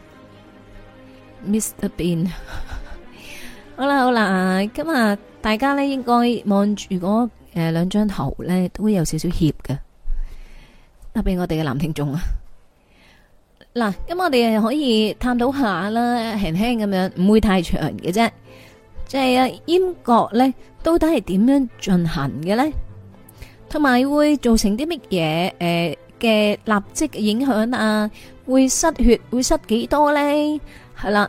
，Mr. Bean。 好啦好啦，今日大家咧應該望住，如果誒兩張圖咧都會有少少怯嘅，特俾我哋嘅男聽眾啊。嗱、 嗯，咁我哋可以探討下啦，輕輕咁樣，唔會太長嘅啫。即係啊，閹割咧到底係點樣進行嘅呢？同埋會造成啲乜嘢誒？呃嘅立即影響啊，會失血，會失幾多呢？係啦，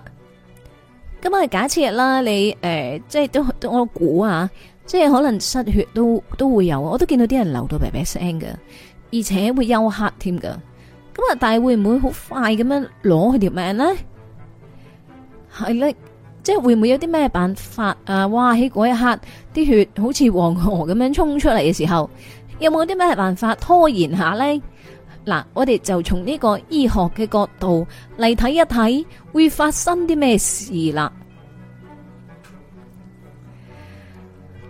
咁啊假設啦，你、呃、誒，即係都都我估啊，即係可能失血都都會有，我都見到啲人流到鼻鼻聲㗎，而且會休克添㗎。咁啊，但係會唔會好快咁樣攞佢條命呢？係咧，即係會唔會有啲咩辦法啊？哇！喺嗰一刻啲血好似黃河咁樣沖出嚟嘅時候，有冇啲咩辦法拖延下呢？嗱，我哋就從呢個醫學嘅角度嚟睇一睇會發生啲咩事啦。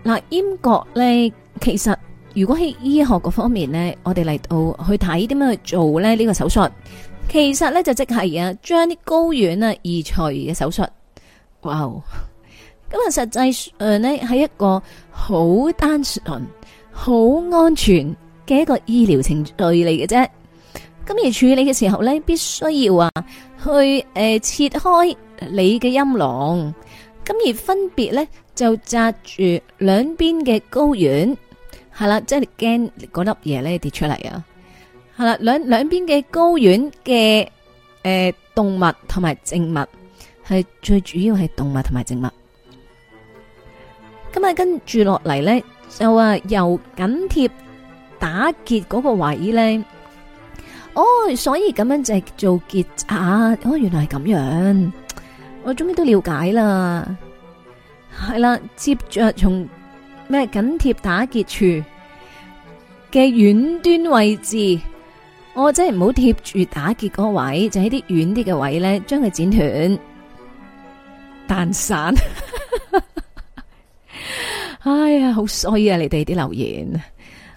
嗱，閹割呢，其實如果喺醫學嗰方面呢，我哋嚟到去睇點樣去做呢呢個手術，其實呢就即係啊，將啲睾丸啊移除嘅手術。哇，咁啊，實際上呢，係一個好單純、好安全嘅一個醫療程序嚟嘅啫。咁而處理嘅時候咧，必須要啊去誒切開你嘅陰囊，咁而分別咧就紮住兩邊嘅睾丸，係啦，即係你驚嗰粒嘢咧跌出嚟啊，係啦，兩兩邊嘅睾丸嘅誒動物同埋植物係最主要係動物同埋植物，咁啊跟住落嚟咧就啊又緊貼打結嗰個位咧。哦，所以咁樣就係做結啊！哦，原來係咁樣，我終於都了解啦。係啦，接着從咩緊貼打結處嘅遠端位置，我真係唔好貼住打結嗰位，就喺啲遠啲嘅位咧，將佢剪斷，彈散。哎 呀，好衰啊！你哋啲留言。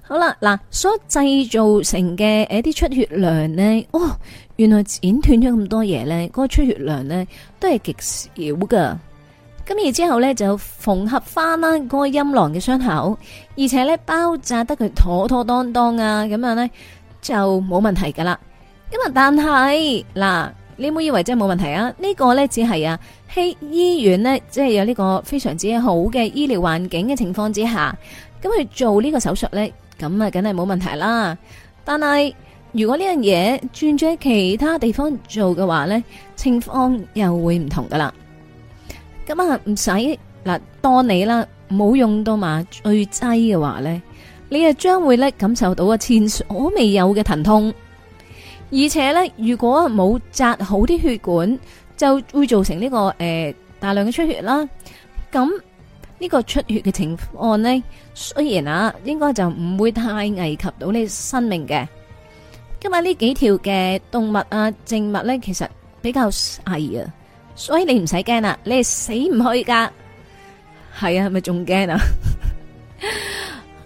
好啦，嗱，所製造成嘅誒啲出血量呢，哦，原來剪斷咗咁多嘢呢。嗰個出血量呢，都係極少噶。咁而之後呢，就縫合翻嗰個陰囊嘅傷口，而且呢包紮得佢妥妥當當啊，咁樣呢，就冇問題噶啦。咁啊，但係嗱，你唔好以為真係冇問題啊？呢個呢，只係啊喺醫院呢，即係有呢個非常之好嘅醫療環境嘅情況之下，咁去做呢個手術呢。咁啊，梗係冇問題啦。但係如果呢樣嘢轉咗喺其他地方做嘅話呢，情況又會唔同噶啦。咁啊，唔使嗱當你啦，冇用到麻醉劑嘅話呢，你啊將會咧感受到啊前所未有嘅疼痛，而且呢，如果冇紮好啲血管，就會造成呢、這個誒、呃、大量嘅出血啦。咁。呢個出血嘅情況呢，雖然啊，應該就唔會太危及到你生命嘅。今日呢幾條嘅動物啊、植物咧，其實比較細啊，所以你唔使驚啦，你係死唔去噶。係啊，咪仲驚啊？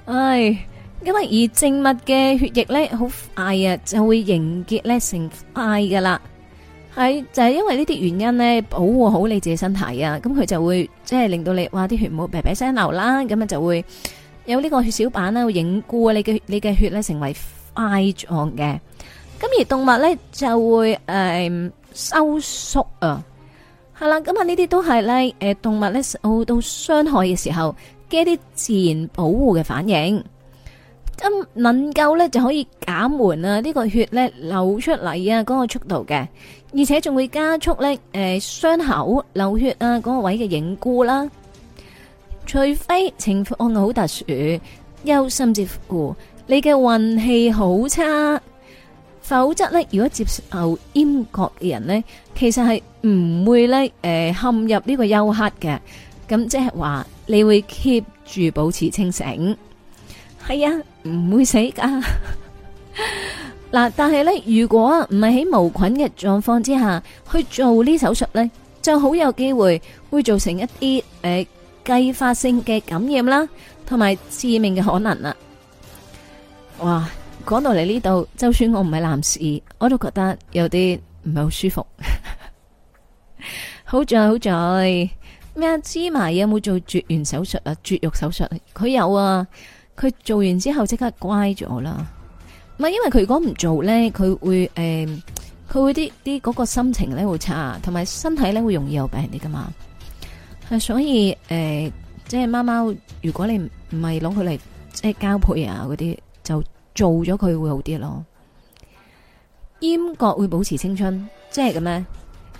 唉，因為而植物嘅血液咧，好快啊，就會凝結咧成塊噶啦。係就係，是，因為呢啲原因咧，保護好你自己身體啊，咁佢就會即係令到你哇啲血唔好白白生流啦，咁啊就會有呢個血小板咧會凝固啊，固你嘅你嘅血咧成為塊狀嘅。咁而動物咧就會誒、呃、收縮啊，係啦。咁啊呢啲都係咧誒動物咧受到傷害嘅時候嘅一啲自然保護嘅反應。咁能夠咧就可以減緩啊呢個血咧流出嚟，啊嗰個速度嘅，而且仲會加速咧誒傷口流血啊嗰個位嘅凝固啦。除非情況好特殊，又甚至乎你嘅運氣好差，否則咧如果接受閹割嘅人咧，其實係唔會咧誒陷入呢個休克嘅。咁即係話你會 keep 住保持清醒，係啊。唔會死噶，嗱， 但係呢，如果唔係喺無菌嘅狀況之下去做呢手術呢，就好有機會會造成一啲誒、呃、繼發性嘅感染啦，同埋致命嘅可能啦。哇，講到嚟呢度，就算我唔係男士，我都覺得有啲唔係好舒服。 好在好在，咩芝麻有冇做絕緣手術啊？絕育手術，佢有啊。佢做完之後即刻乖咗啦，唔係因為佢如果唔做咧，佢會誒，佢、呃、會啲啲嗰個心情咧會差，同埋身體咧會容易有病啲噶嘛。係所以誒、呃，即係貓貓，如果你唔係係攞佢嚟即係交配啊嗰啲，就做咗佢會好啲咯。閹割會保持青春，即係咁咩？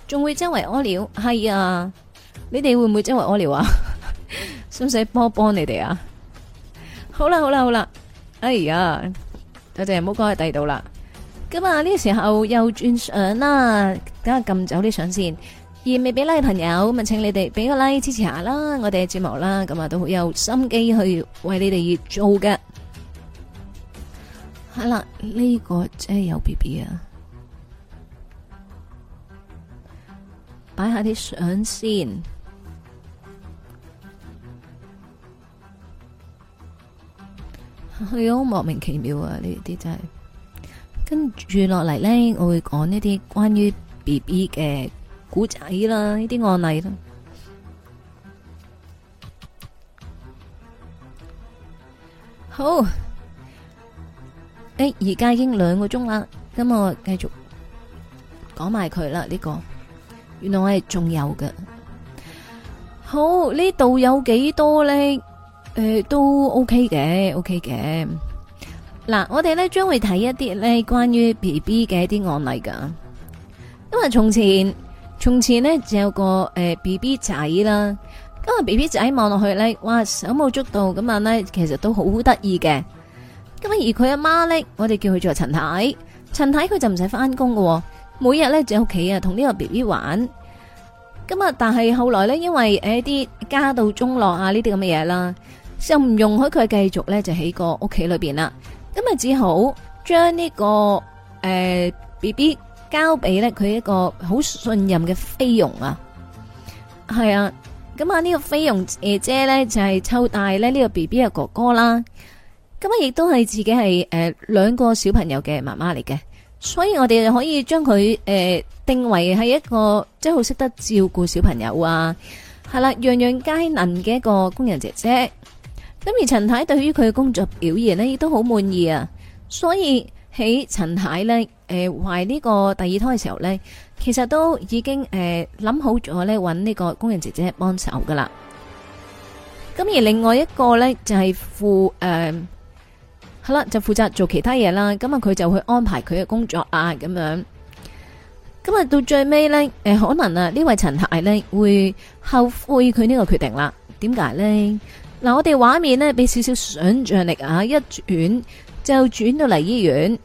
仲會周圍屙尿係啊？你哋會唔會周圍屙尿啊？使唔使幫幫你哋啊？好啦好啦好啦，哎呀，我哋唔好講喺第二度啦。咁啊呢個時候又轉相啦，等下撳走啲相先。而未俾 like 嘅朋友，咁啊請你哋俾個 like 支持下啦，我哋嘅節目啦，咁啊都有心機去為你哋做嘅。係啦，呢個真係有 B B 啊，擺下啲相先。係咯，莫名其妙啊！呢啲真係。跟住落嚟呢，我會講呢啲關於 BB 嘅古仔啦，呢啲案例啦。好，誒，而家已經兩個鐘啦，咁我繼續講埋佢啦。呢個，原來我係仲有嘅。好，呢度有幾多呢？誒，都 OK 嘅，OK 嘅。嗱，我哋咧將會睇一啲咧關於 B B 嘅一啲案例噶。因為從前，從前呢就有個誒、呃、B B 仔啦。咁啊 B B 仔望落去咧，哇，手舞足蹈，咁啊咧，其實都好得意嘅。咁而佢阿媽咧，我哋叫佢做陳太。陳太佢就唔使翻工噶，每日咧就喺屋企啊同呢個 B B 玩。咁啊，但係後來咧，因為誒啲家道中落啊呢啲咁嘅嘢啦。就唔容許佢繼續咧就喺個屋企裏邊啦，咁啊只好將呢、這個誒 B B 交俾咧佢一個好信任嘅菲傭啊，係啊，咁啊呢個菲傭姐姐咧就係、是、湊大咧呢個 B B 嘅哥哥啦，咁啊亦都係自己係誒兩個小朋友嘅媽媽嚟嘅，所以我哋可以將佢誒定為係一個即係好識得照顧小朋友啊，係啦、啊，樣樣皆能嘅一個工人姐姐。咁而陳太對於佢嘅工作表現呢，亦都好滿意啊！所以喺陳太呢，誒懷呢個第二胎嘅時候呢，其實都已經誒諗好咗呢，揾呢個工人姐姐幫手噶啦。咁而另外一個呢，就係負誒，係啦，就負責做其他嘢啦。咁啊，佢就去安排佢嘅工作啊，咁樣。咁啊，到最尾呢，誒，可能啊，呢位陳太呢會後悔佢呢個決定啦。點解呢？嗱，我哋畫面呢俾少少想象力啊，一轉就轉到嚟醫院。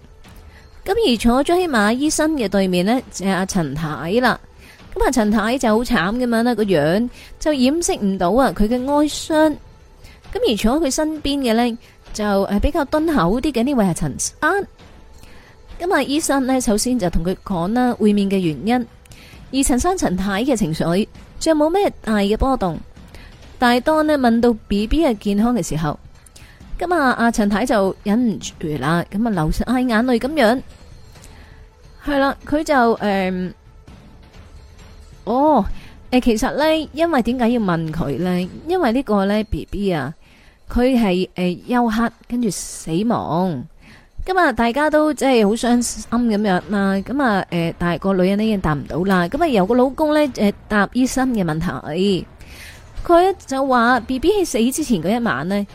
咁而坐咗喺馬醫生嘅對面呢，就係阿陳太啦。咁阿陳太就好慘咁樣啦，咧個樣就掩飾唔到啊佢嘅哀傷。咁而坐喺佢身邊嘅呢，就係比較敦厚啲嘅呢位係陳生。咁阿醫生呢，首先就同佢講啦，會面嘅原因，而陳生陳太嘅情緒仲冇咩大嘅波動。但當咧問到 B B 嘅健康嘅時候，咁啊阿陳太就忍唔住啦，咁啊流晒眼淚咁樣，係啦，佢就誒、嗯，哦，誒，其實咧，因為點解要問佢咧？因為呢個咧 B B 啊，佢係誒休克，跟住死亡。咁啊，大家都即係好傷心咁樣啦，咁啊誒，但係個女人呢已經答唔到啦，咁啊由個老公咧誒答醫生嘅問題。佢就話 B B 喺死之前嗰一晚呢，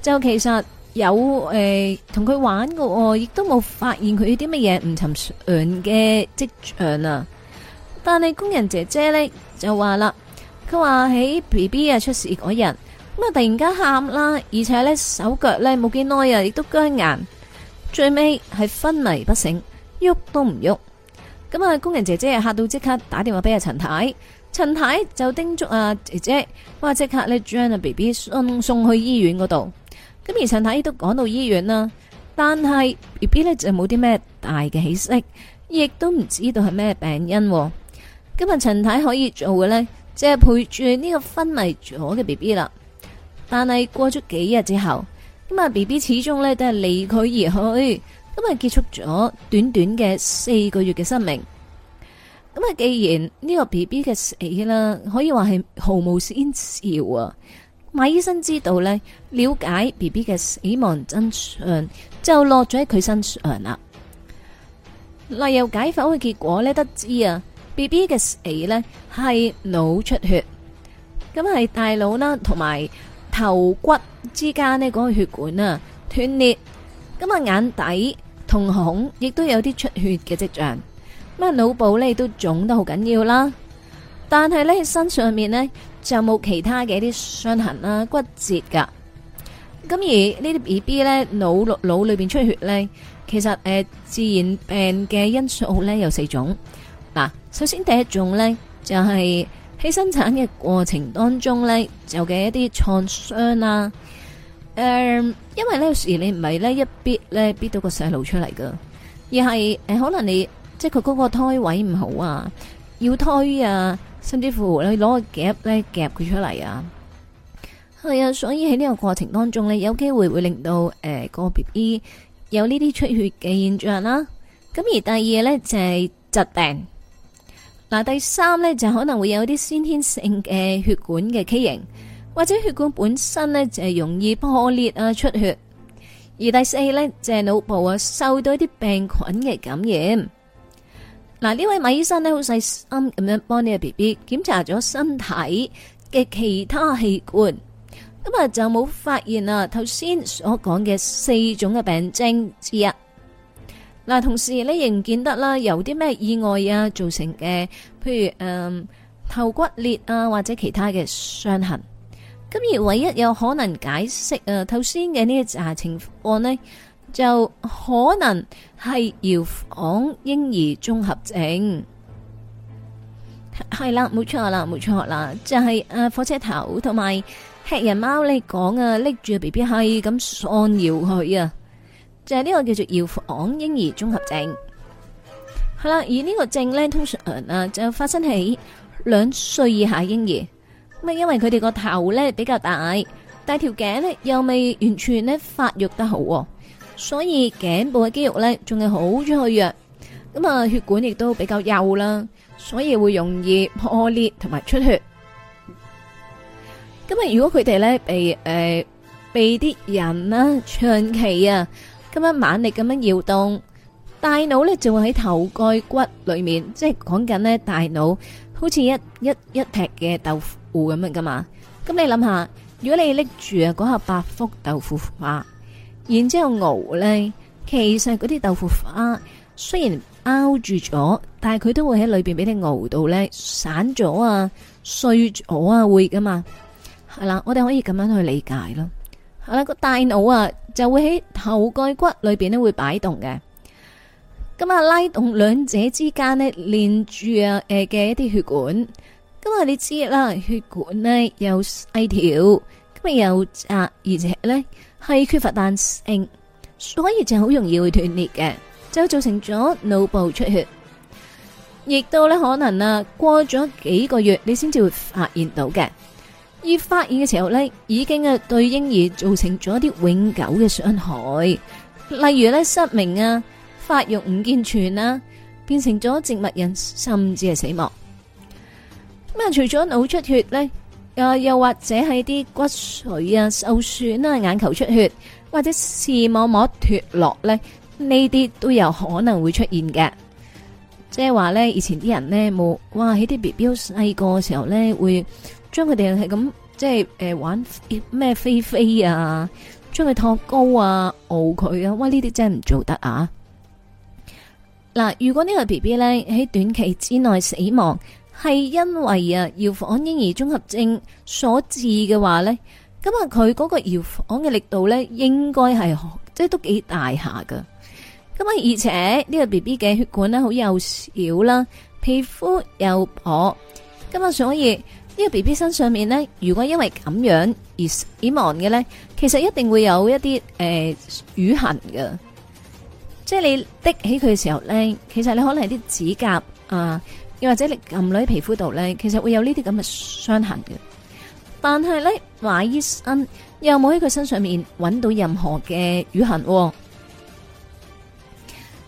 就其實有誒同佢玩過，亦都冇發現佢啲乜嘢唔尋常嘅跡象啊！但係工人姐姐呢，就話啦，佢話喺 B B 啊出事嗰日咁啊，突然間喊啦，而且呢，手腳呢冇幾耐啊，亦都僵硬，最尾係昏迷不醒，喐都唔喐。咁啊，工人姐姐嚇到即刻打電話俾阿陳太。陳太就叮囑阿姐姐，話即刻咧將阿 B B 送送去醫院嗰度。咁而陳太都趕到醫院啦，但係 B B 咧就冇啲咩大嘅起色，亦都唔知道係咩病因。今日陳太可以做嘅咧，即係陪住呢個昏迷咗嘅 B B 啦。但係過咗幾日之後，咁啊 B B 始終咧都係離佢而去，咁啊結束咗短短嘅四個月嘅生命。咁啊，既然呢個 B B 嘅死啦，可以話係毫無先兆啊。馬醫生知道呢，了解 B B 嘅死亡真相就落咗喺佢身上啦。例如解剖嘅結果呢，得知啊，B B 嘅死呢係腦出血，咁係大腦啦同埋頭骨之間呢嗰個血管啊斷裂，咁啊眼底瞳孔亦都有啲出血嘅跡象。乜腦部咧都腫得好緊要啦，但係咧身上面呢就冇其他嘅一啲傷痕啦、骨折噶。咁而呢啲 B B 咧腦腦裏邊出血咧，其實誒自然病嘅因素咧有四種。嗱，首先第一種咧就係喺生產嘅過程當中咧有嘅一啲創傷啦。誒、呃，因為咧有時你唔係咧一逼咧逼到個細路出嚟噶，而係誒可能你。即係佢嗰個胎位唔好啊，要胎啊，甚至乎你攞個夾呢夾佢出嚟啊。係啊，所以喺呢個過程當中呢，有機會會令到誒個 BB 有呢啲出血嘅現象啦。咁而第二呢，就係、是、疾病嗱、啊，第三呢，就可能會有啲先天性嘅血管嘅畸形，或者血管本身呢就係、是、容易破裂啊出血。而第四呢，就係腦部啊受到一啲病菌嘅感染。嗱，呢位馬醫生呢，好細心咁樣幫呢個 BB 檢查咗身體嘅其他器官，咁啊就冇發現啊頭先所講嘅四種嘅病徵之一。嗱，同時呢，亦唔見得啦有啲咩意外啊造成嘅，譬如嗯頭骨裂啊或者其他嘅傷痕。咁而唯一有可能解釋啊頭先嘅呢啲情況呢。就可能係搖晃嬰兒綜合症，係啦，冇錯啦，冇錯啦，就係啊，火車頭同埋吃人貓你講啊，拎住 B B 係咁按搖佢啊，就係、是、呢個叫做搖晃嬰兒綜合症，係啦。而呢個症呢，通常啊就發生喺兩歲以下嬰兒，咁啊，因為佢哋個頭呢比較大，但係條頸呢又未完全咧發育得好。所以頸部嘅肌肉咧，仲係好脆弱，咁啊血管亦都比較幼啦，所以會容易破裂同埋出血。咁啊，如果佢哋咧被誒被啲人啦長期啊，咁樣猛力咁樣搖動，大腦咧就會喺頭蓋骨裏面，即係講緊咧大腦好似一一一劈嘅豆腐咁樣噶嘛。咁你諗下，如果你拎住啊嗰盒百福豆腐花。然之後熬咧，其實嗰啲豆腐花雖然包住咗，但係佢都會喺裏邊俾啲熬到咧散咗啊、碎咗啊，會噶嘛？係啦，我哋可以咁樣去理解咯。係啦，個大腦啊就會喺頭蓋骨裏邊咧會擺動嘅，咁啊拉動兩者之間呢連住啊誒嘅、呃、一啲血管，咁啊你知啦，血管呢又細條，咁啊又窄，而且咧。係缺乏彈性，所以就好容易會斷裂嘅，就造成咗腦部出血，亦都咧，可能啊過咗幾個月你先至會發現到嘅。而發現嘅時候咧，已經啊對嬰兒造成咗一啲永久嘅傷害，例如咧失明啊、發育唔健全啊，變成咗植物人，甚至係死亡。咁啊，除咗腦出血咧。啊，又或者係啲骨髓啊受損啊，眼球出血或者視網膜脫落咧，呢啲都有可能會出現嘅。即係話咧，以前啲人咧冇哇，喺啲 B B 細個嘅時候咧，會將佢哋係咁即係誒、呃、玩咩飛、飛飛啊，將佢托高啊，敖佢啊，哇呢啲真係唔做得啊！嗱，如果這個寶寶呢個 B B 咧喺短期之內死亡。係因為啊搖晃嬰兒綜合症所致嘅話咧，咁啊佢嗰個搖晃嘅力度咧，應該係即係都幾大一下噶。咁啊，而且呢個 B B 嘅血管啦，好幼小啦，皮膚又薄，咁啊，所以呢個 B B 身上面咧，如果因為咁樣而死亡嘅咧，其實一定會有一啲誒瘀痕噶，即係你滴起佢嘅時候咧，其實你可能係啲指甲啊。又或者你撳落喺皮膚度呢，其實會有呢啲咁嘅傷痕嘅。但係呢，華醫生又冇喺佢身上面揾到任何嘅瘀痕。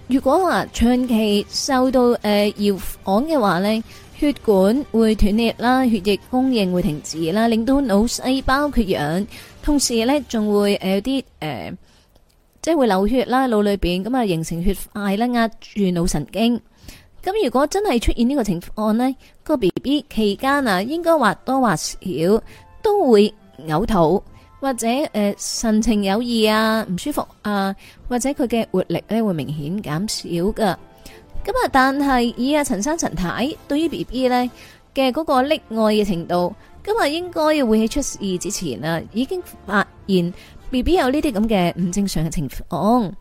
如果話、啊、長期受到誒搖晃嘅話呢，血管會斷裂啦，血液供應會停止啦，令到腦細胞缺氧。同時呢，仲會誒有啲誒、呃，即係會流血啦，腦裏邊咁啊形成血塊啦，壓住腦神經。咁如果真係出現呢個情況，呢個 B B 期間啊，應該或多或少都會嘔吐，或者誒、呃、神情有異啊，唔舒服啊，或者佢嘅活力咧會明顯減少噶。咁啊，但係以阿陳生陳太太對於 B B 咧嘅嗰個溺愛嘅程度，咁啊應該會喺出事之前啊已經發現 B B 有呢啲咁嘅唔正常嘅情況。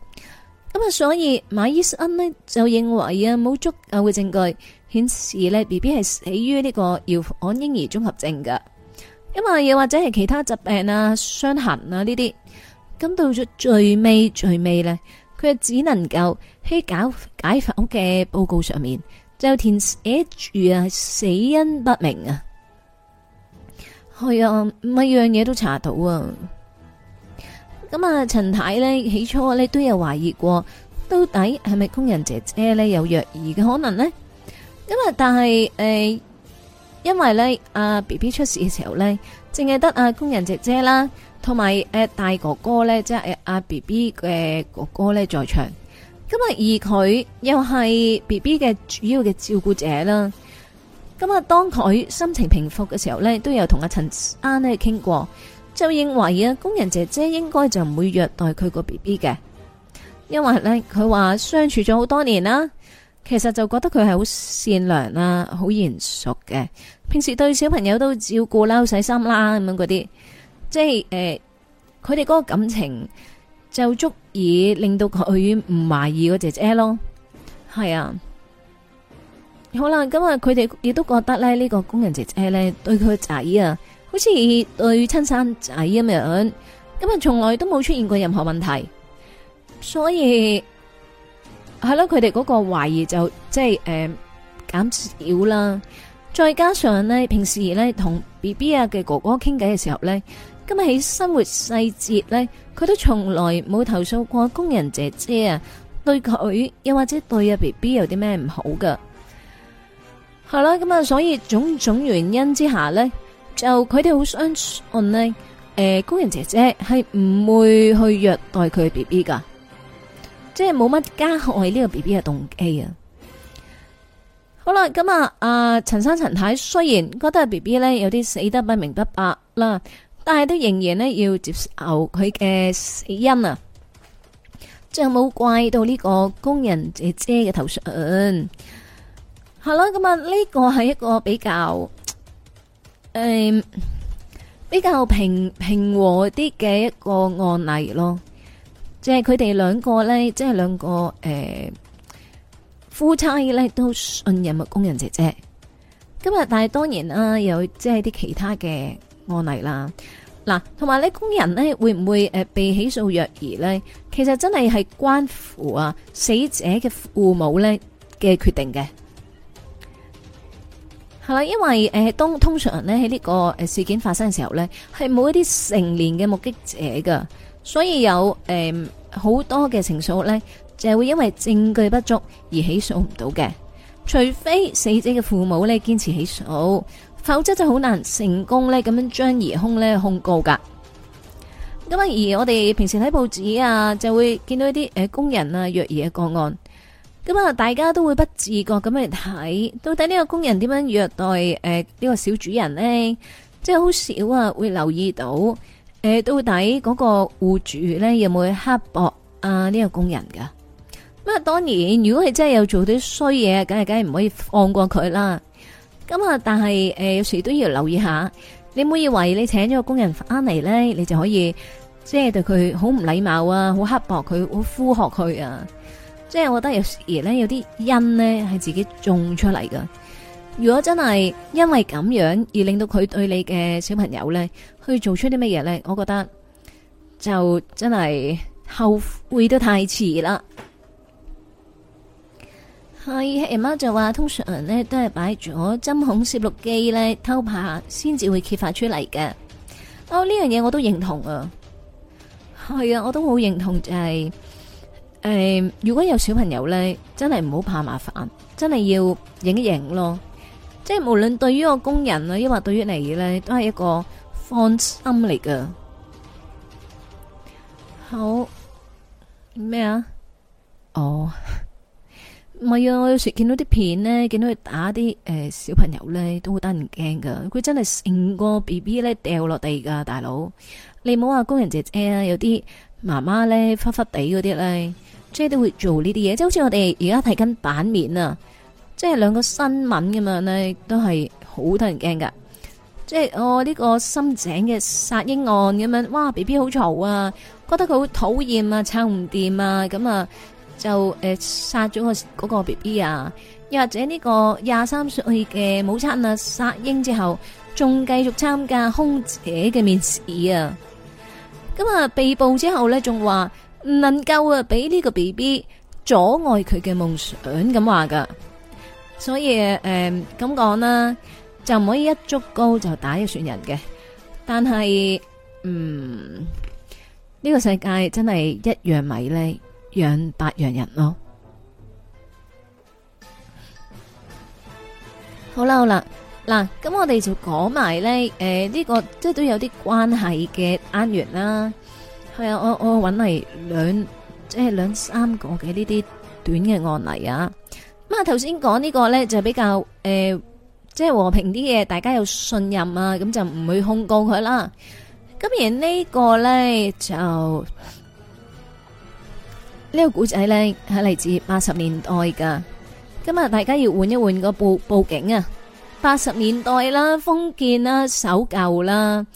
咁、嗯、啊，所以馬醫生呢就認為啊，冇足夠嘅證據顯示咧，B B 係死於呢個要安嬰兒綜合症噶，因為又或者係其他疾病啊、傷痕啊呢啲。咁、啊、到咗最尾最尾呢，佢只能夠喺搞解剖嘅報告上面就填寫住啊，死因不明啊。係啊，乜樣嘢都查到啊。咁啊，陳太咧起初咧都有懷疑過，到底係咪工人姐姐咧有虐兒嘅可能呢？咁啊，但係誒、呃，因為咧阿 B B 出事嘅時候咧，淨係得阿工人姐姐啦，同埋誒大哥哥咧，即係阿 B B 嘅哥哥咧在場。咁啊，而佢又係 B B 嘅主要嘅照顧者啦。咁啊，當佢心情平復嘅時候咧，都有同阿陳生咧傾過。就認為啊，工人姐姐應該就唔會虐待佢個 B B 嘅，因為咧佢話相處咗好多年啦，其實就覺得佢係好善良啦，好賢淑嘅，平時對小朋友都照顧啦，好細心啦咁樣嗰啲，即係誒，佢哋嗰個感情就足以令到佢唔懷疑個姐姐咯，係啊，好啦，咁佢哋亦都覺得咧呢個工人姐姐咧對佢個仔啊。好似對親生仔咁樣，咁啊從來都冇出現過任何問題，所以係咯，佢哋嗰個懷疑就即係誒減少啦。再加上呢，平時呢，同 B B 啊嘅哥哥傾偈嘅時候呢，今日喺生活細節呢，佢都從來冇投訴過工人姐姐啊，對佢又或者對啊 B B 有啲咩唔好㗎。係啦，咁啊，所以種種原因之下呢。就佢哋好相信呢誒，工、呃、人姐姐係唔會去虐待佢 B B 噶，即係冇乜加害呢個 B B 嘅動機啊。好啦，咁啊，阿、呃、陳生陳太雖然覺得 B B 呢有啲死得不明不白啦，但係都仍然呢要接受佢嘅死因啊，即係冇怪到呢個工人姐姐嘅頭上。係啦，咁啊，呢個係一個比較。誒，比較平平和啲嘅一個案例咯，即係佢哋兩個咧，即係兩個誒夫妻咧都信任個工人姐姐。今日但係當然啦，有即係啲其他嘅案例啦。嗱，同埋呢工人咧會唔會誒被起訴虐兒咧？其實真係係關乎啊死者嘅父母咧嘅決定嘅。係啦，因為誒，當、呃、通常呢喺呢個誒事件發生嘅時候呢，係冇一啲成年嘅目擊者㗎。所以有誒好、呃、多嘅情訴呢，就係會因為證據不足而起訴唔到嘅，除非死者嘅父母呢堅持起訴，否則就好難成功呢咁樣將疑兇呢控告噶。咁啊，而我哋平時睇報紙啊，就會見到一啲誒、呃、工人啊虐兒嘅個案。咁啊，大家都會不自覺咁去睇到底呢個工人點樣虐待誒呢、呃這個小主人呢？即係好少啊會留意到誒、呃、到底嗰個戶主咧有冇刻薄啊呢、這個工人噶。咁啊，當然如果係真係有做啲衰嘢，梗係梗係唔可以放過佢啦。咁啊，但係誒有時都要留意一下，你唔好以為你請咗個工人翻嚟呢，你就可以即係對佢好唔禮貌啊，好刻薄佢，好呼喝佢啊。即係我覺得有時咧有啲因，呢係自己種出嚟噶。如果真係因為咁樣而令到佢對你嘅小朋友呢，去做出啲乜嘢呢？我覺得就真係後悔都太遲啦。係，阿媽就話通常呢都係擺咗針孔攝錄機呢，偷拍先至會揭發出嚟嘅。哦，呢樣嘢我都認同啊。係啊，我都好認同就係、是。誒、uh，如果有小朋友呢，真係唔好怕麻煩，真係要影一影咯。即係無論對於個工人啊，亦或對於你呢，都係一個放心嚟㗎。好咩啊？哦，唔、oh, 係 啊！我有時見到啲片呢，見到佢打啲誒、呃、小朋友呢，都好得人驚噶。佢真係成個 B B 呢掉落地噶，大佬。你唔好話工人姐姐啊，有啲媽媽呢，忽忽地嗰啲呢。即係都會做呢啲嘢，就好似我哋而家睇緊版面啊，即係兩個新聞咁樣咧，都係好得人驚噶。即係我呢個深井嘅殺嬰案咁樣，哇！B B 好嘈啊，覺得佢好討厭啊，撐唔掂啊，咁啊就誒殺咗個嗰個 B B 啊，又或者呢個廿三歲嘅母親啊殺嬰之後，仲繼續參加空姐嘅面試啊，咁啊被捕之後咧，仲話。唔能夠啊，俾呢個 B B 阻礙佢嘅夢想咁話噶，所以誒咁講啦，就唔可以一竹篙就打一船人嘅。但係嗯，呢個世界真係一樣米咧，養百樣人咯。好啦好啦，嗱咁我哋就講埋咧，誒呢個即係都有啲關係嘅姻緣啦。係啊，我我揾嚟兩即係兩三個嘅呢啲短嘅案例啊。咁啊，頭先講呢個咧就比較誒即係和平啲嘅，大家有信任啊，咁就唔會控告佢啦。咁而呢個咧就呢個古仔咧係嚟自八十年代噶。今日大家要換一換個報報警啊，八十年代啦，封建啦，守舊啦。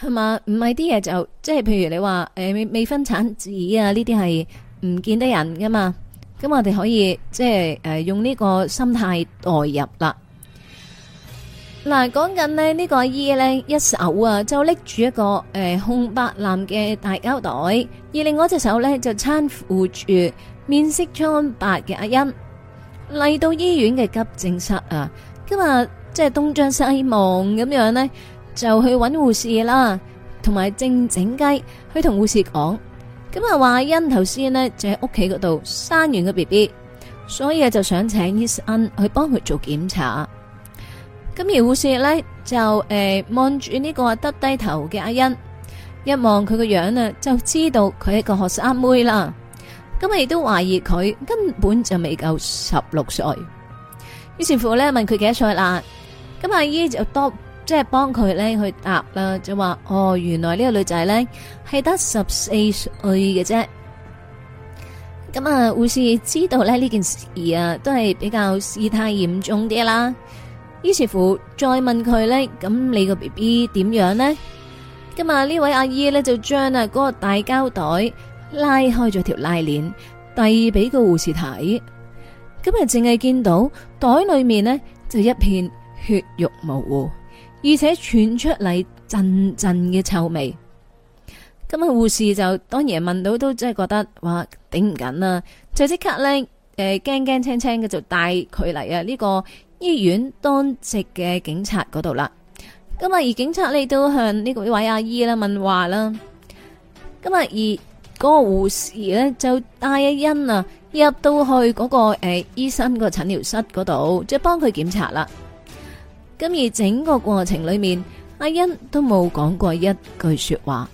係嘛？唔係啲嘢，就即係，譬如你話誒、呃、未，未分產子啊，呢啲係唔見得人噶嘛。咁我哋可以即係誒、呃、用呢個心態代入啦。嗱，講緊呢、這個阿姨呢，一手啊，就拎住一個誒、呃、紅白藍嘅大膠袋，而另外一隻手呢，就攙扶住面色蒼白嘅阿欣嚟到醫院嘅急症室啊。今日即係東張西望咁樣呢，就去揾護士啦，同埋靜靜雞去同護士講，咁啊，話阿欣頭先呢，就喺屋企嗰度生完個 BB，所以就想請醫生去幫佢做檢查。咁而護士呢，就誒，望住呢個耷低頭嘅阿欣，一望佢個樣啊，就知道佢係一個學生妹啦。咁啊，亦都懷疑佢根本就未夠十六歲。於是乎呢，問佢幾多歲啦，咁阿欣就多。即係幫佢咧去答啦，就話哦，原來呢個女仔咧係得十四歲嘅啫。咁啊，護士知道咧呢件事啊，都係比較事態嚴重啲啦。於是乎，再問佢咧，咁你個 B B 點樣呢？」咁啊，呢位阿姨咧就將啊嗰個大膠袋拉開咗條拉鏈，遞俾個護士睇。咁啊，淨係見到袋裏面呢就一片血肉模糊。而且傳出嚟，陣陣嘅臭味，今日護士就當然問到，都真係覺得話頂唔緊啦，就即刻咧誒驚驚青青嘅就帶佢嚟啊呢個醫院當值嘅警察嗰度啦。咁，而警察呢，都向呢位阿姨啦問話啦。咁，而嗰個護士呢，就帶阿欣啊入到去嗰個誒醫生個診療室嗰度，即係幫佢檢查啦。今而整個過程裏面，阿欣都冇講過一句說話。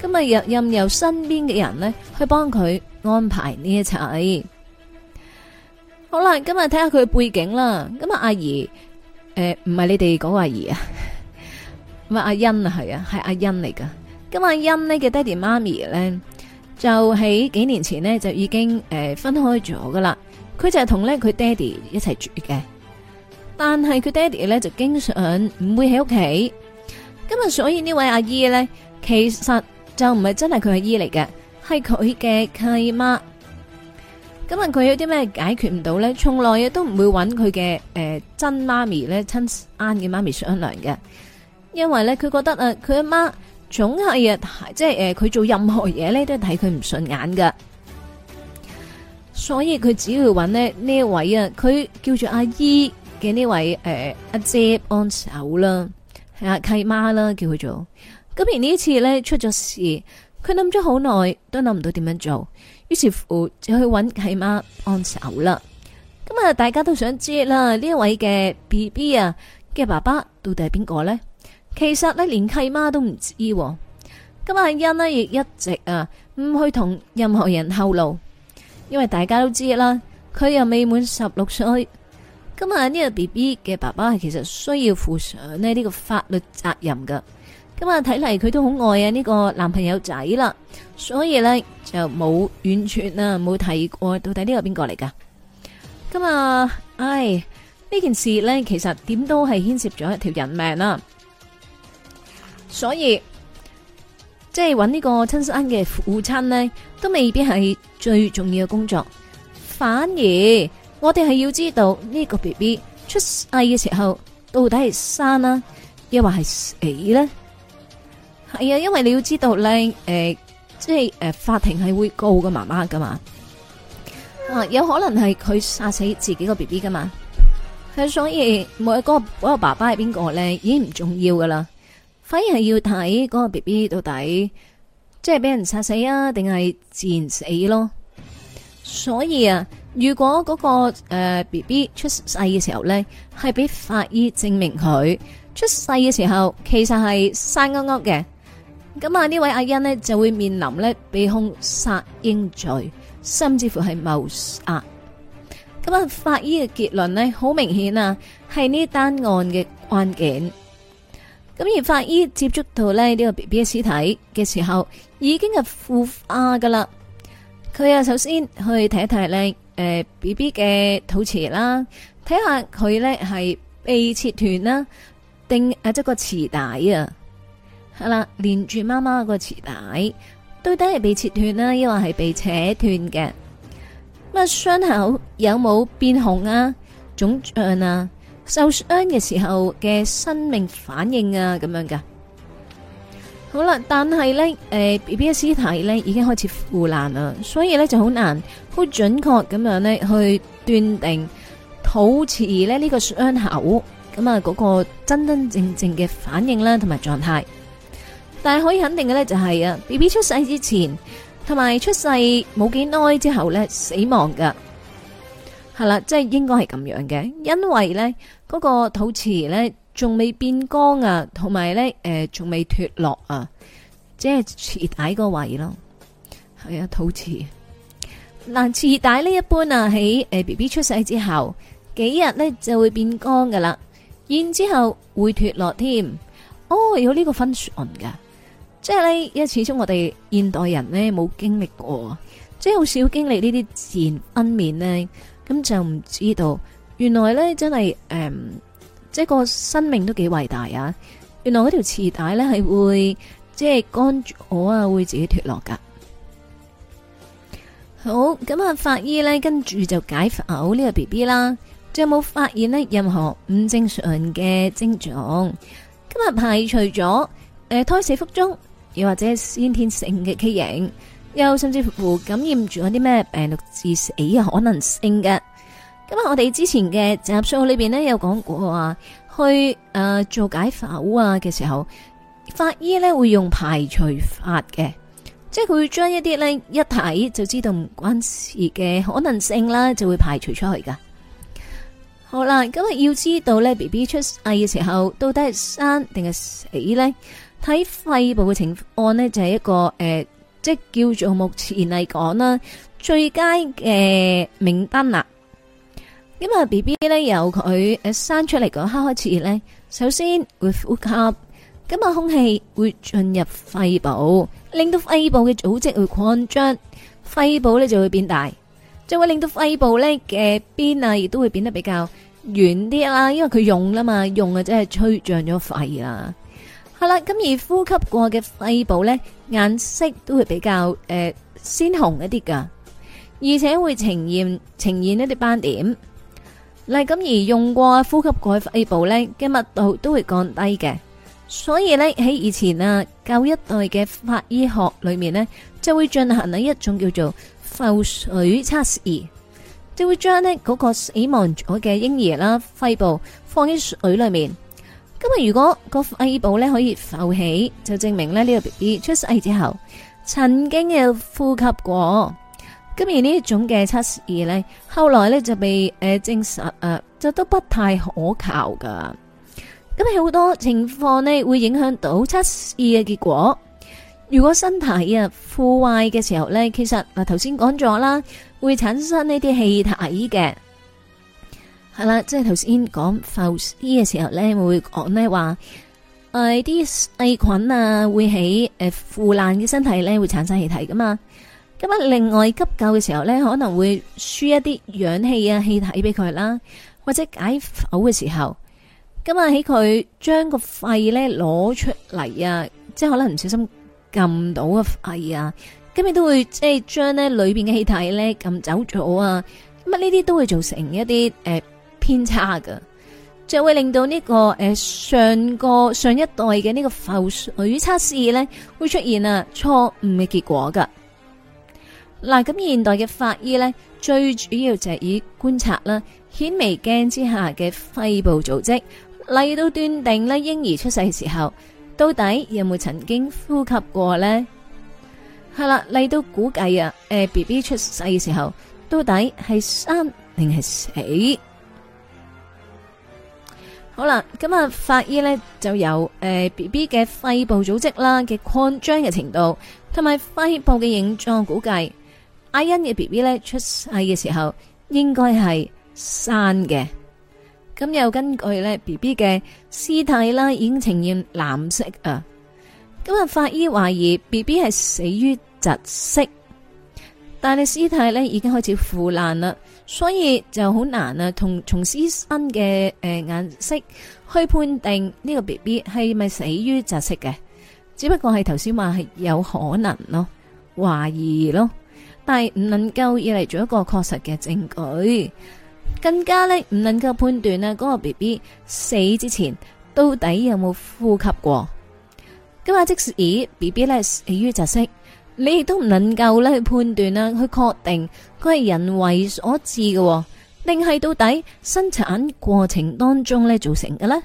今日又任由身邊嘅人呢去幫佢安排呢一切。好啦，今日睇下佢嘅背景啦。咁阿阿姨，誒、呃，唔係你哋講阿姨 啊，唔係阿欣啊，係啊，係阿欣嚟噶。咁阿欣呢嘅爹哋媽咪咧，就喺幾年前呢就已經誒分開咗噶啦。佢就係同咧佢爹哋一齊住嘅。但係佢爹哋咧就經常唔會喺屋企，噉啊，所以呢位阿姨咧，其實就唔係真係佢阿姨嚟嘅，係佢嘅契媽。噉啊佢有啲咩解決唔到咧，從來啊都唔會揾佢嘅誒真媽咪咧，親生嘅媽咪商量嘅，因為咧佢覺得啊，佢阿媽總係啊即係誒，佢做任何嘢咧都係睇佢唔順眼噶，所以佢只要揾咧呢這一位啊，佢叫做阿姨。嘅呢位誒阿、呃、姐安手、啊、啦，阿契媽啦叫佢做。咁而呢次咧出咗事，佢諗咗好耐都諗唔到點樣做，於是乎就去搵契媽安手啦。咁、嗯、啊，大家都想知啦，呢一位嘅 B B 啊嘅爸爸到底係邊個呢？其實咧連契媽都唔知、啊，咁阿欣呢亦一直啊唔去同任何人透露，因為大家都知啦，佢又未滿十六歲。今日呢個 B B 嘅爸爸係其實需要負上呢呢個法律責任噶。今日睇嚟，佢都好愛啊呢個男朋友仔啦，所以呢，就冇完全啊冇睇過到底呢個邊個嚟噶。今日，嗯，唉，呢件事呢，其實點都係牽涉咗一條人命啦，所以即係揾呢個親生嘅父親呢，都未必係最重要嘅工作，反而。我哋係要知道呢，這個 B B 出世嘅時候到底係生啦，亦或係死咧？係啊，因為你要知道咧，誒、呃，即係誒，法庭係會告個媽媽噶嘛，啊，有可能係佢殺死自己個 B B 噶嘛。係所以，冇嗰個嗰個爸爸係邊個咧，已經唔重要噶啦，反而係要睇嗰個 B B 到底即係俾人殺死啊，定係自然死咯。所以啊。如果嗰個、呃 B B 出世嘅時候呢，係俾法醫證明佢出世嘅時候其實係生勾勾嘅，咁啊呢位阿欣呢，就會面臨咧被控殺嬰罪，甚至乎係謀殺。咁啊，法醫嘅結論呢，好明顯啊，係呢單案嘅關鍵。咁而法醫接觸到咧呢個 B B 嘅屍體嘅時候，已經係腐化噶啦。佢啊首先去睇一睇呢。誒，B B 嘅肚臍啦，睇下佢咧係被切斷啦，定啊即係個臍帶啊，係啦，連住媽媽個臍帶到底係被切斷啦，抑或係被扯斷嘅？咁啊，傷口有冇變紅啊、腫脹啊？受傷嘅時候嘅生命反應啊，咁樣噶？好啦，但係咧，誒，BB 嘅屍體咧已經開始腐爛啦，所以咧就好難，好準確咁樣咧去斷定肚臍咧呢個傷口咁啊嗰個真真正正嘅反應啦同埋狀態。但係可以肯定嘅咧就係啊，BB 出世之前同埋出世冇幾耐之後咧死亡噶，係啦，即係應該係咁樣嘅，因為咧嗰個肚臍咧。仲未變乾啊，同埋咧誒，仲、呃、未脱落啊，即係臍帶個位置咯。係啊，肚臍。嗱、呃，臍帶呢一般啊，喺誒 B B 出世之後幾日咧就會變乾噶啦，然之後會脱落添。哦，有呢個分寸噶，即係咧，因為始終我哋現代人咧冇經歷過，即係好少經歷呢啲自然恩面呢。咁就唔知道原來咧真係誒。呃即係個生命都幾偉大啊！原來嗰條臍帶咧，係會即係乾咗啊，會自己脫落噶好，咁啊，法醫咧，跟住就解剖呢個 B B 啦，仲有冇發現呢任何唔正常嘅症狀。今日排除咗誒、呃、胎死腹中，又或者先天性嘅畸形，又甚至乎感染住嗰啲咩病毒致死嘅可能性嘅。咁啊！我哋之前嘅集數裏邊呢有講過啊，去誒、呃、做解剖啊嘅時候，法醫呢會用排除法嘅，即係佢會將一啲呢一睇，就知道唔關事嘅可能性啦，就會排除出去噶。好啦，咁啊，要知道咧 B B 出世嘅時候到底係生定係死咧，睇肺部嘅情況呢，就係一個誒、呃，即係叫做目前嚟講啦，最佳嘅名單啦。咁啊，BB 咧由佢誒生出嚟嗰刻開始咧，首先會呼吸，咁啊，空氣會進入肺部，令到肺部嘅組織會擴張，肺部咧就會變大，就會令到肺部咧嘅邊啊，亦都會變得比較軟啲啊，因為佢用啦嘛，用啊，即係吹脹咗肺啊。係啦，咁而呼吸過嘅肺部咧，顏色都會比較誒鮮紅一啲噶，而且會呈現呈現一啲斑點。咁而用過呼吸改肺部咧嘅密度都會降低嘅，所以咧喺以前啊舊一代嘅法醫學裏面咧，就會進行一種叫做浮水測試，就會將呢嗰個死亡咗嘅嬰兒啦肺部放喺水裏面，咁啊如果個肺部咧可以浮起，就證明咧呢個 BB 出世之後曾經有呼吸過。咁而呢種嘅測試咧，後來咧就被誒證實誒，就都不太可靠噶。咁好多情況呢會影響到測試嘅結果。如果身體啊腐壞嘅時候咧，其實啊頭先講咗啦，會產生呢啲氣體嘅。係啦，即係頭先講浮屍嘅時候咧，呃、會講呢話，誒啲細菌啊會喺誒腐爛嘅身體咧會產生氣體噶嘛。咁啊！另外急救嘅時候咧，可能會輸一啲氧氣啊、氣體俾佢啦，或者解剖嘅時候，咁啊喺佢將個肺咧攞出嚟啊，即係可能唔小心撳到個肺啊，咁你都會即係將呢裏邊嘅氣體咧撳走咗啊，咁啊呢啲都會造成一啲誒、呃、偏差噶，就會令到呢、這個誒、呃、上個上一代嘅呢個浮水測試咧會出現啊錯誤嘅結果噶。嗱，咁現代嘅法醫呢，最主要就係以觀察啦，顯微鏡之下嘅肺部組織，嚟到斷定呢嬰兒出世嘅時候到底有冇曾經呼吸過呢？係啦，嚟到估計啊，誒 B B 出世嘅時候到底係生定係死？好啦，咁啊，法醫呢就有誒 B B 嘅肺部組織啦嘅擴張嘅程度，同埋肺部嘅形狀估計。阿欣嘅 B B 咧出世嘅時候應該係生嘅，咁又根據咧 B B 嘅屍體啦，已經呈現藍色啊，咁啊法醫懷疑 B B 係死於窒息，但係屍體咧已經開始腐爛啦，所以就好難啊，同從屍身嘅誒顏色去判定呢個 B B 係咪死於窒息嘅，只不過係頭先話係有可能咯，懷疑咯。但係唔能夠以嚟做一個確實嘅證據，更加呢，唔能夠判斷啊嗰個 B B 死之前到底有冇呼吸過。咁啊，即使 B B 呢死於窒息，你亦都唔能夠呢去判斷啊，去確定佢係人為所致嘅，定係到底生產過程當中呢造成嘅呢？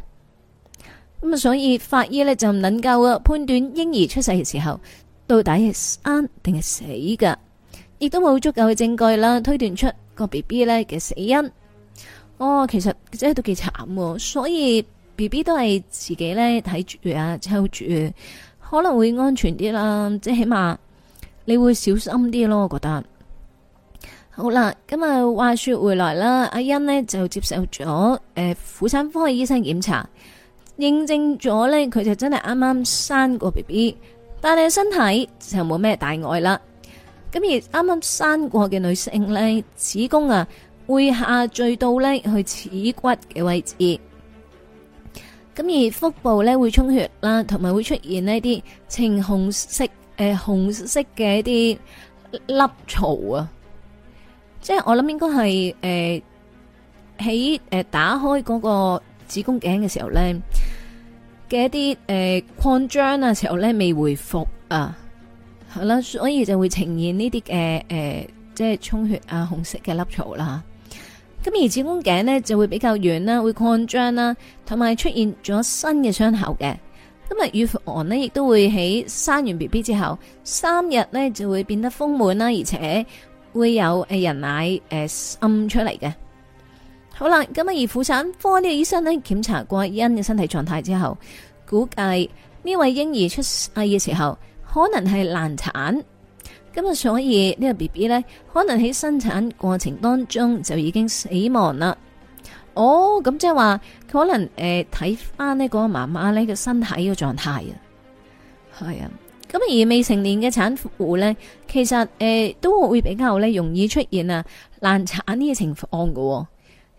咁啊，所以法醫呢，就唔能夠判斷嬰兒出世嘅時候到底係生定係死噶。亦都冇足夠嘅證據啦，推斷出個 B B 呢嘅死因。哦，其實即係都幾慘，所以 B B 都係自己呢睇住啊，抽住可能會安全啲啦，即係起碼你會小心啲咯。我覺得好啦，咁啊，話說回來啦，阿欣呢就接受咗誒婦產科嘅醫生檢查，認證咗呢，佢就真係啱啱生個 B B，但係身體就冇咩大礙啦。咁而啱啱生過嘅女性咧，子宮啊會下墜到呢去恥骨嘅位置，咁而腹部呢會充血啦、啊，同埋會出現呢啲呈紅色誒、呃、紅色嘅一啲凹槽啊，即係我諗應該係誒喺誒打開嗰個子宮頸嘅時候咧嘅一啲誒擴張啊時候咧未回復啊。好啦，所以就會呈現呢啲嘅誒，即係充血啊，紅色嘅凹槽啦。咁而子宮頸呢就會比較軟啦，會擴張啦，同埋出現咗新嘅傷口嘅。咁啊，乳房呢，亦都會喺生完 B B 之後三日呢就會變得豐滿啦，而且會有誒人奶誒滲、呃、出嚟嘅。好啦，咁啊，而婦產科呢個醫生呢檢查過欣嘅身體狀態之後，估計呢位嬰兒出世嘅時候，可能係難產，咁啊，所以呢個 B B 呢，可能喺生產過程當中就已經死亡啦。哦，咁即係話，可能誒睇翻呢個媽媽呢個身體嘅狀態啊，係啊。咁而未成年嘅產婦呢，其實誒、呃、都會比較咧容易出現啊難產呢個情況㗎。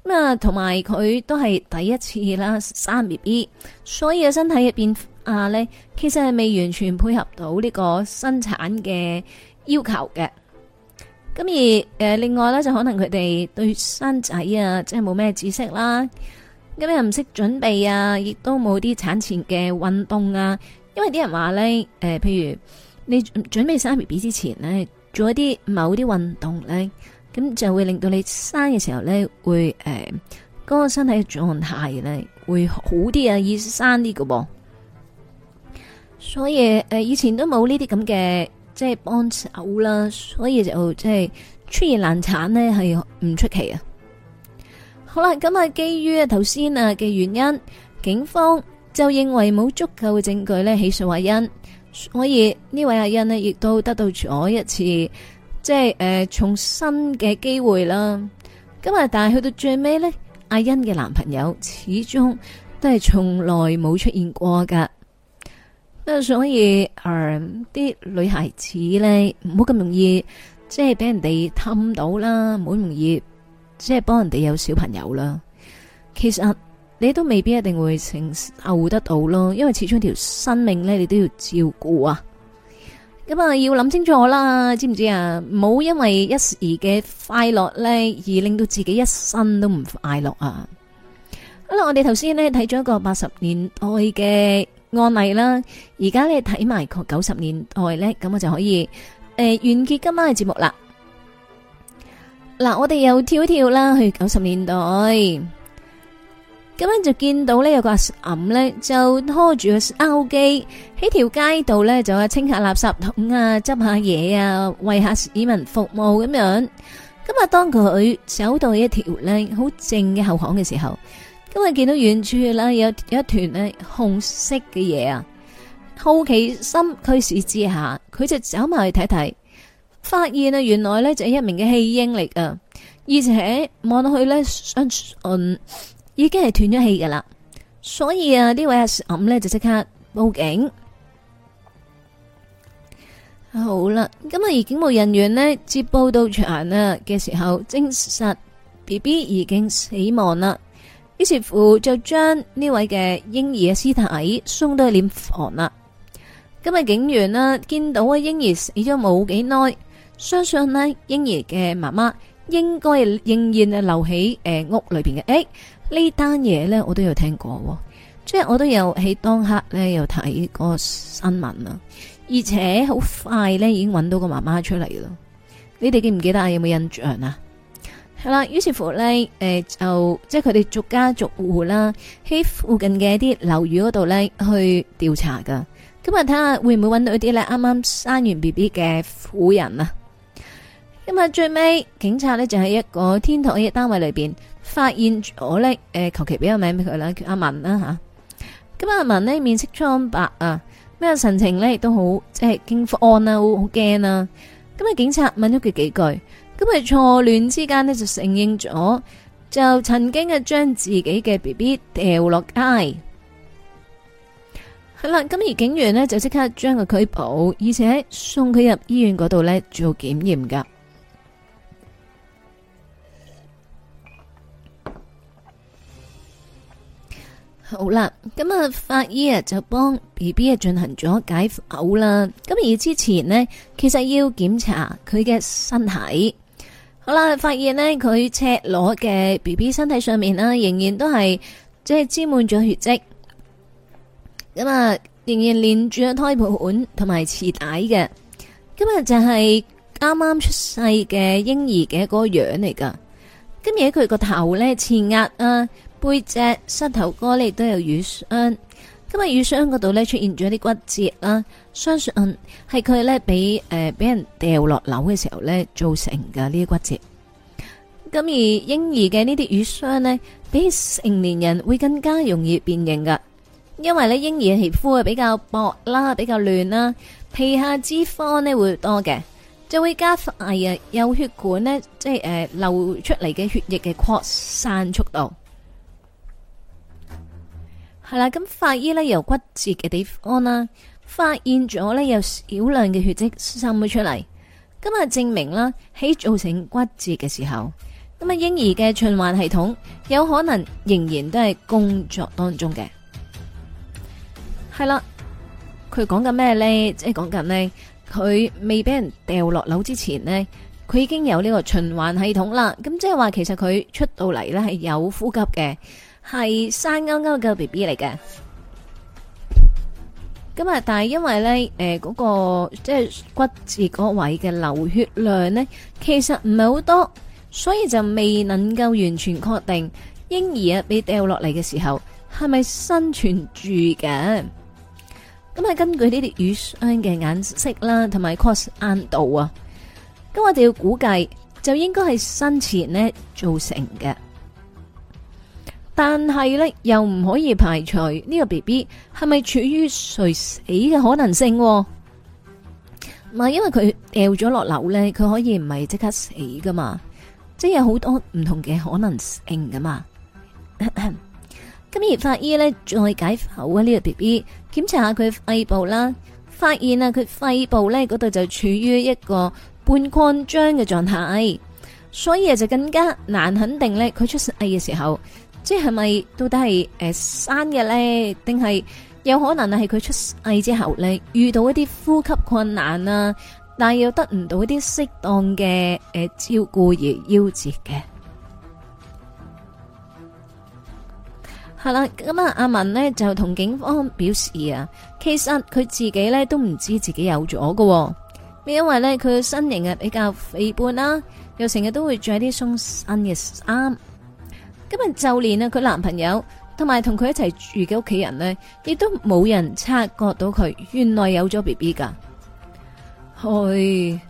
咁啊，同埋佢都係第一次啦生 B B，所以嘅身體入邊。啊！咧，其實係未完全配合到呢個生產嘅要求嘅。咁而誒、呃，另外咧就可能佢哋對生仔啊，即係冇咩知識啦。咁又唔識準備啊，亦都冇啲產前嘅運動啊。因為啲人話咧，誒、呃，譬如你準備生 BB 之前咧，做一啲某啲運動咧，咁就會令到你生嘅時候咧，會誒嗰、呃嗰個身體狀態咧會好啲啊，易生啲嘅噃。所以誒，以前都冇呢啲咁嘅，即係幫手啦，所以就即係出現難產呢，係唔出奇啊！好啦，咁啊，基於啊頭先啊嘅原因，警方就認為冇足夠嘅證據呢起訴阿欣，所以呢位阿欣呢，亦都得到咗一次即係誒、呃、重新嘅機會啦。咁啊但係去到最尾呢，阿欣嘅男朋友始終都係從來冇出現過噶。所以誒，啲、呃、女孩子呢，唔好咁容易，即係俾人哋氹到啦，唔好容易即係幫人哋有小朋友啦。其實你都未必一定會承受得到咯，因為始終條生命呢，你都要照顧啊。咁啊，要諗清楚啦，知唔知啊？唔好因為一時嘅快樂呢，而令到自己一生都唔快樂啊！好啦，我哋頭先呢睇咗一個八十年代嘅。案例啦，而家咧睇埋個九十年代咧，咁我就可以誒完結今晚嘅節目啦。嗱，我哋又跳一跳啦，去九十年代，咁樣就見到咧，有個阿嬸咧就拖住個筲箕喺條街度咧就清下垃圾桶啊、執下嘢啊、為下市民服務咁樣。咁啊，當佢走到一條咧好靜嘅後巷嘅時候，因為見到遠處啦，有有一團咧紅色嘅嘢啊，好奇心驅使之下，佢就走埋去睇睇，發現啊，原來呢就係一名嘅棄嬰嚟啊，而且望落去呢，相信已經係斷咗氣噶啦，所以啊，呢位阿嬸呢就即刻報警。好啦，今日而警務人員呢接報到場啊嘅時候，證實 B B 已經死亡啦。於是乎就將呢位嘅嬰兒嘅屍體送到去殮房啦。今日警員呢見到個嬰兒死咗冇幾耐，相信呢嬰兒嘅媽媽應該仍然留喺誒、呃、屋裏邊嘅。誒、欸、呢單嘢咧我都有聽過，即係我都有喺當刻咧有睇過新聞啦，而且好快咧已經揾到個媽媽出嚟啦。你哋記唔記得啊？有冇印象啊？係啦，於是乎咧，誒、呃，就即係佢哋逐家逐戶啦，喺附近嘅一啲樓宇嗰度咧去調查噶。今日睇下會唔會揾到一啲咧啱啱生完 B B 嘅婦人啊！今、嗯、日最尾警察咧就喺一個天堂嘅單位裏邊發現咗咧，誒、呃，求其俾個名俾佢啦，叫阿文啦吓。今日阿文呢面色蒼白啊，咩神情咧亦都好，即係驚慌啊，好驚啊！今、嗯、日警察問咗佢幾句。咁佢錯亂之間咧就承認咗，就曾經啊將自己嘅 B B 掉落街，係啦。咁而警員呢，就即刻將佢拘捕，而且送佢入醫院嗰度咧做檢驗噶。好啦，咁啊法醫啊就幫 B B 啊進行咗解剖啦。咁而之前呢，其實要檢查佢嘅身體。好啦，發現呢，佢赤裸嘅 B B 身體上面啦，仍然都係即係沾滿咗血跡，咁啊仍然連住咗胎盤同埋臍帶嘅，今日就係啱啱出世嘅嬰兒嘅嗰個樣嚟噶，今日佢個頭呢，似壓啊，背脊、膝頭哥呢，都有瘀傷。因為瘀傷嗰度咧出現咗啲骨折啦，相信嗯係佢咧俾誒俾人掉落樓嘅時候咧造成嘅呢啲骨折。咁而嬰兒嘅呢啲瘀傷呢，比成年人會更加容易變形噶，因為呢，嬰兒嘅皮膚係比較薄啦，比較嫩啦，皮下脂肪呢會多嘅，就會加快啊有血管呢，即係誒、呃、流出嚟嘅血液嘅擴散速度。係、嗯、啦，咁法醫咧由骨折嘅地方啦，發現咗咧有少量嘅血跡滲咗出嚟。咁啊，證明啦，喺造成骨折嘅時候，咁啊，嬰兒嘅循環系統有可能仍然都係工作當中嘅。係啦，佢講緊咩呢？即係講緊呢，佢未俾人掉落樓之前呢，佢已經有呢個循環系統啦。咁即係話，其實佢出到嚟呢係有呼吸嘅。係生勾勾嘅 B B 嚟嘅。咁啊，但係因為咧，誒、呃，嗰、那個即係骨折位嘅流血量呢，其實唔係好多，所以就未能夠完全確定嬰兒啊，畀掉落嚟嘅時候係咪生存住嘅。咁啊，根據呢啲瘀傷嘅顏色啦，同埋 cos 硬度啊，咁我哋要估計就應該係生前呢造成嘅。但係咧，又唔可以排除呢個 B B 係咪處於垂死嘅可能性？唔係，因為佢掉咗落樓咧，佢可以唔係即刻死噶嘛，即係有好多唔同嘅可能性噶嘛。咁咳咳而法醫咧再解剖啊，呢、這個 B B，檢查下佢肺部啦，發現啊佢肺部咧嗰度就處於一個半擴張嘅狀態，所以啊就更加難肯定咧佢出世嘅時候。即係咪到底係誒、呃、生嘅呢？定係有可能係佢出世之後呢遇到一啲呼吸困難啊？但係又得唔到一啲適當嘅誒照顧而夭折嘅。係啦，咁啊，阿文呢就同警方表示啊，其實佢自己呢都唔知自己有咗嘅、啊，因為呢，佢身形啊比較肥胖啦、啊，又成日都會着啲鬆身嘅衫。今日就連啊佢男朋友同埋同佢一齊住嘅屋企人咧，亦都冇人察覺到佢原來有咗 B B 噶。係、哎，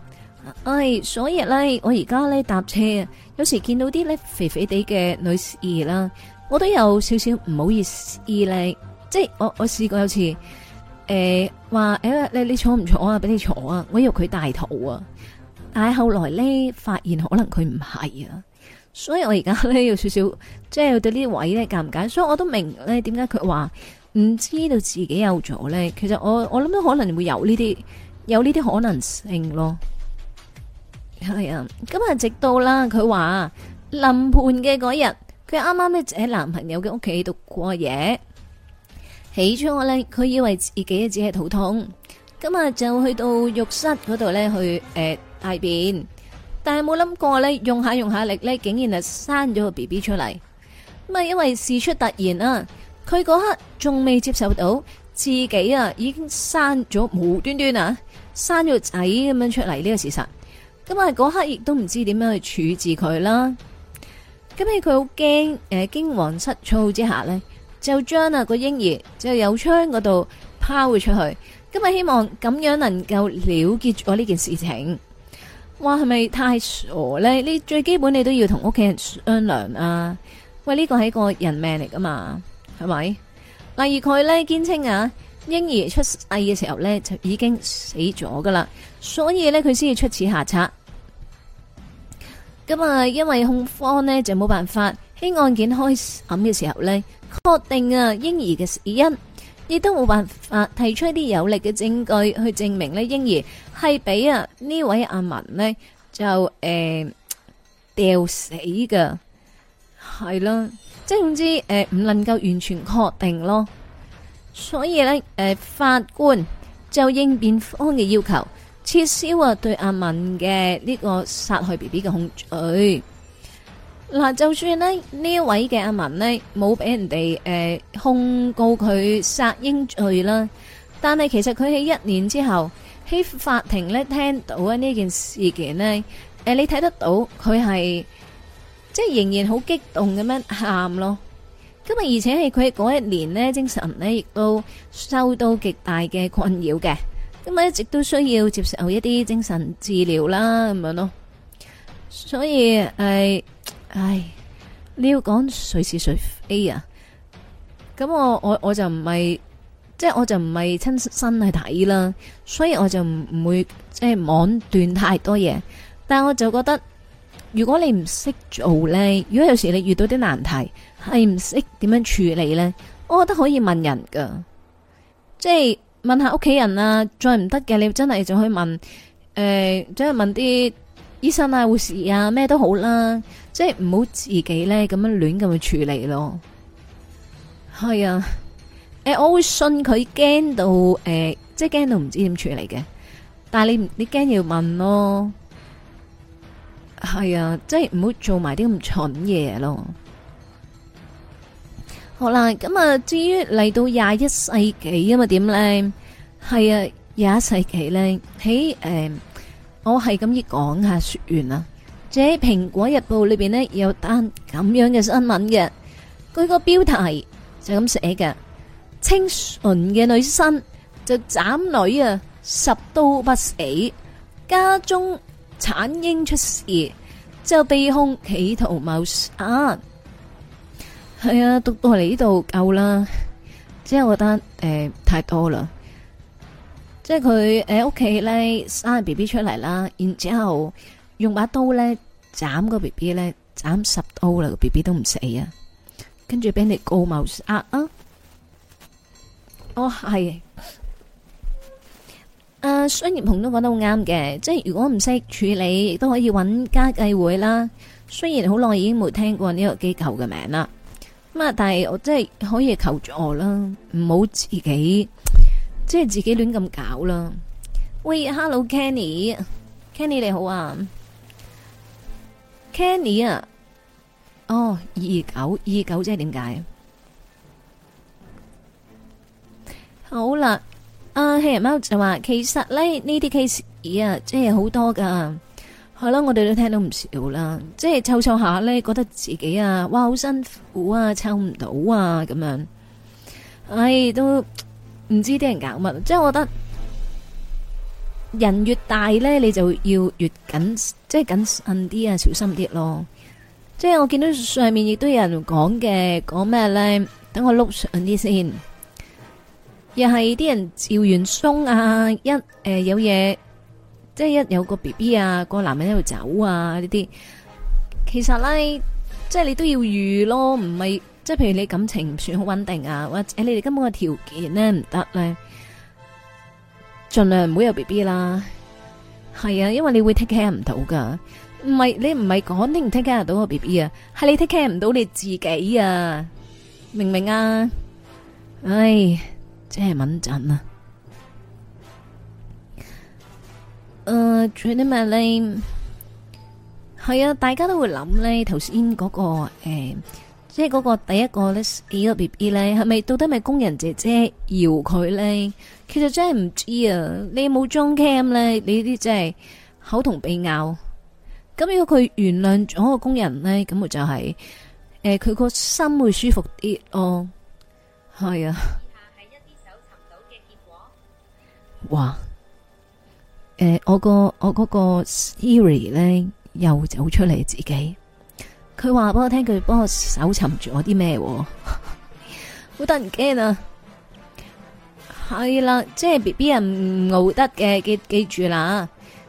唉、哎，所以咧，我而家咧搭車啊，有時見到啲咧肥肥地嘅女士啦，我都有少少唔好意思咧。即係我我試過有次，誒，話，誒你你坐唔坐啊？俾你坐啊！我以為佢大肚啊。但係後來咧，發現可能佢唔係啊。所以我而家咧有少少，即係對呢啲位咧尷尬，所以我都明咧點解佢話唔知道自己有咗咧。其實我我諗都可能會有呢啲，有呢啲可能性咯。係啊，今日直到啦，佢話臨盆嘅嗰日，佢啱啱咧就喺男朋友嘅屋企度過夜，起初我咧佢以為自己只係肚痛，今日就去到浴室嗰度咧去誒大、呃、便。但係冇諗過咧，用下用下力咧，竟然係生咗個 B B 出嚟。咁啊，因為事出突然啊，佢嗰刻仲未接受到自己啊已經生咗冇端端啊生咗仔咁樣出嚟呢個事實。咁啊，嗰刻亦都唔知點樣去處置佢啦。咁喺佢好驚，誒驚惶失措之下呢，就將啊個嬰兒就由窗嗰度拋咗出去。咁啊希望咁樣能夠了結咗呢件事情。話係咪太傻呢？你最基本你都要同屋企人商量啊！喂，呢個係一個人命嚟噶嘛，係咪？例如，佢呢堅稱啊，嬰兒出世嘅時候呢，就已經死咗噶啦，所以呢，佢先要出此下策。咁啊，因為控方呢，就冇辦法，喺案件開審嘅時候呢，確定啊嬰兒嘅死因，亦都冇辦法提出一啲有力嘅證據去證明呢，嬰兒。係俾啊呢位阿文咧，就誒吊死噶，係啦，即係總之誒唔能夠完全確定咯。所以咧誒法官就應辯方嘅要求，撤銷啊對阿文嘅呢個殺害 BB 嘅控罪。嗱，就算咧呢一位嘅阿文咧冇俾人哋誒控告佢殺嬰罪啦，但係其實佢喺一年之後。喺法庭咧聽到呢件事件呢誒，你睇得到佢係即係仍然好激動咁樣喊咯。今日而且係佢嗰一年咧精神咧亦都受到極大嘅困擾嘅，今日一直都需要接受一啲精神治療啦咁樣咯。即係我就唔係親身去睇啦，所以我就唔唔會即係妄斷太多嘢。但係我就覺得，如果你唔識做呢，如果有時你遇到啲難題，係唔識點樣處理呢？我覺得可以問人㗎，即係問下屋企人啊，再唔得嘅，你真係就去問誒、呃，即係問啲醫生啊、護士啊，咩都好啦，即係唔好自己呢咁樣亂咁去處理咯。係啊。誒，我會信佢驚到，誒，即係驚到唔知點處理嘅。但係你你驚要問咯，係啊，即係唔好做埋啲咁蠢嘢咯。好啦，咁啊，至於嚟到廿一世紀咁啊點咧？係啊，廿一世紀咧，喺誒，我係咁意講下說完啦。即係《蘋果日報》裏邊咧有單咁樣嘅新聞嘅，佢個標題就咁寫嘅。清純嘅女生就斬女啊，十刀不死，家中產嬰出事，之後被控企圖謀殺。係啊，讀到嚟呢度夠啦，即係我覺得誒太多啦，即係佢喺屋企咧生 B B 出嚟啦，然之後用把刀咧斬個 B B 咧斬十刀啦，個 B B 都唔死啊，跟住俾你告謀殺啊！哦，係，誒、啊，商業紅都講得好啱嘅，即係如果唔識處理，亦都可以揾家計會啦。雖然好耐已經冇聽過呢個機構嘅名啦，咁啊，但係我即係可以求助啦，唔好自己即係自己亂咁搞啦。喂，Hello，Kenny，Kenny 你好啊，Kenny 啊，哦，二九二九即係點解？好啦，阿、啊、黑人貓就話，其實咧呢啲 case 啊，即係好多噶，係咯，我哋都聽到唔少啦。即係抽抽下咧，覺得自己啊，哇，好辛苦啊，抽唔到啊，咁樣，唉、哎，都唔知啲人搞乜。即係我覺得人越大咧，你就要越謹，即係謹慎啲啊，小心啲咯。即係我見到上面亦都有人講嘅，講咩咧？等我碌上啲先。又係啲人趙完鬆啊，一誒有嘢，即係一有個 B B 啊，個男人喺度走啊呢啲，其實咧，即係你都要預咯，唔係即係譬如你感情唔算好穩定啊，或者你哋根本嘅條件咧唔得咧，盡量唔好有 B B 啦。係啊，因為你會 take care 唔到噶，唔係你唔係講你唔 take care 到個 B B 啊，係你 take care 唔到你自己啊，明唔明啊？唉。即係敏感啊！誒、呃，最咪咧係啊，大家都會諗呢頭先嗰個誒、欸，即係嗰個第一個呢，幾個 BB 咧，係咪到底咪工人姐姐搖佢呢？其實真係唔知啊！你冇裝 cam 呢，你啲真係口同鼻拗。咁如果佢原諒咗個工人咧，咁咪就係、是、誒，佢、欸、個心會舒服啲咯。係、哦、啊。話誒，我個我 i 個 r i 咧又走出嚟自己，佢話幫我聽佢幫我搜尋住我啲咩，好得人間啊，係啦，即係 B B 人唔熬得嘅，記記住啦。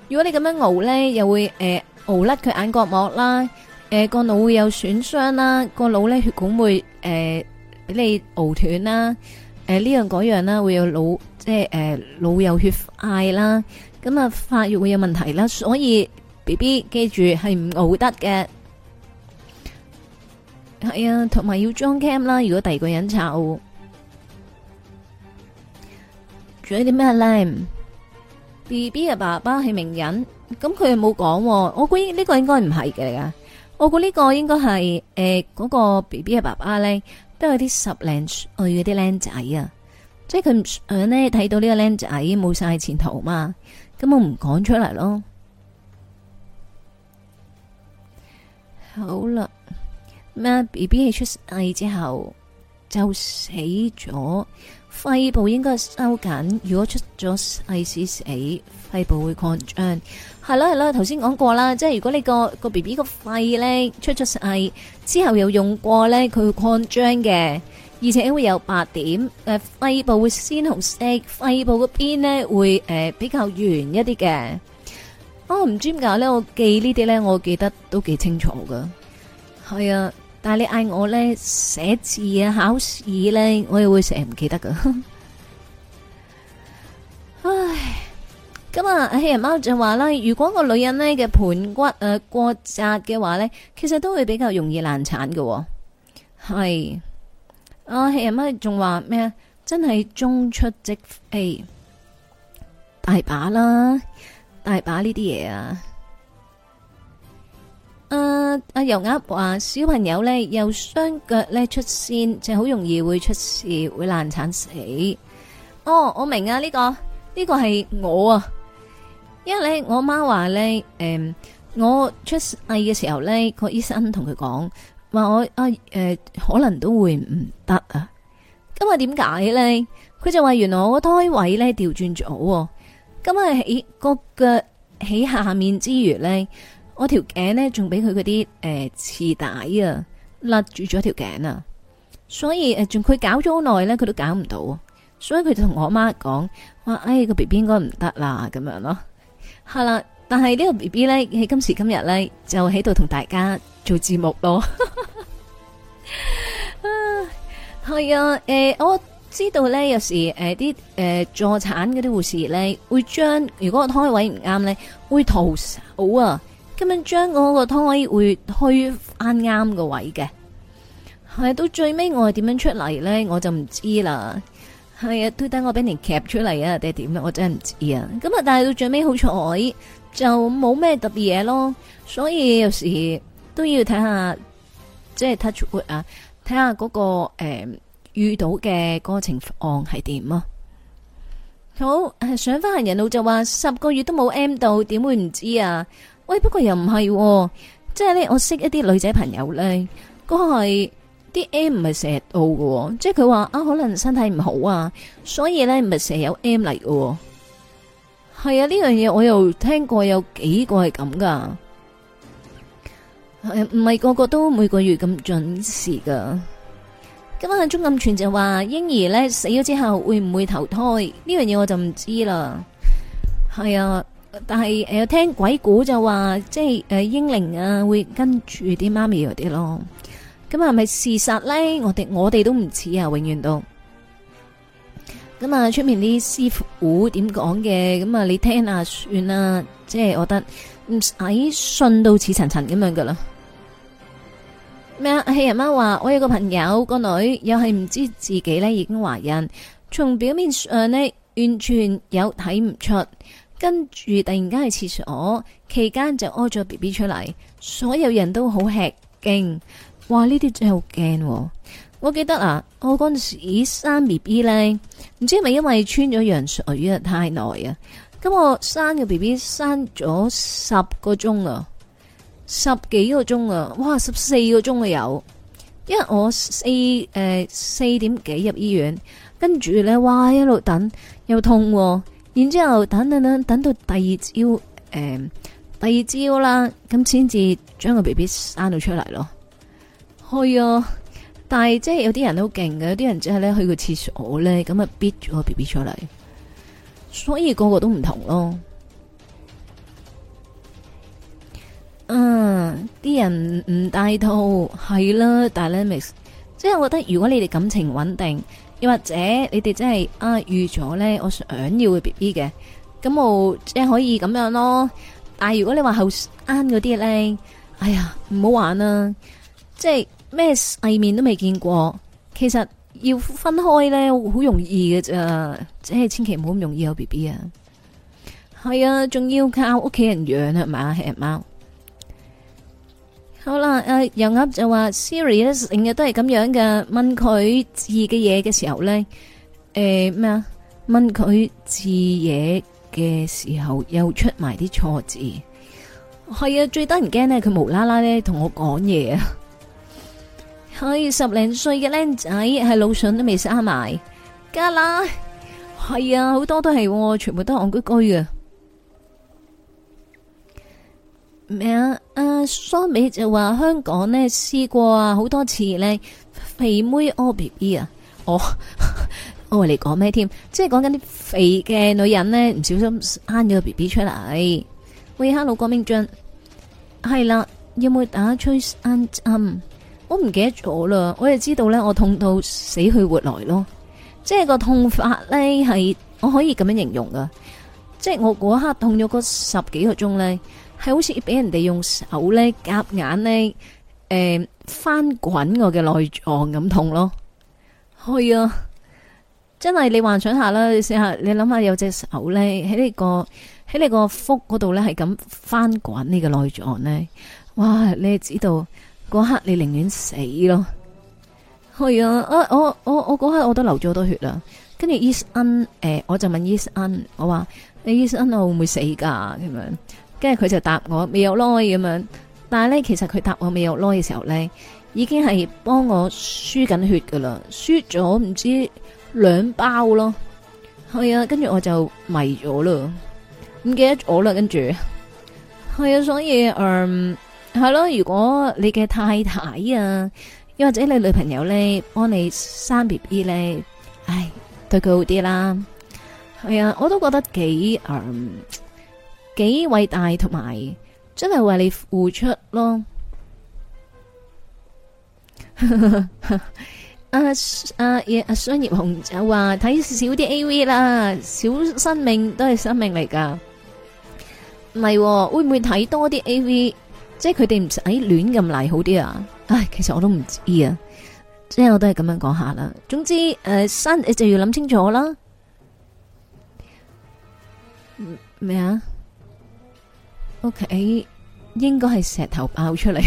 如果你咁樣熬咧，又會誒、呃、熬甩佢眼角膜啦，誒、呃、個腦會有損傷啦，個腦咧血管會誒俾、呃、你熬斷啦。誒，呢樣嗰樣啦，會有腦即係誒腦有血塊啦，咁啊發育會有問題啦，所以 B B 記住係唔好得嘅。係啊，同埋要裝 cam 啦，如果第二個人插戶。仲有啲咩咧？B B 嘅爸爸係名人，咁佢又冇講。我估呢個應該唔係嘅㗎，我估呢個應該係誒嗰個 B B 嘅爸爸咧。都係啲十零歲嘅啲靚仔啊，即係佢唔想咧睇到呢個靚仔冇晒前途嘛，咁我唔講出嚟咯。好啦，咩 B B 係出世之後就死咗，肺部應該收緊。如果出咗世死，肺部會擴張。係啦係啦，頭先講過啦，即係如果你個個寶寶的呢個個 B B 個肺咧出咗世，之後有用過咧，佢會擴張嘅，而且會有白點，誒，肺部會鮮紅色，肺部嗰邊咧會誒、呃、比較圓一啲嘅。我唔知點解咧，我記呢啲咧，我記得都幾清楚噶。係啊，但係你嗌我咧寫字啊，考試咧，我又會成日唔記得噶。唉。咁啊！棄人貓就話啦，如果個女人呢嘅盆骨誒、呃、過窄嘅話呢，其實都會比較容易難產嘅、哦。係，啊棄人貓仲話咩啊？真係中出即飛、哎、大把啦，大把呢啲嘢啊！誒、啊，阿油鴨話小朋友呢，又雙腳呢出線，就好容易會出事，會難產死。哦，我明啊，呢、呢個呢、呢個係我啊！因為咧，我媽話咧，誒、嗯，我出世嘅時候咧，個醫生同佢講，話我啊，誒、呃，可能都會唔得啊。咁啊，點解咧？佢就話原來我個胎位咧調轉咗，咁啊喺個腳喺下面之餘咧，我條頸咧仲俾佢嗰啲誒臍帶啊勒住咗條頸啊，所以誒，仲佢搞咗好耐咧，佢都搞唔到，所以佢就同我媽講，話哎個 B B 應該唔得啦，咁樣咯。係啦，但係呢個 B B 咧喺今時今日咧就喺度同大家做節目咯。係 啊，誒、呃，我知道咧有時誒啲誒助產嗰啲護士咧會將，如果個胎位唔啱咧會徒手、哦、啊，今日將我個胎位會推返啱個位嘅。係到最尾我係點樣出嚟，咧我就唔知啦。係啊，推等我俾你 c 出嚟啊，定係點啊？我真係唔知啊。咁啊，但係到最尾好彩就冇咩特別嘢咯。所以有時都要睇下，即係 touch wood 啊，睇下嗰、嗰個誒、呃、遇到嘅嗰個情況係點啊。好，上翻，行人路就話十個月都冇 M 到，點會唔知啊？喂，不過又唔係、啊，即係咧，我識一啲女仔朋友咧，嗰係。啲 M 唔係成日到㗎，即係佢話啊，可能身體唔好啊，所以咧唔係成日有 M 嚟喎。係啊，呢樣嘢，我又聽過有幾個係咁噶，唔係個個都每個月咁準時噶。今晚鐘暗全就話嬰兒咧死咗之後會唔會投胎，呢樣嘢我就唔知啦。係啊，但係誒聽鬼故就話即係誒嬰靈啊會跟住啲媽咪嗰啲咯。咁啊，係咪事實呢？我哋我哋都唔似啊，永遠都咁啊。出面啲師傅點講嘅咁啊？你聽下算啦，即係我覺得唔使信到似層層咁樣噶啦。咩啊？戲人媽話我有個朋友個女又係唔知自己呢已經懷孕，從表面上呢完全有睇唔出，跟住突然間去廁所期間就屙咗 B B 出嚟，所有人都好吃驚。哇！呢啲真係好驚。我記得啊，我嗰陣時生 B B 咧，唔知係咪因為穿咗羊水啊太耐啊。咁我生個 B B 生咗十個鐘啊，十幾個鐘啊，哇，十四個鐘啊有。因為我四誒、呃、四點幾入醫院，跟住咧哇一路等又痛、啊，然之後等等等等到第二朝誒、呃、第二朝啦，咁先至將個 B B 生到出嚟咯。係啊，但係即係有啲人都好勁嘅，有啲人只係咧去個廁所咧，咁啊逼住個 B B 出嚟，所以個個都唔同咯。嗯、啊，啲人唔戴套係啦，但係咧即係我覺得如果你哋感情穩定，又或者你哋真係啊預咗咧我想要嘅 B B 嘅，咁我即係可以咁樣咯。但係如果你話後生嗰啲咧，哎呀唔好玩啊，即係。咩世面都未見過，其實要分開呢，好容易嘅啫，即係千祈唔好咁容易有 B B 啊。係啊，仲要靠屋企人養啊，馬、吃貓。好啦，誒、啊，油鴨就話 Siri s 成日都係咁樣嘅，問佢字嘅嘢嘅時候呢，誒咩啊？問佢字嘢嘅時候又出埋啲錯字。係啊，最得人驚呢，佢無啦啦咧同我講嘢啊！係十零歲嘅僆仔，係腦筍都未生埋，加啦，係啊，好多都係、啊，全部都係戇居居嘅。咩啊？阿、啊、蘇美就話香港呢試過啊好多次咧，肥妹屙 B B 啊，我我話你講咩添？即係講緊啲肥嘅女人呢，唔小心生咗個 B B 出嚟。喂，Hello 郭明俊，係啦、啊，有冇打 c h 我唔記得咗啦，我就知道呢，我痛到死去活來咯。即係個痛法呢，係我可以咁樣形容噶，即係我嗰刻痛咗個十幾個鐘呢，係好似俾人哋用手呢夾硬呢，誒、呃、翻滾我嘅內臟咁痛咯。係啊，真係你幻想下啦，你試下你諗下有隻手呢喺你個喺你個腹嗰度呢，係咁翻滾呢個內臟呢。哇！你知道。嗰刻你寧願死咯，係啊！我我我我嗰刻我都流咗好多血啦。跟住醫生誒，我就問醫生，我話你醫生，我會唔會死噶咁樣，跟住佢就答我，答我未有耐，咁樣。但係咧，其實佢答我未有耐嘅時候咧，已經係幫我輸緊血噶啦，輸咗唔知兩包咯。係啊，跟住我就迷咗啦，唔記得咗啦，跟住係啊，所以嗯。係咯，如果你嘅太太啊，又或者你女朋友咧，幫你生 B B 咧，唉，對佢好啲啦。係啊，我都覺得幾誒、嗯、幾偉大，同埋真係為你付出咯。阿阿葉商業紅就話睇少啲 A V 啦，小生命都係生命嚟噶唔係會唔會睇多啲 A V？即係佢哋唔使亂咁嚟，好啲啊！唉，其實我都唔知啊，即係我都係咁樣講下啦。總之，誒、呃、生、呃、就要諗清楚啦。咩啊？屋企，okay, 應該係石頭爆出嚟，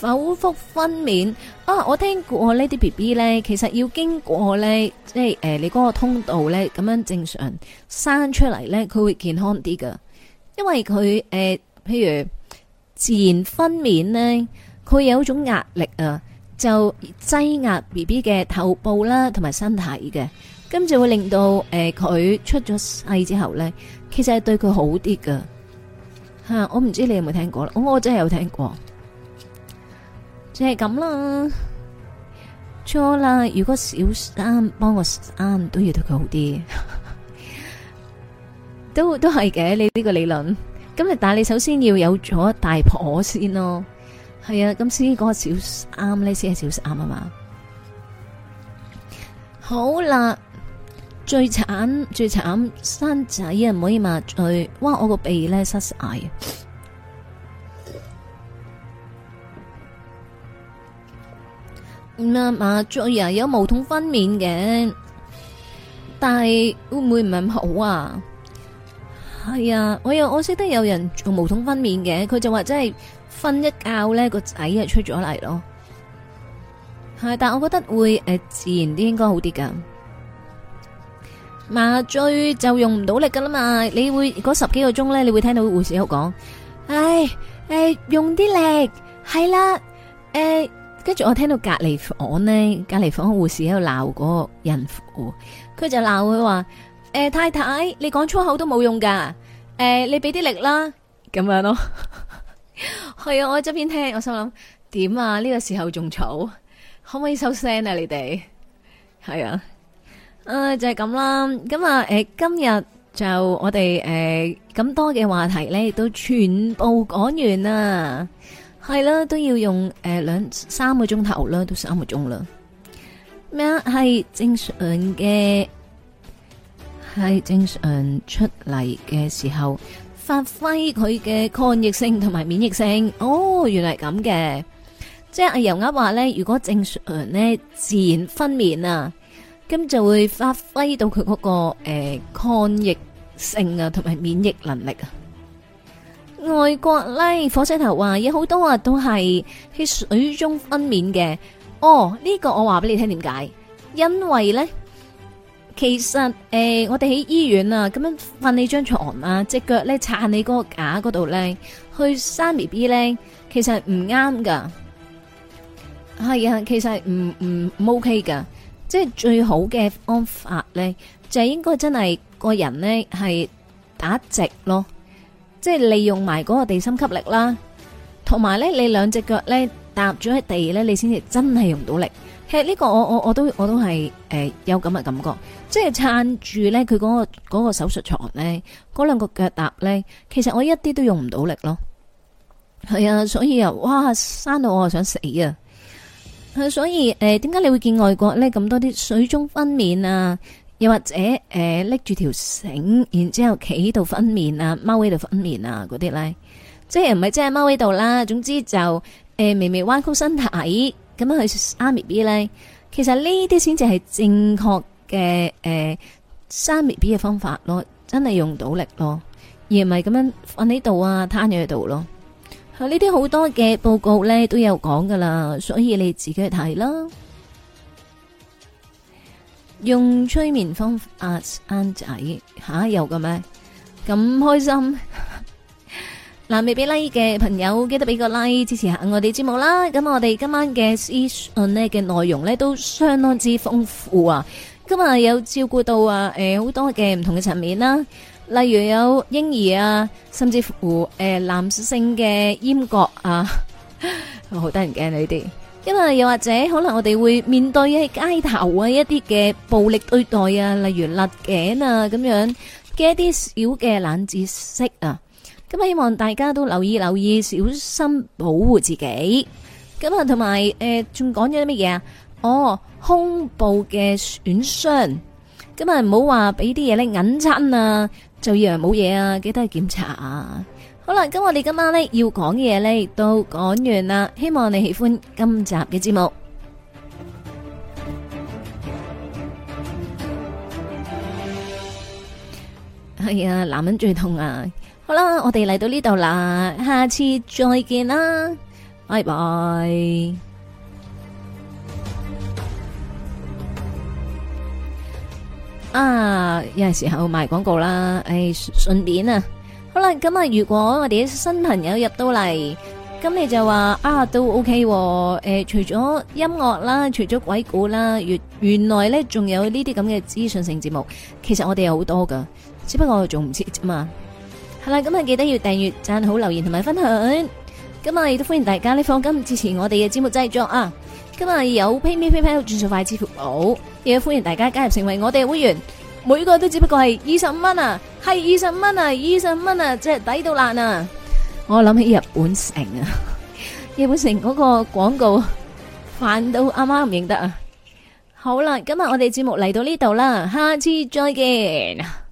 剖 腹分娩啊！我聽過呢啲 B B 咧，其實要經過咧，即係誒、呃、你嗰個通道咧，咁樣正常生出嚟咧，佢會健康啲噶，因為佢誒、呃、譬如。自然分娩呢，佢有一種壓力啊，就擠壓 BB 嘅頭部啦，同埋身體嘅，咁就會令到誒佢出咗世之後呢，其實係對佢好啲噶吓。我唔知你有冇聽過啦，我真係有聽過，就係咁啦。錯啦，如果小三幫我生，都要對佢好啲，都都係嘅。你呢個理論？今日但係你首先要有咗大婆先咯，係啊，咁先嗰個小啱呢，先係小啱啊嘛。好啦，最慘最慘生仔啊，唔可以麻醉，哇！我個鼻咧塞晒。麻醉，麻醉、啊、有無痛分娩嘅，但係會唔會唔係好啊？係、哎、啊，我又我識得有人做無痛分娩嘅，佢就話真係瞓一覺咧個仔就出咗嚟咯。係，但我覺得會誒、呃、自然啲應該好啲噶。麻醉就用唔到力噶啦嘛，你會嗰十幾個鐘咧，你會聽到護士喺度講，唉誒用啲力係啦，誒跟住我聽到隔離房呢，隔離房護士喺度鬧嗰個孕婦，佢就鬧佢話。誒，太太，你講粗口都冇用㗎。誒，你俾啲力啦，咁樣咯。係啊，我喺側邊聽，我心諗點啊？呢個時候仲嘈，可唔可以收聲啊？你哋係啊，誒就係咁啦。咁啊，誒今日就我哋誒咁多嘅話題咧，都全部講完啦。係啦，都要用誒兩三個鐘頭啦，都三個鐘啦。咩啊？係正常嘅。係正常出嚟嘅時候，發揮佢嘅抗疫性，同埋免疫性。哦，原嚟咁嘅，即係阿油鴨話呢，如果正常咧自然分娩啊，咁就會發揮到佢嗰個誒抗疫性啊，同埋免疫能力啊。外國呢，火車頭話有好多啊，都係喺水中分娩嘅。哦，呢個我話俾你聽點解？因為呢。其實誒，我哋喺醫院啊，咁樣瞓你張床啊，隻腳咧撐你嗰個架嗰度咧，去生 BB 咧，其實係唔啱噶係啊，其實係唔唔唔 OK 噶，即係最好嘅方法咧，就係應該真係個人咧係打直咯，即係利用埋嗰個地心吸力啦，同埋咧你兩隻腳咧搭咗喺地咧，你先至真係用到力。其、這、呢個我我我都我都係誒、呃、有咁嘅感覺，即係撐住咧佢嗰個嗰、那個手術床咧，嗰兩個腳踏咧，其實我一啲都用唔到力咯。係啊，所以啊，哇，生到我啊想死啊！啊所以誒，點、呃、解你會見外國咧咁多啲水中分娩啊？又或者誒拎住條繩，然之後企喺度分娩啊，踎喺度分娩啊嗰啲咧？即係唔係即係踎喺度啦？總之就誒、呃、微微彎曲身體。咁樣去生 B B 咧，其實呢啲先至係正確嘅誒生 B B 嘅方法咯，真係用到力咯，而唔係咁樣瞓喺度啊，攤咗喺度咯。啊，呢啲好多嘅報告咧都有講噶啦，所以你自己去睇啦。用催眠方法、啊、生仔吓、啊、有嘅咩？咁開心。嗱，未俾 like 嘅朋友，記得俾個 like 支持下我哋節目啦。咁我哋今晚嘅呢嘅內容呢都相當之豐富啊。今日有照顧到啊，誒好多嘅唔同嘅層面啦，例如有嬰兒啊，甚至乎誒、呃、男性嘅閹割啊，好得人驚呢啲。因為又或者可能我哋會面對喺街頭啊一啲嘅暴力對待啊，例如勒頸啊咁樣嘅一啲小嘅冷知識啊。咁啊！希望大家都留意留意，小心保護自己。咁啊，同埋誒，仲講咗啲乜嘢啊？哦，胸部嘅損傷。咁、嗯、啊，唔好話俾啲嘢咧引親啊，就以為冇嘢啊，記得去檢查啊。好啦，咁我哋今晚咧要講嘅嘢咧都講完啦，希望你喜歡今集嘅節目。係、哎、啊，男人最痛啊！好啦，我哋嚟到呢度啦，下次再見啦，拜拜。啊，有陣時候賣廣告啦，誒、哎，順便啊。好啦，咁如果我哋啲新朋友入到嚟，咁你就話啊，都 OK、啊。誒、呃，除咗音樂啦，除咗鬼故啦，原原來咧仲有呢啲咁嘅資訊性節目。其實我哋有好多噶，只不過我仲唔知咋嘛。係啦，今日記得要訂閱、讚好、留言同埋分享。今日亦都歡迎大家呢，放金支持我哋嘅節目製作啊！今日有 PayMe、PayPal、轉數快、支付寶，亦都歡迎大家加入成為我哋會員，每一個都只不過係二十五蚊啊，係二十五蚊啊，二十五蚊啊，真係抵到爛啊！我諗起日本城啊，日本城嗰個廣告，煩到阿媽唔認得啊！好啦，今日我哋節目嚟到呢度啦，下次再見。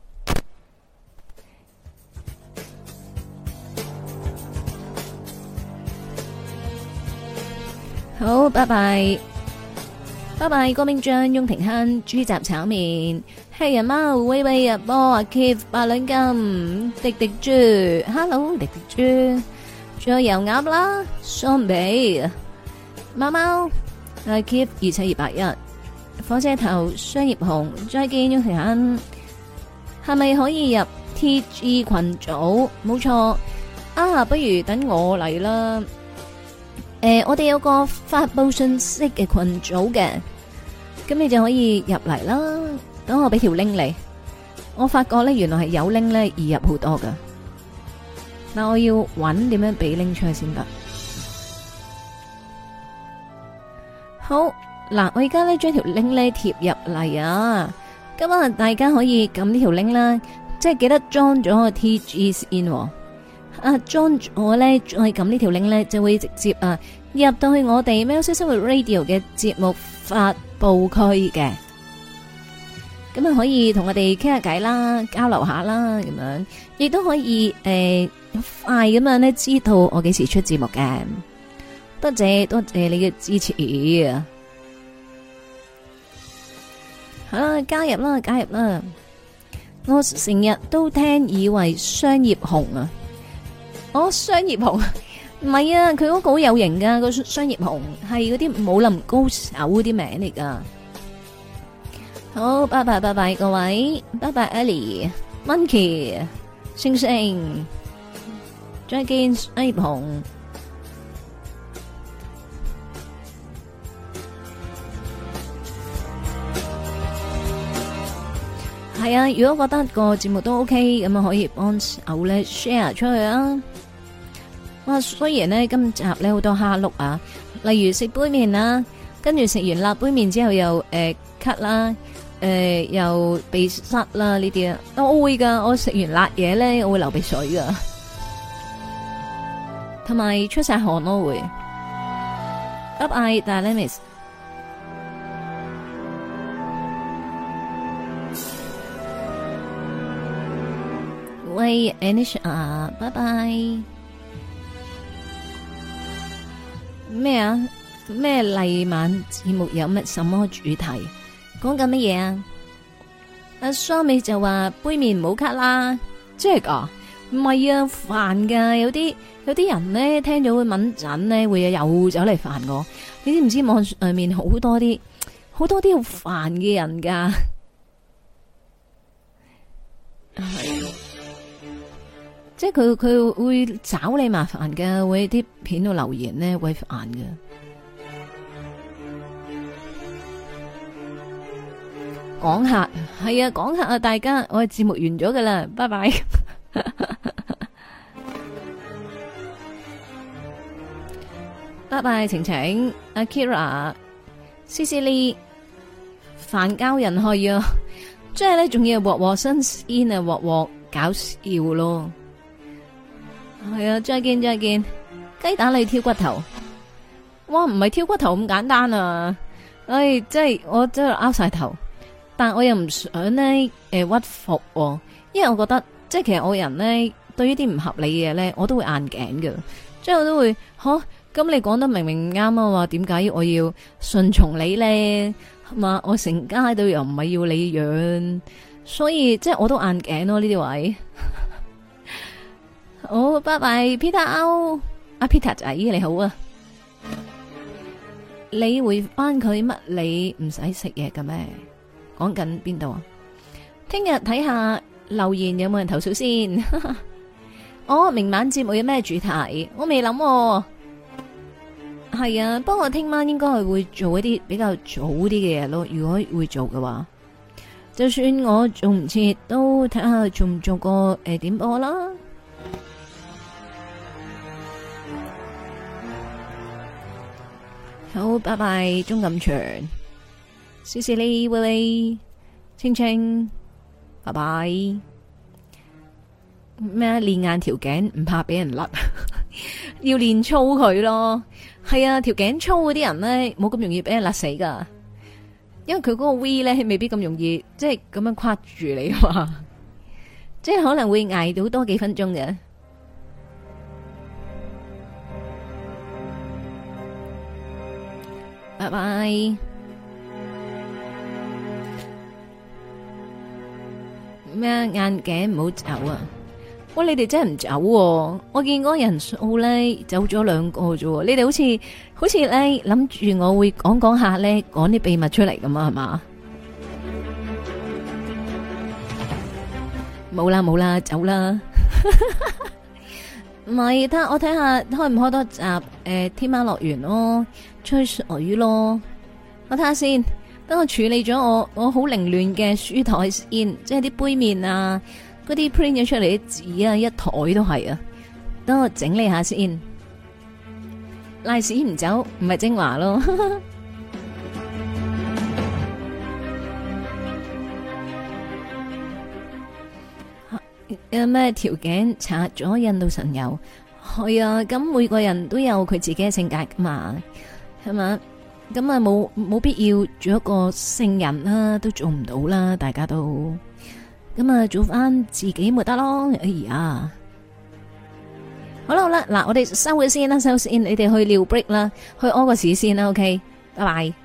好，拜拜，拜拜！郭炳章，雍廷亨，豬雜炒麵，黑人貓，威威日波，阿 Keep 八兩金，滴滴豬，Hello，滴滴豬，仲有油鴨啦，雙比，貓貓，阿 Keep 二七二八一，火車頭，商業紅，再見，雍廷亨，係咪可以入 TG 群組？冇錯，啊，不如等我嚟啦。誒、呃，我哋有個發佈信息嘅群組嘅，咁你就可以入嚟啦。等我俾條 link 嚟，我發覺咧原來係有 link 咧，易入好多噶。嗱，我要揾點樣俾 link 出去先得。好，嗱，我而家咧將條 link 咧貼入嚟啊。咁啊，大家可以撳呢條 link 啦，即係記得裝咗個 T G S in、哦。啊，John，我呢，再撳呢條領呢，就會直接啊入到去我哋《m 喵式生活 Radio》嘅節目發佈區嘅。咁啊，可以同我哋傾下偈啦，交流下啦，咁樣亦都可以誒、呃、快咁樣呢，知道我幾時出節目嘅。多謝多謝你嘅支持啊！好啦，加入啦，加入啦！我成日都聽，以為商業紅啊。哦，商業紅唔係啊，佢嗰個好有型噶，個商業紅係嗰啲武林高手嗰啲名嚟噶。好，拜拜拜拜，各位，拜拜 Ellie、Monkey、星星，再見商業紅。係啊，如果覺得個節目都 OK 咁啊，可以幫我咧 share 出去啊！哇，雖然咧今集咧好多蝦碌啊，例如食杯麵啦，跟住食完辣杯麵之後又誒咳啦，誒又鼻塞啦呢啲啊，我會噶，我食完辣嘢咧我會流鼻水噶，同埋出晒汗囉，我會。拜拜，但係咧 miss，喂，Anish 啊，拜拜。咩啊？咩麗晚節目有乜什麼主題？講緊乜嘢啊？阿 Sammy 就話杯麵唔好咳啦，即係啊，唔係啊煩噶，有啲有啲人咧聽咗會敏感咧，會有走嚟煩我。你知唔知網上面好多啲好多啲好煩嘅人噶？ 即佢佢會找你麻煩嘅，會啲片度留言咧，會煩嘅。講下係啊，講下啊，大家我哋節目完咗噶啦，拜拜， 拜拜，晴晴，阿 Kira，C C Lee，反膠人去啊，即係咧仲要鑊鑊新鮮啊，鑊鑊搞笑咯。係啊，再見再見！雞蛋你挑骨頭，哇，唔係挑骨頭咁簡單啊！唉、哎，即係我真係拗晒頭，但我又唔想咧誒、呃、屈服、哦，因為我覺得即係其實我人咧對於一啲唔合理嘅嘢咧，我都會硬頸嘅，即係我都會，好、啊、咁你講得明明唔啱啊嘛，點解我要順從你咧？嘛，我成喺度又唔係要你養，所以即係我都硬頸咯呢啲位。好、oh，拜拜，Peter 歐，阿 Peter 阿姨你好啊！你回翻佢乜？你唔使食嘢嘅咩？講緊邊度啊？聽日睇下留言有冇人投訴先。 哦，明晚節目有咩主題？我未諗。係啊，不過聽晚應該係會做一啲比較早啲嘅嘢咯。如果會做嘅話，就算我做唔切，都睇下做唔做過誒點播啦。好，拜拜，鍾錦全，謝謝你，威威，清清，拜拜。咩 啊？練眼條頸唔怕俾人甩，要練粗佢咯。係啊，條頸粗嗰啲人咧，冇咁容易俾人甩死噶。因為佢嗰個 V 咧，未必咁容易，即係咁樣跨住你嘛。即係可能會挨到多幾分鐘嘅。拜拜，咩眼鏡，唔好走啊！喂，你哋真係唔走喎！我見嗰人數咧走咗兩個啫，你哋好似好似咧諗住我會講講下咧，講啲秘密出嚟咁啊，係嘛？冇啦冇啦，走啦！唔係，睇下我睇下開唔開多集誒、呃，天喵樂園咯，吹水語咯，我睇、啊啊啊、下先。等我處理咗我我好凌亂嘅書台先，即係啲杯麵啊，嗰啲 print 咗出嚟嘅紙啊，一台都係啊。等我整理下先，賴屎唔走唔係精華咯。 有咩條件拆咗印度神油？係啊，咁每個人都有佢自己嘅性格噶嘛，係嘛？咁啊冇冇必要做一個聖人啦，都做唔到啦，大家都咁啊，做翻自己咪得咯。哎呀，好啦好啦，嗱，我哋收咗先啦，收先，你哋去尿 break 啦，去屙個屎先啦，OK，拜拜。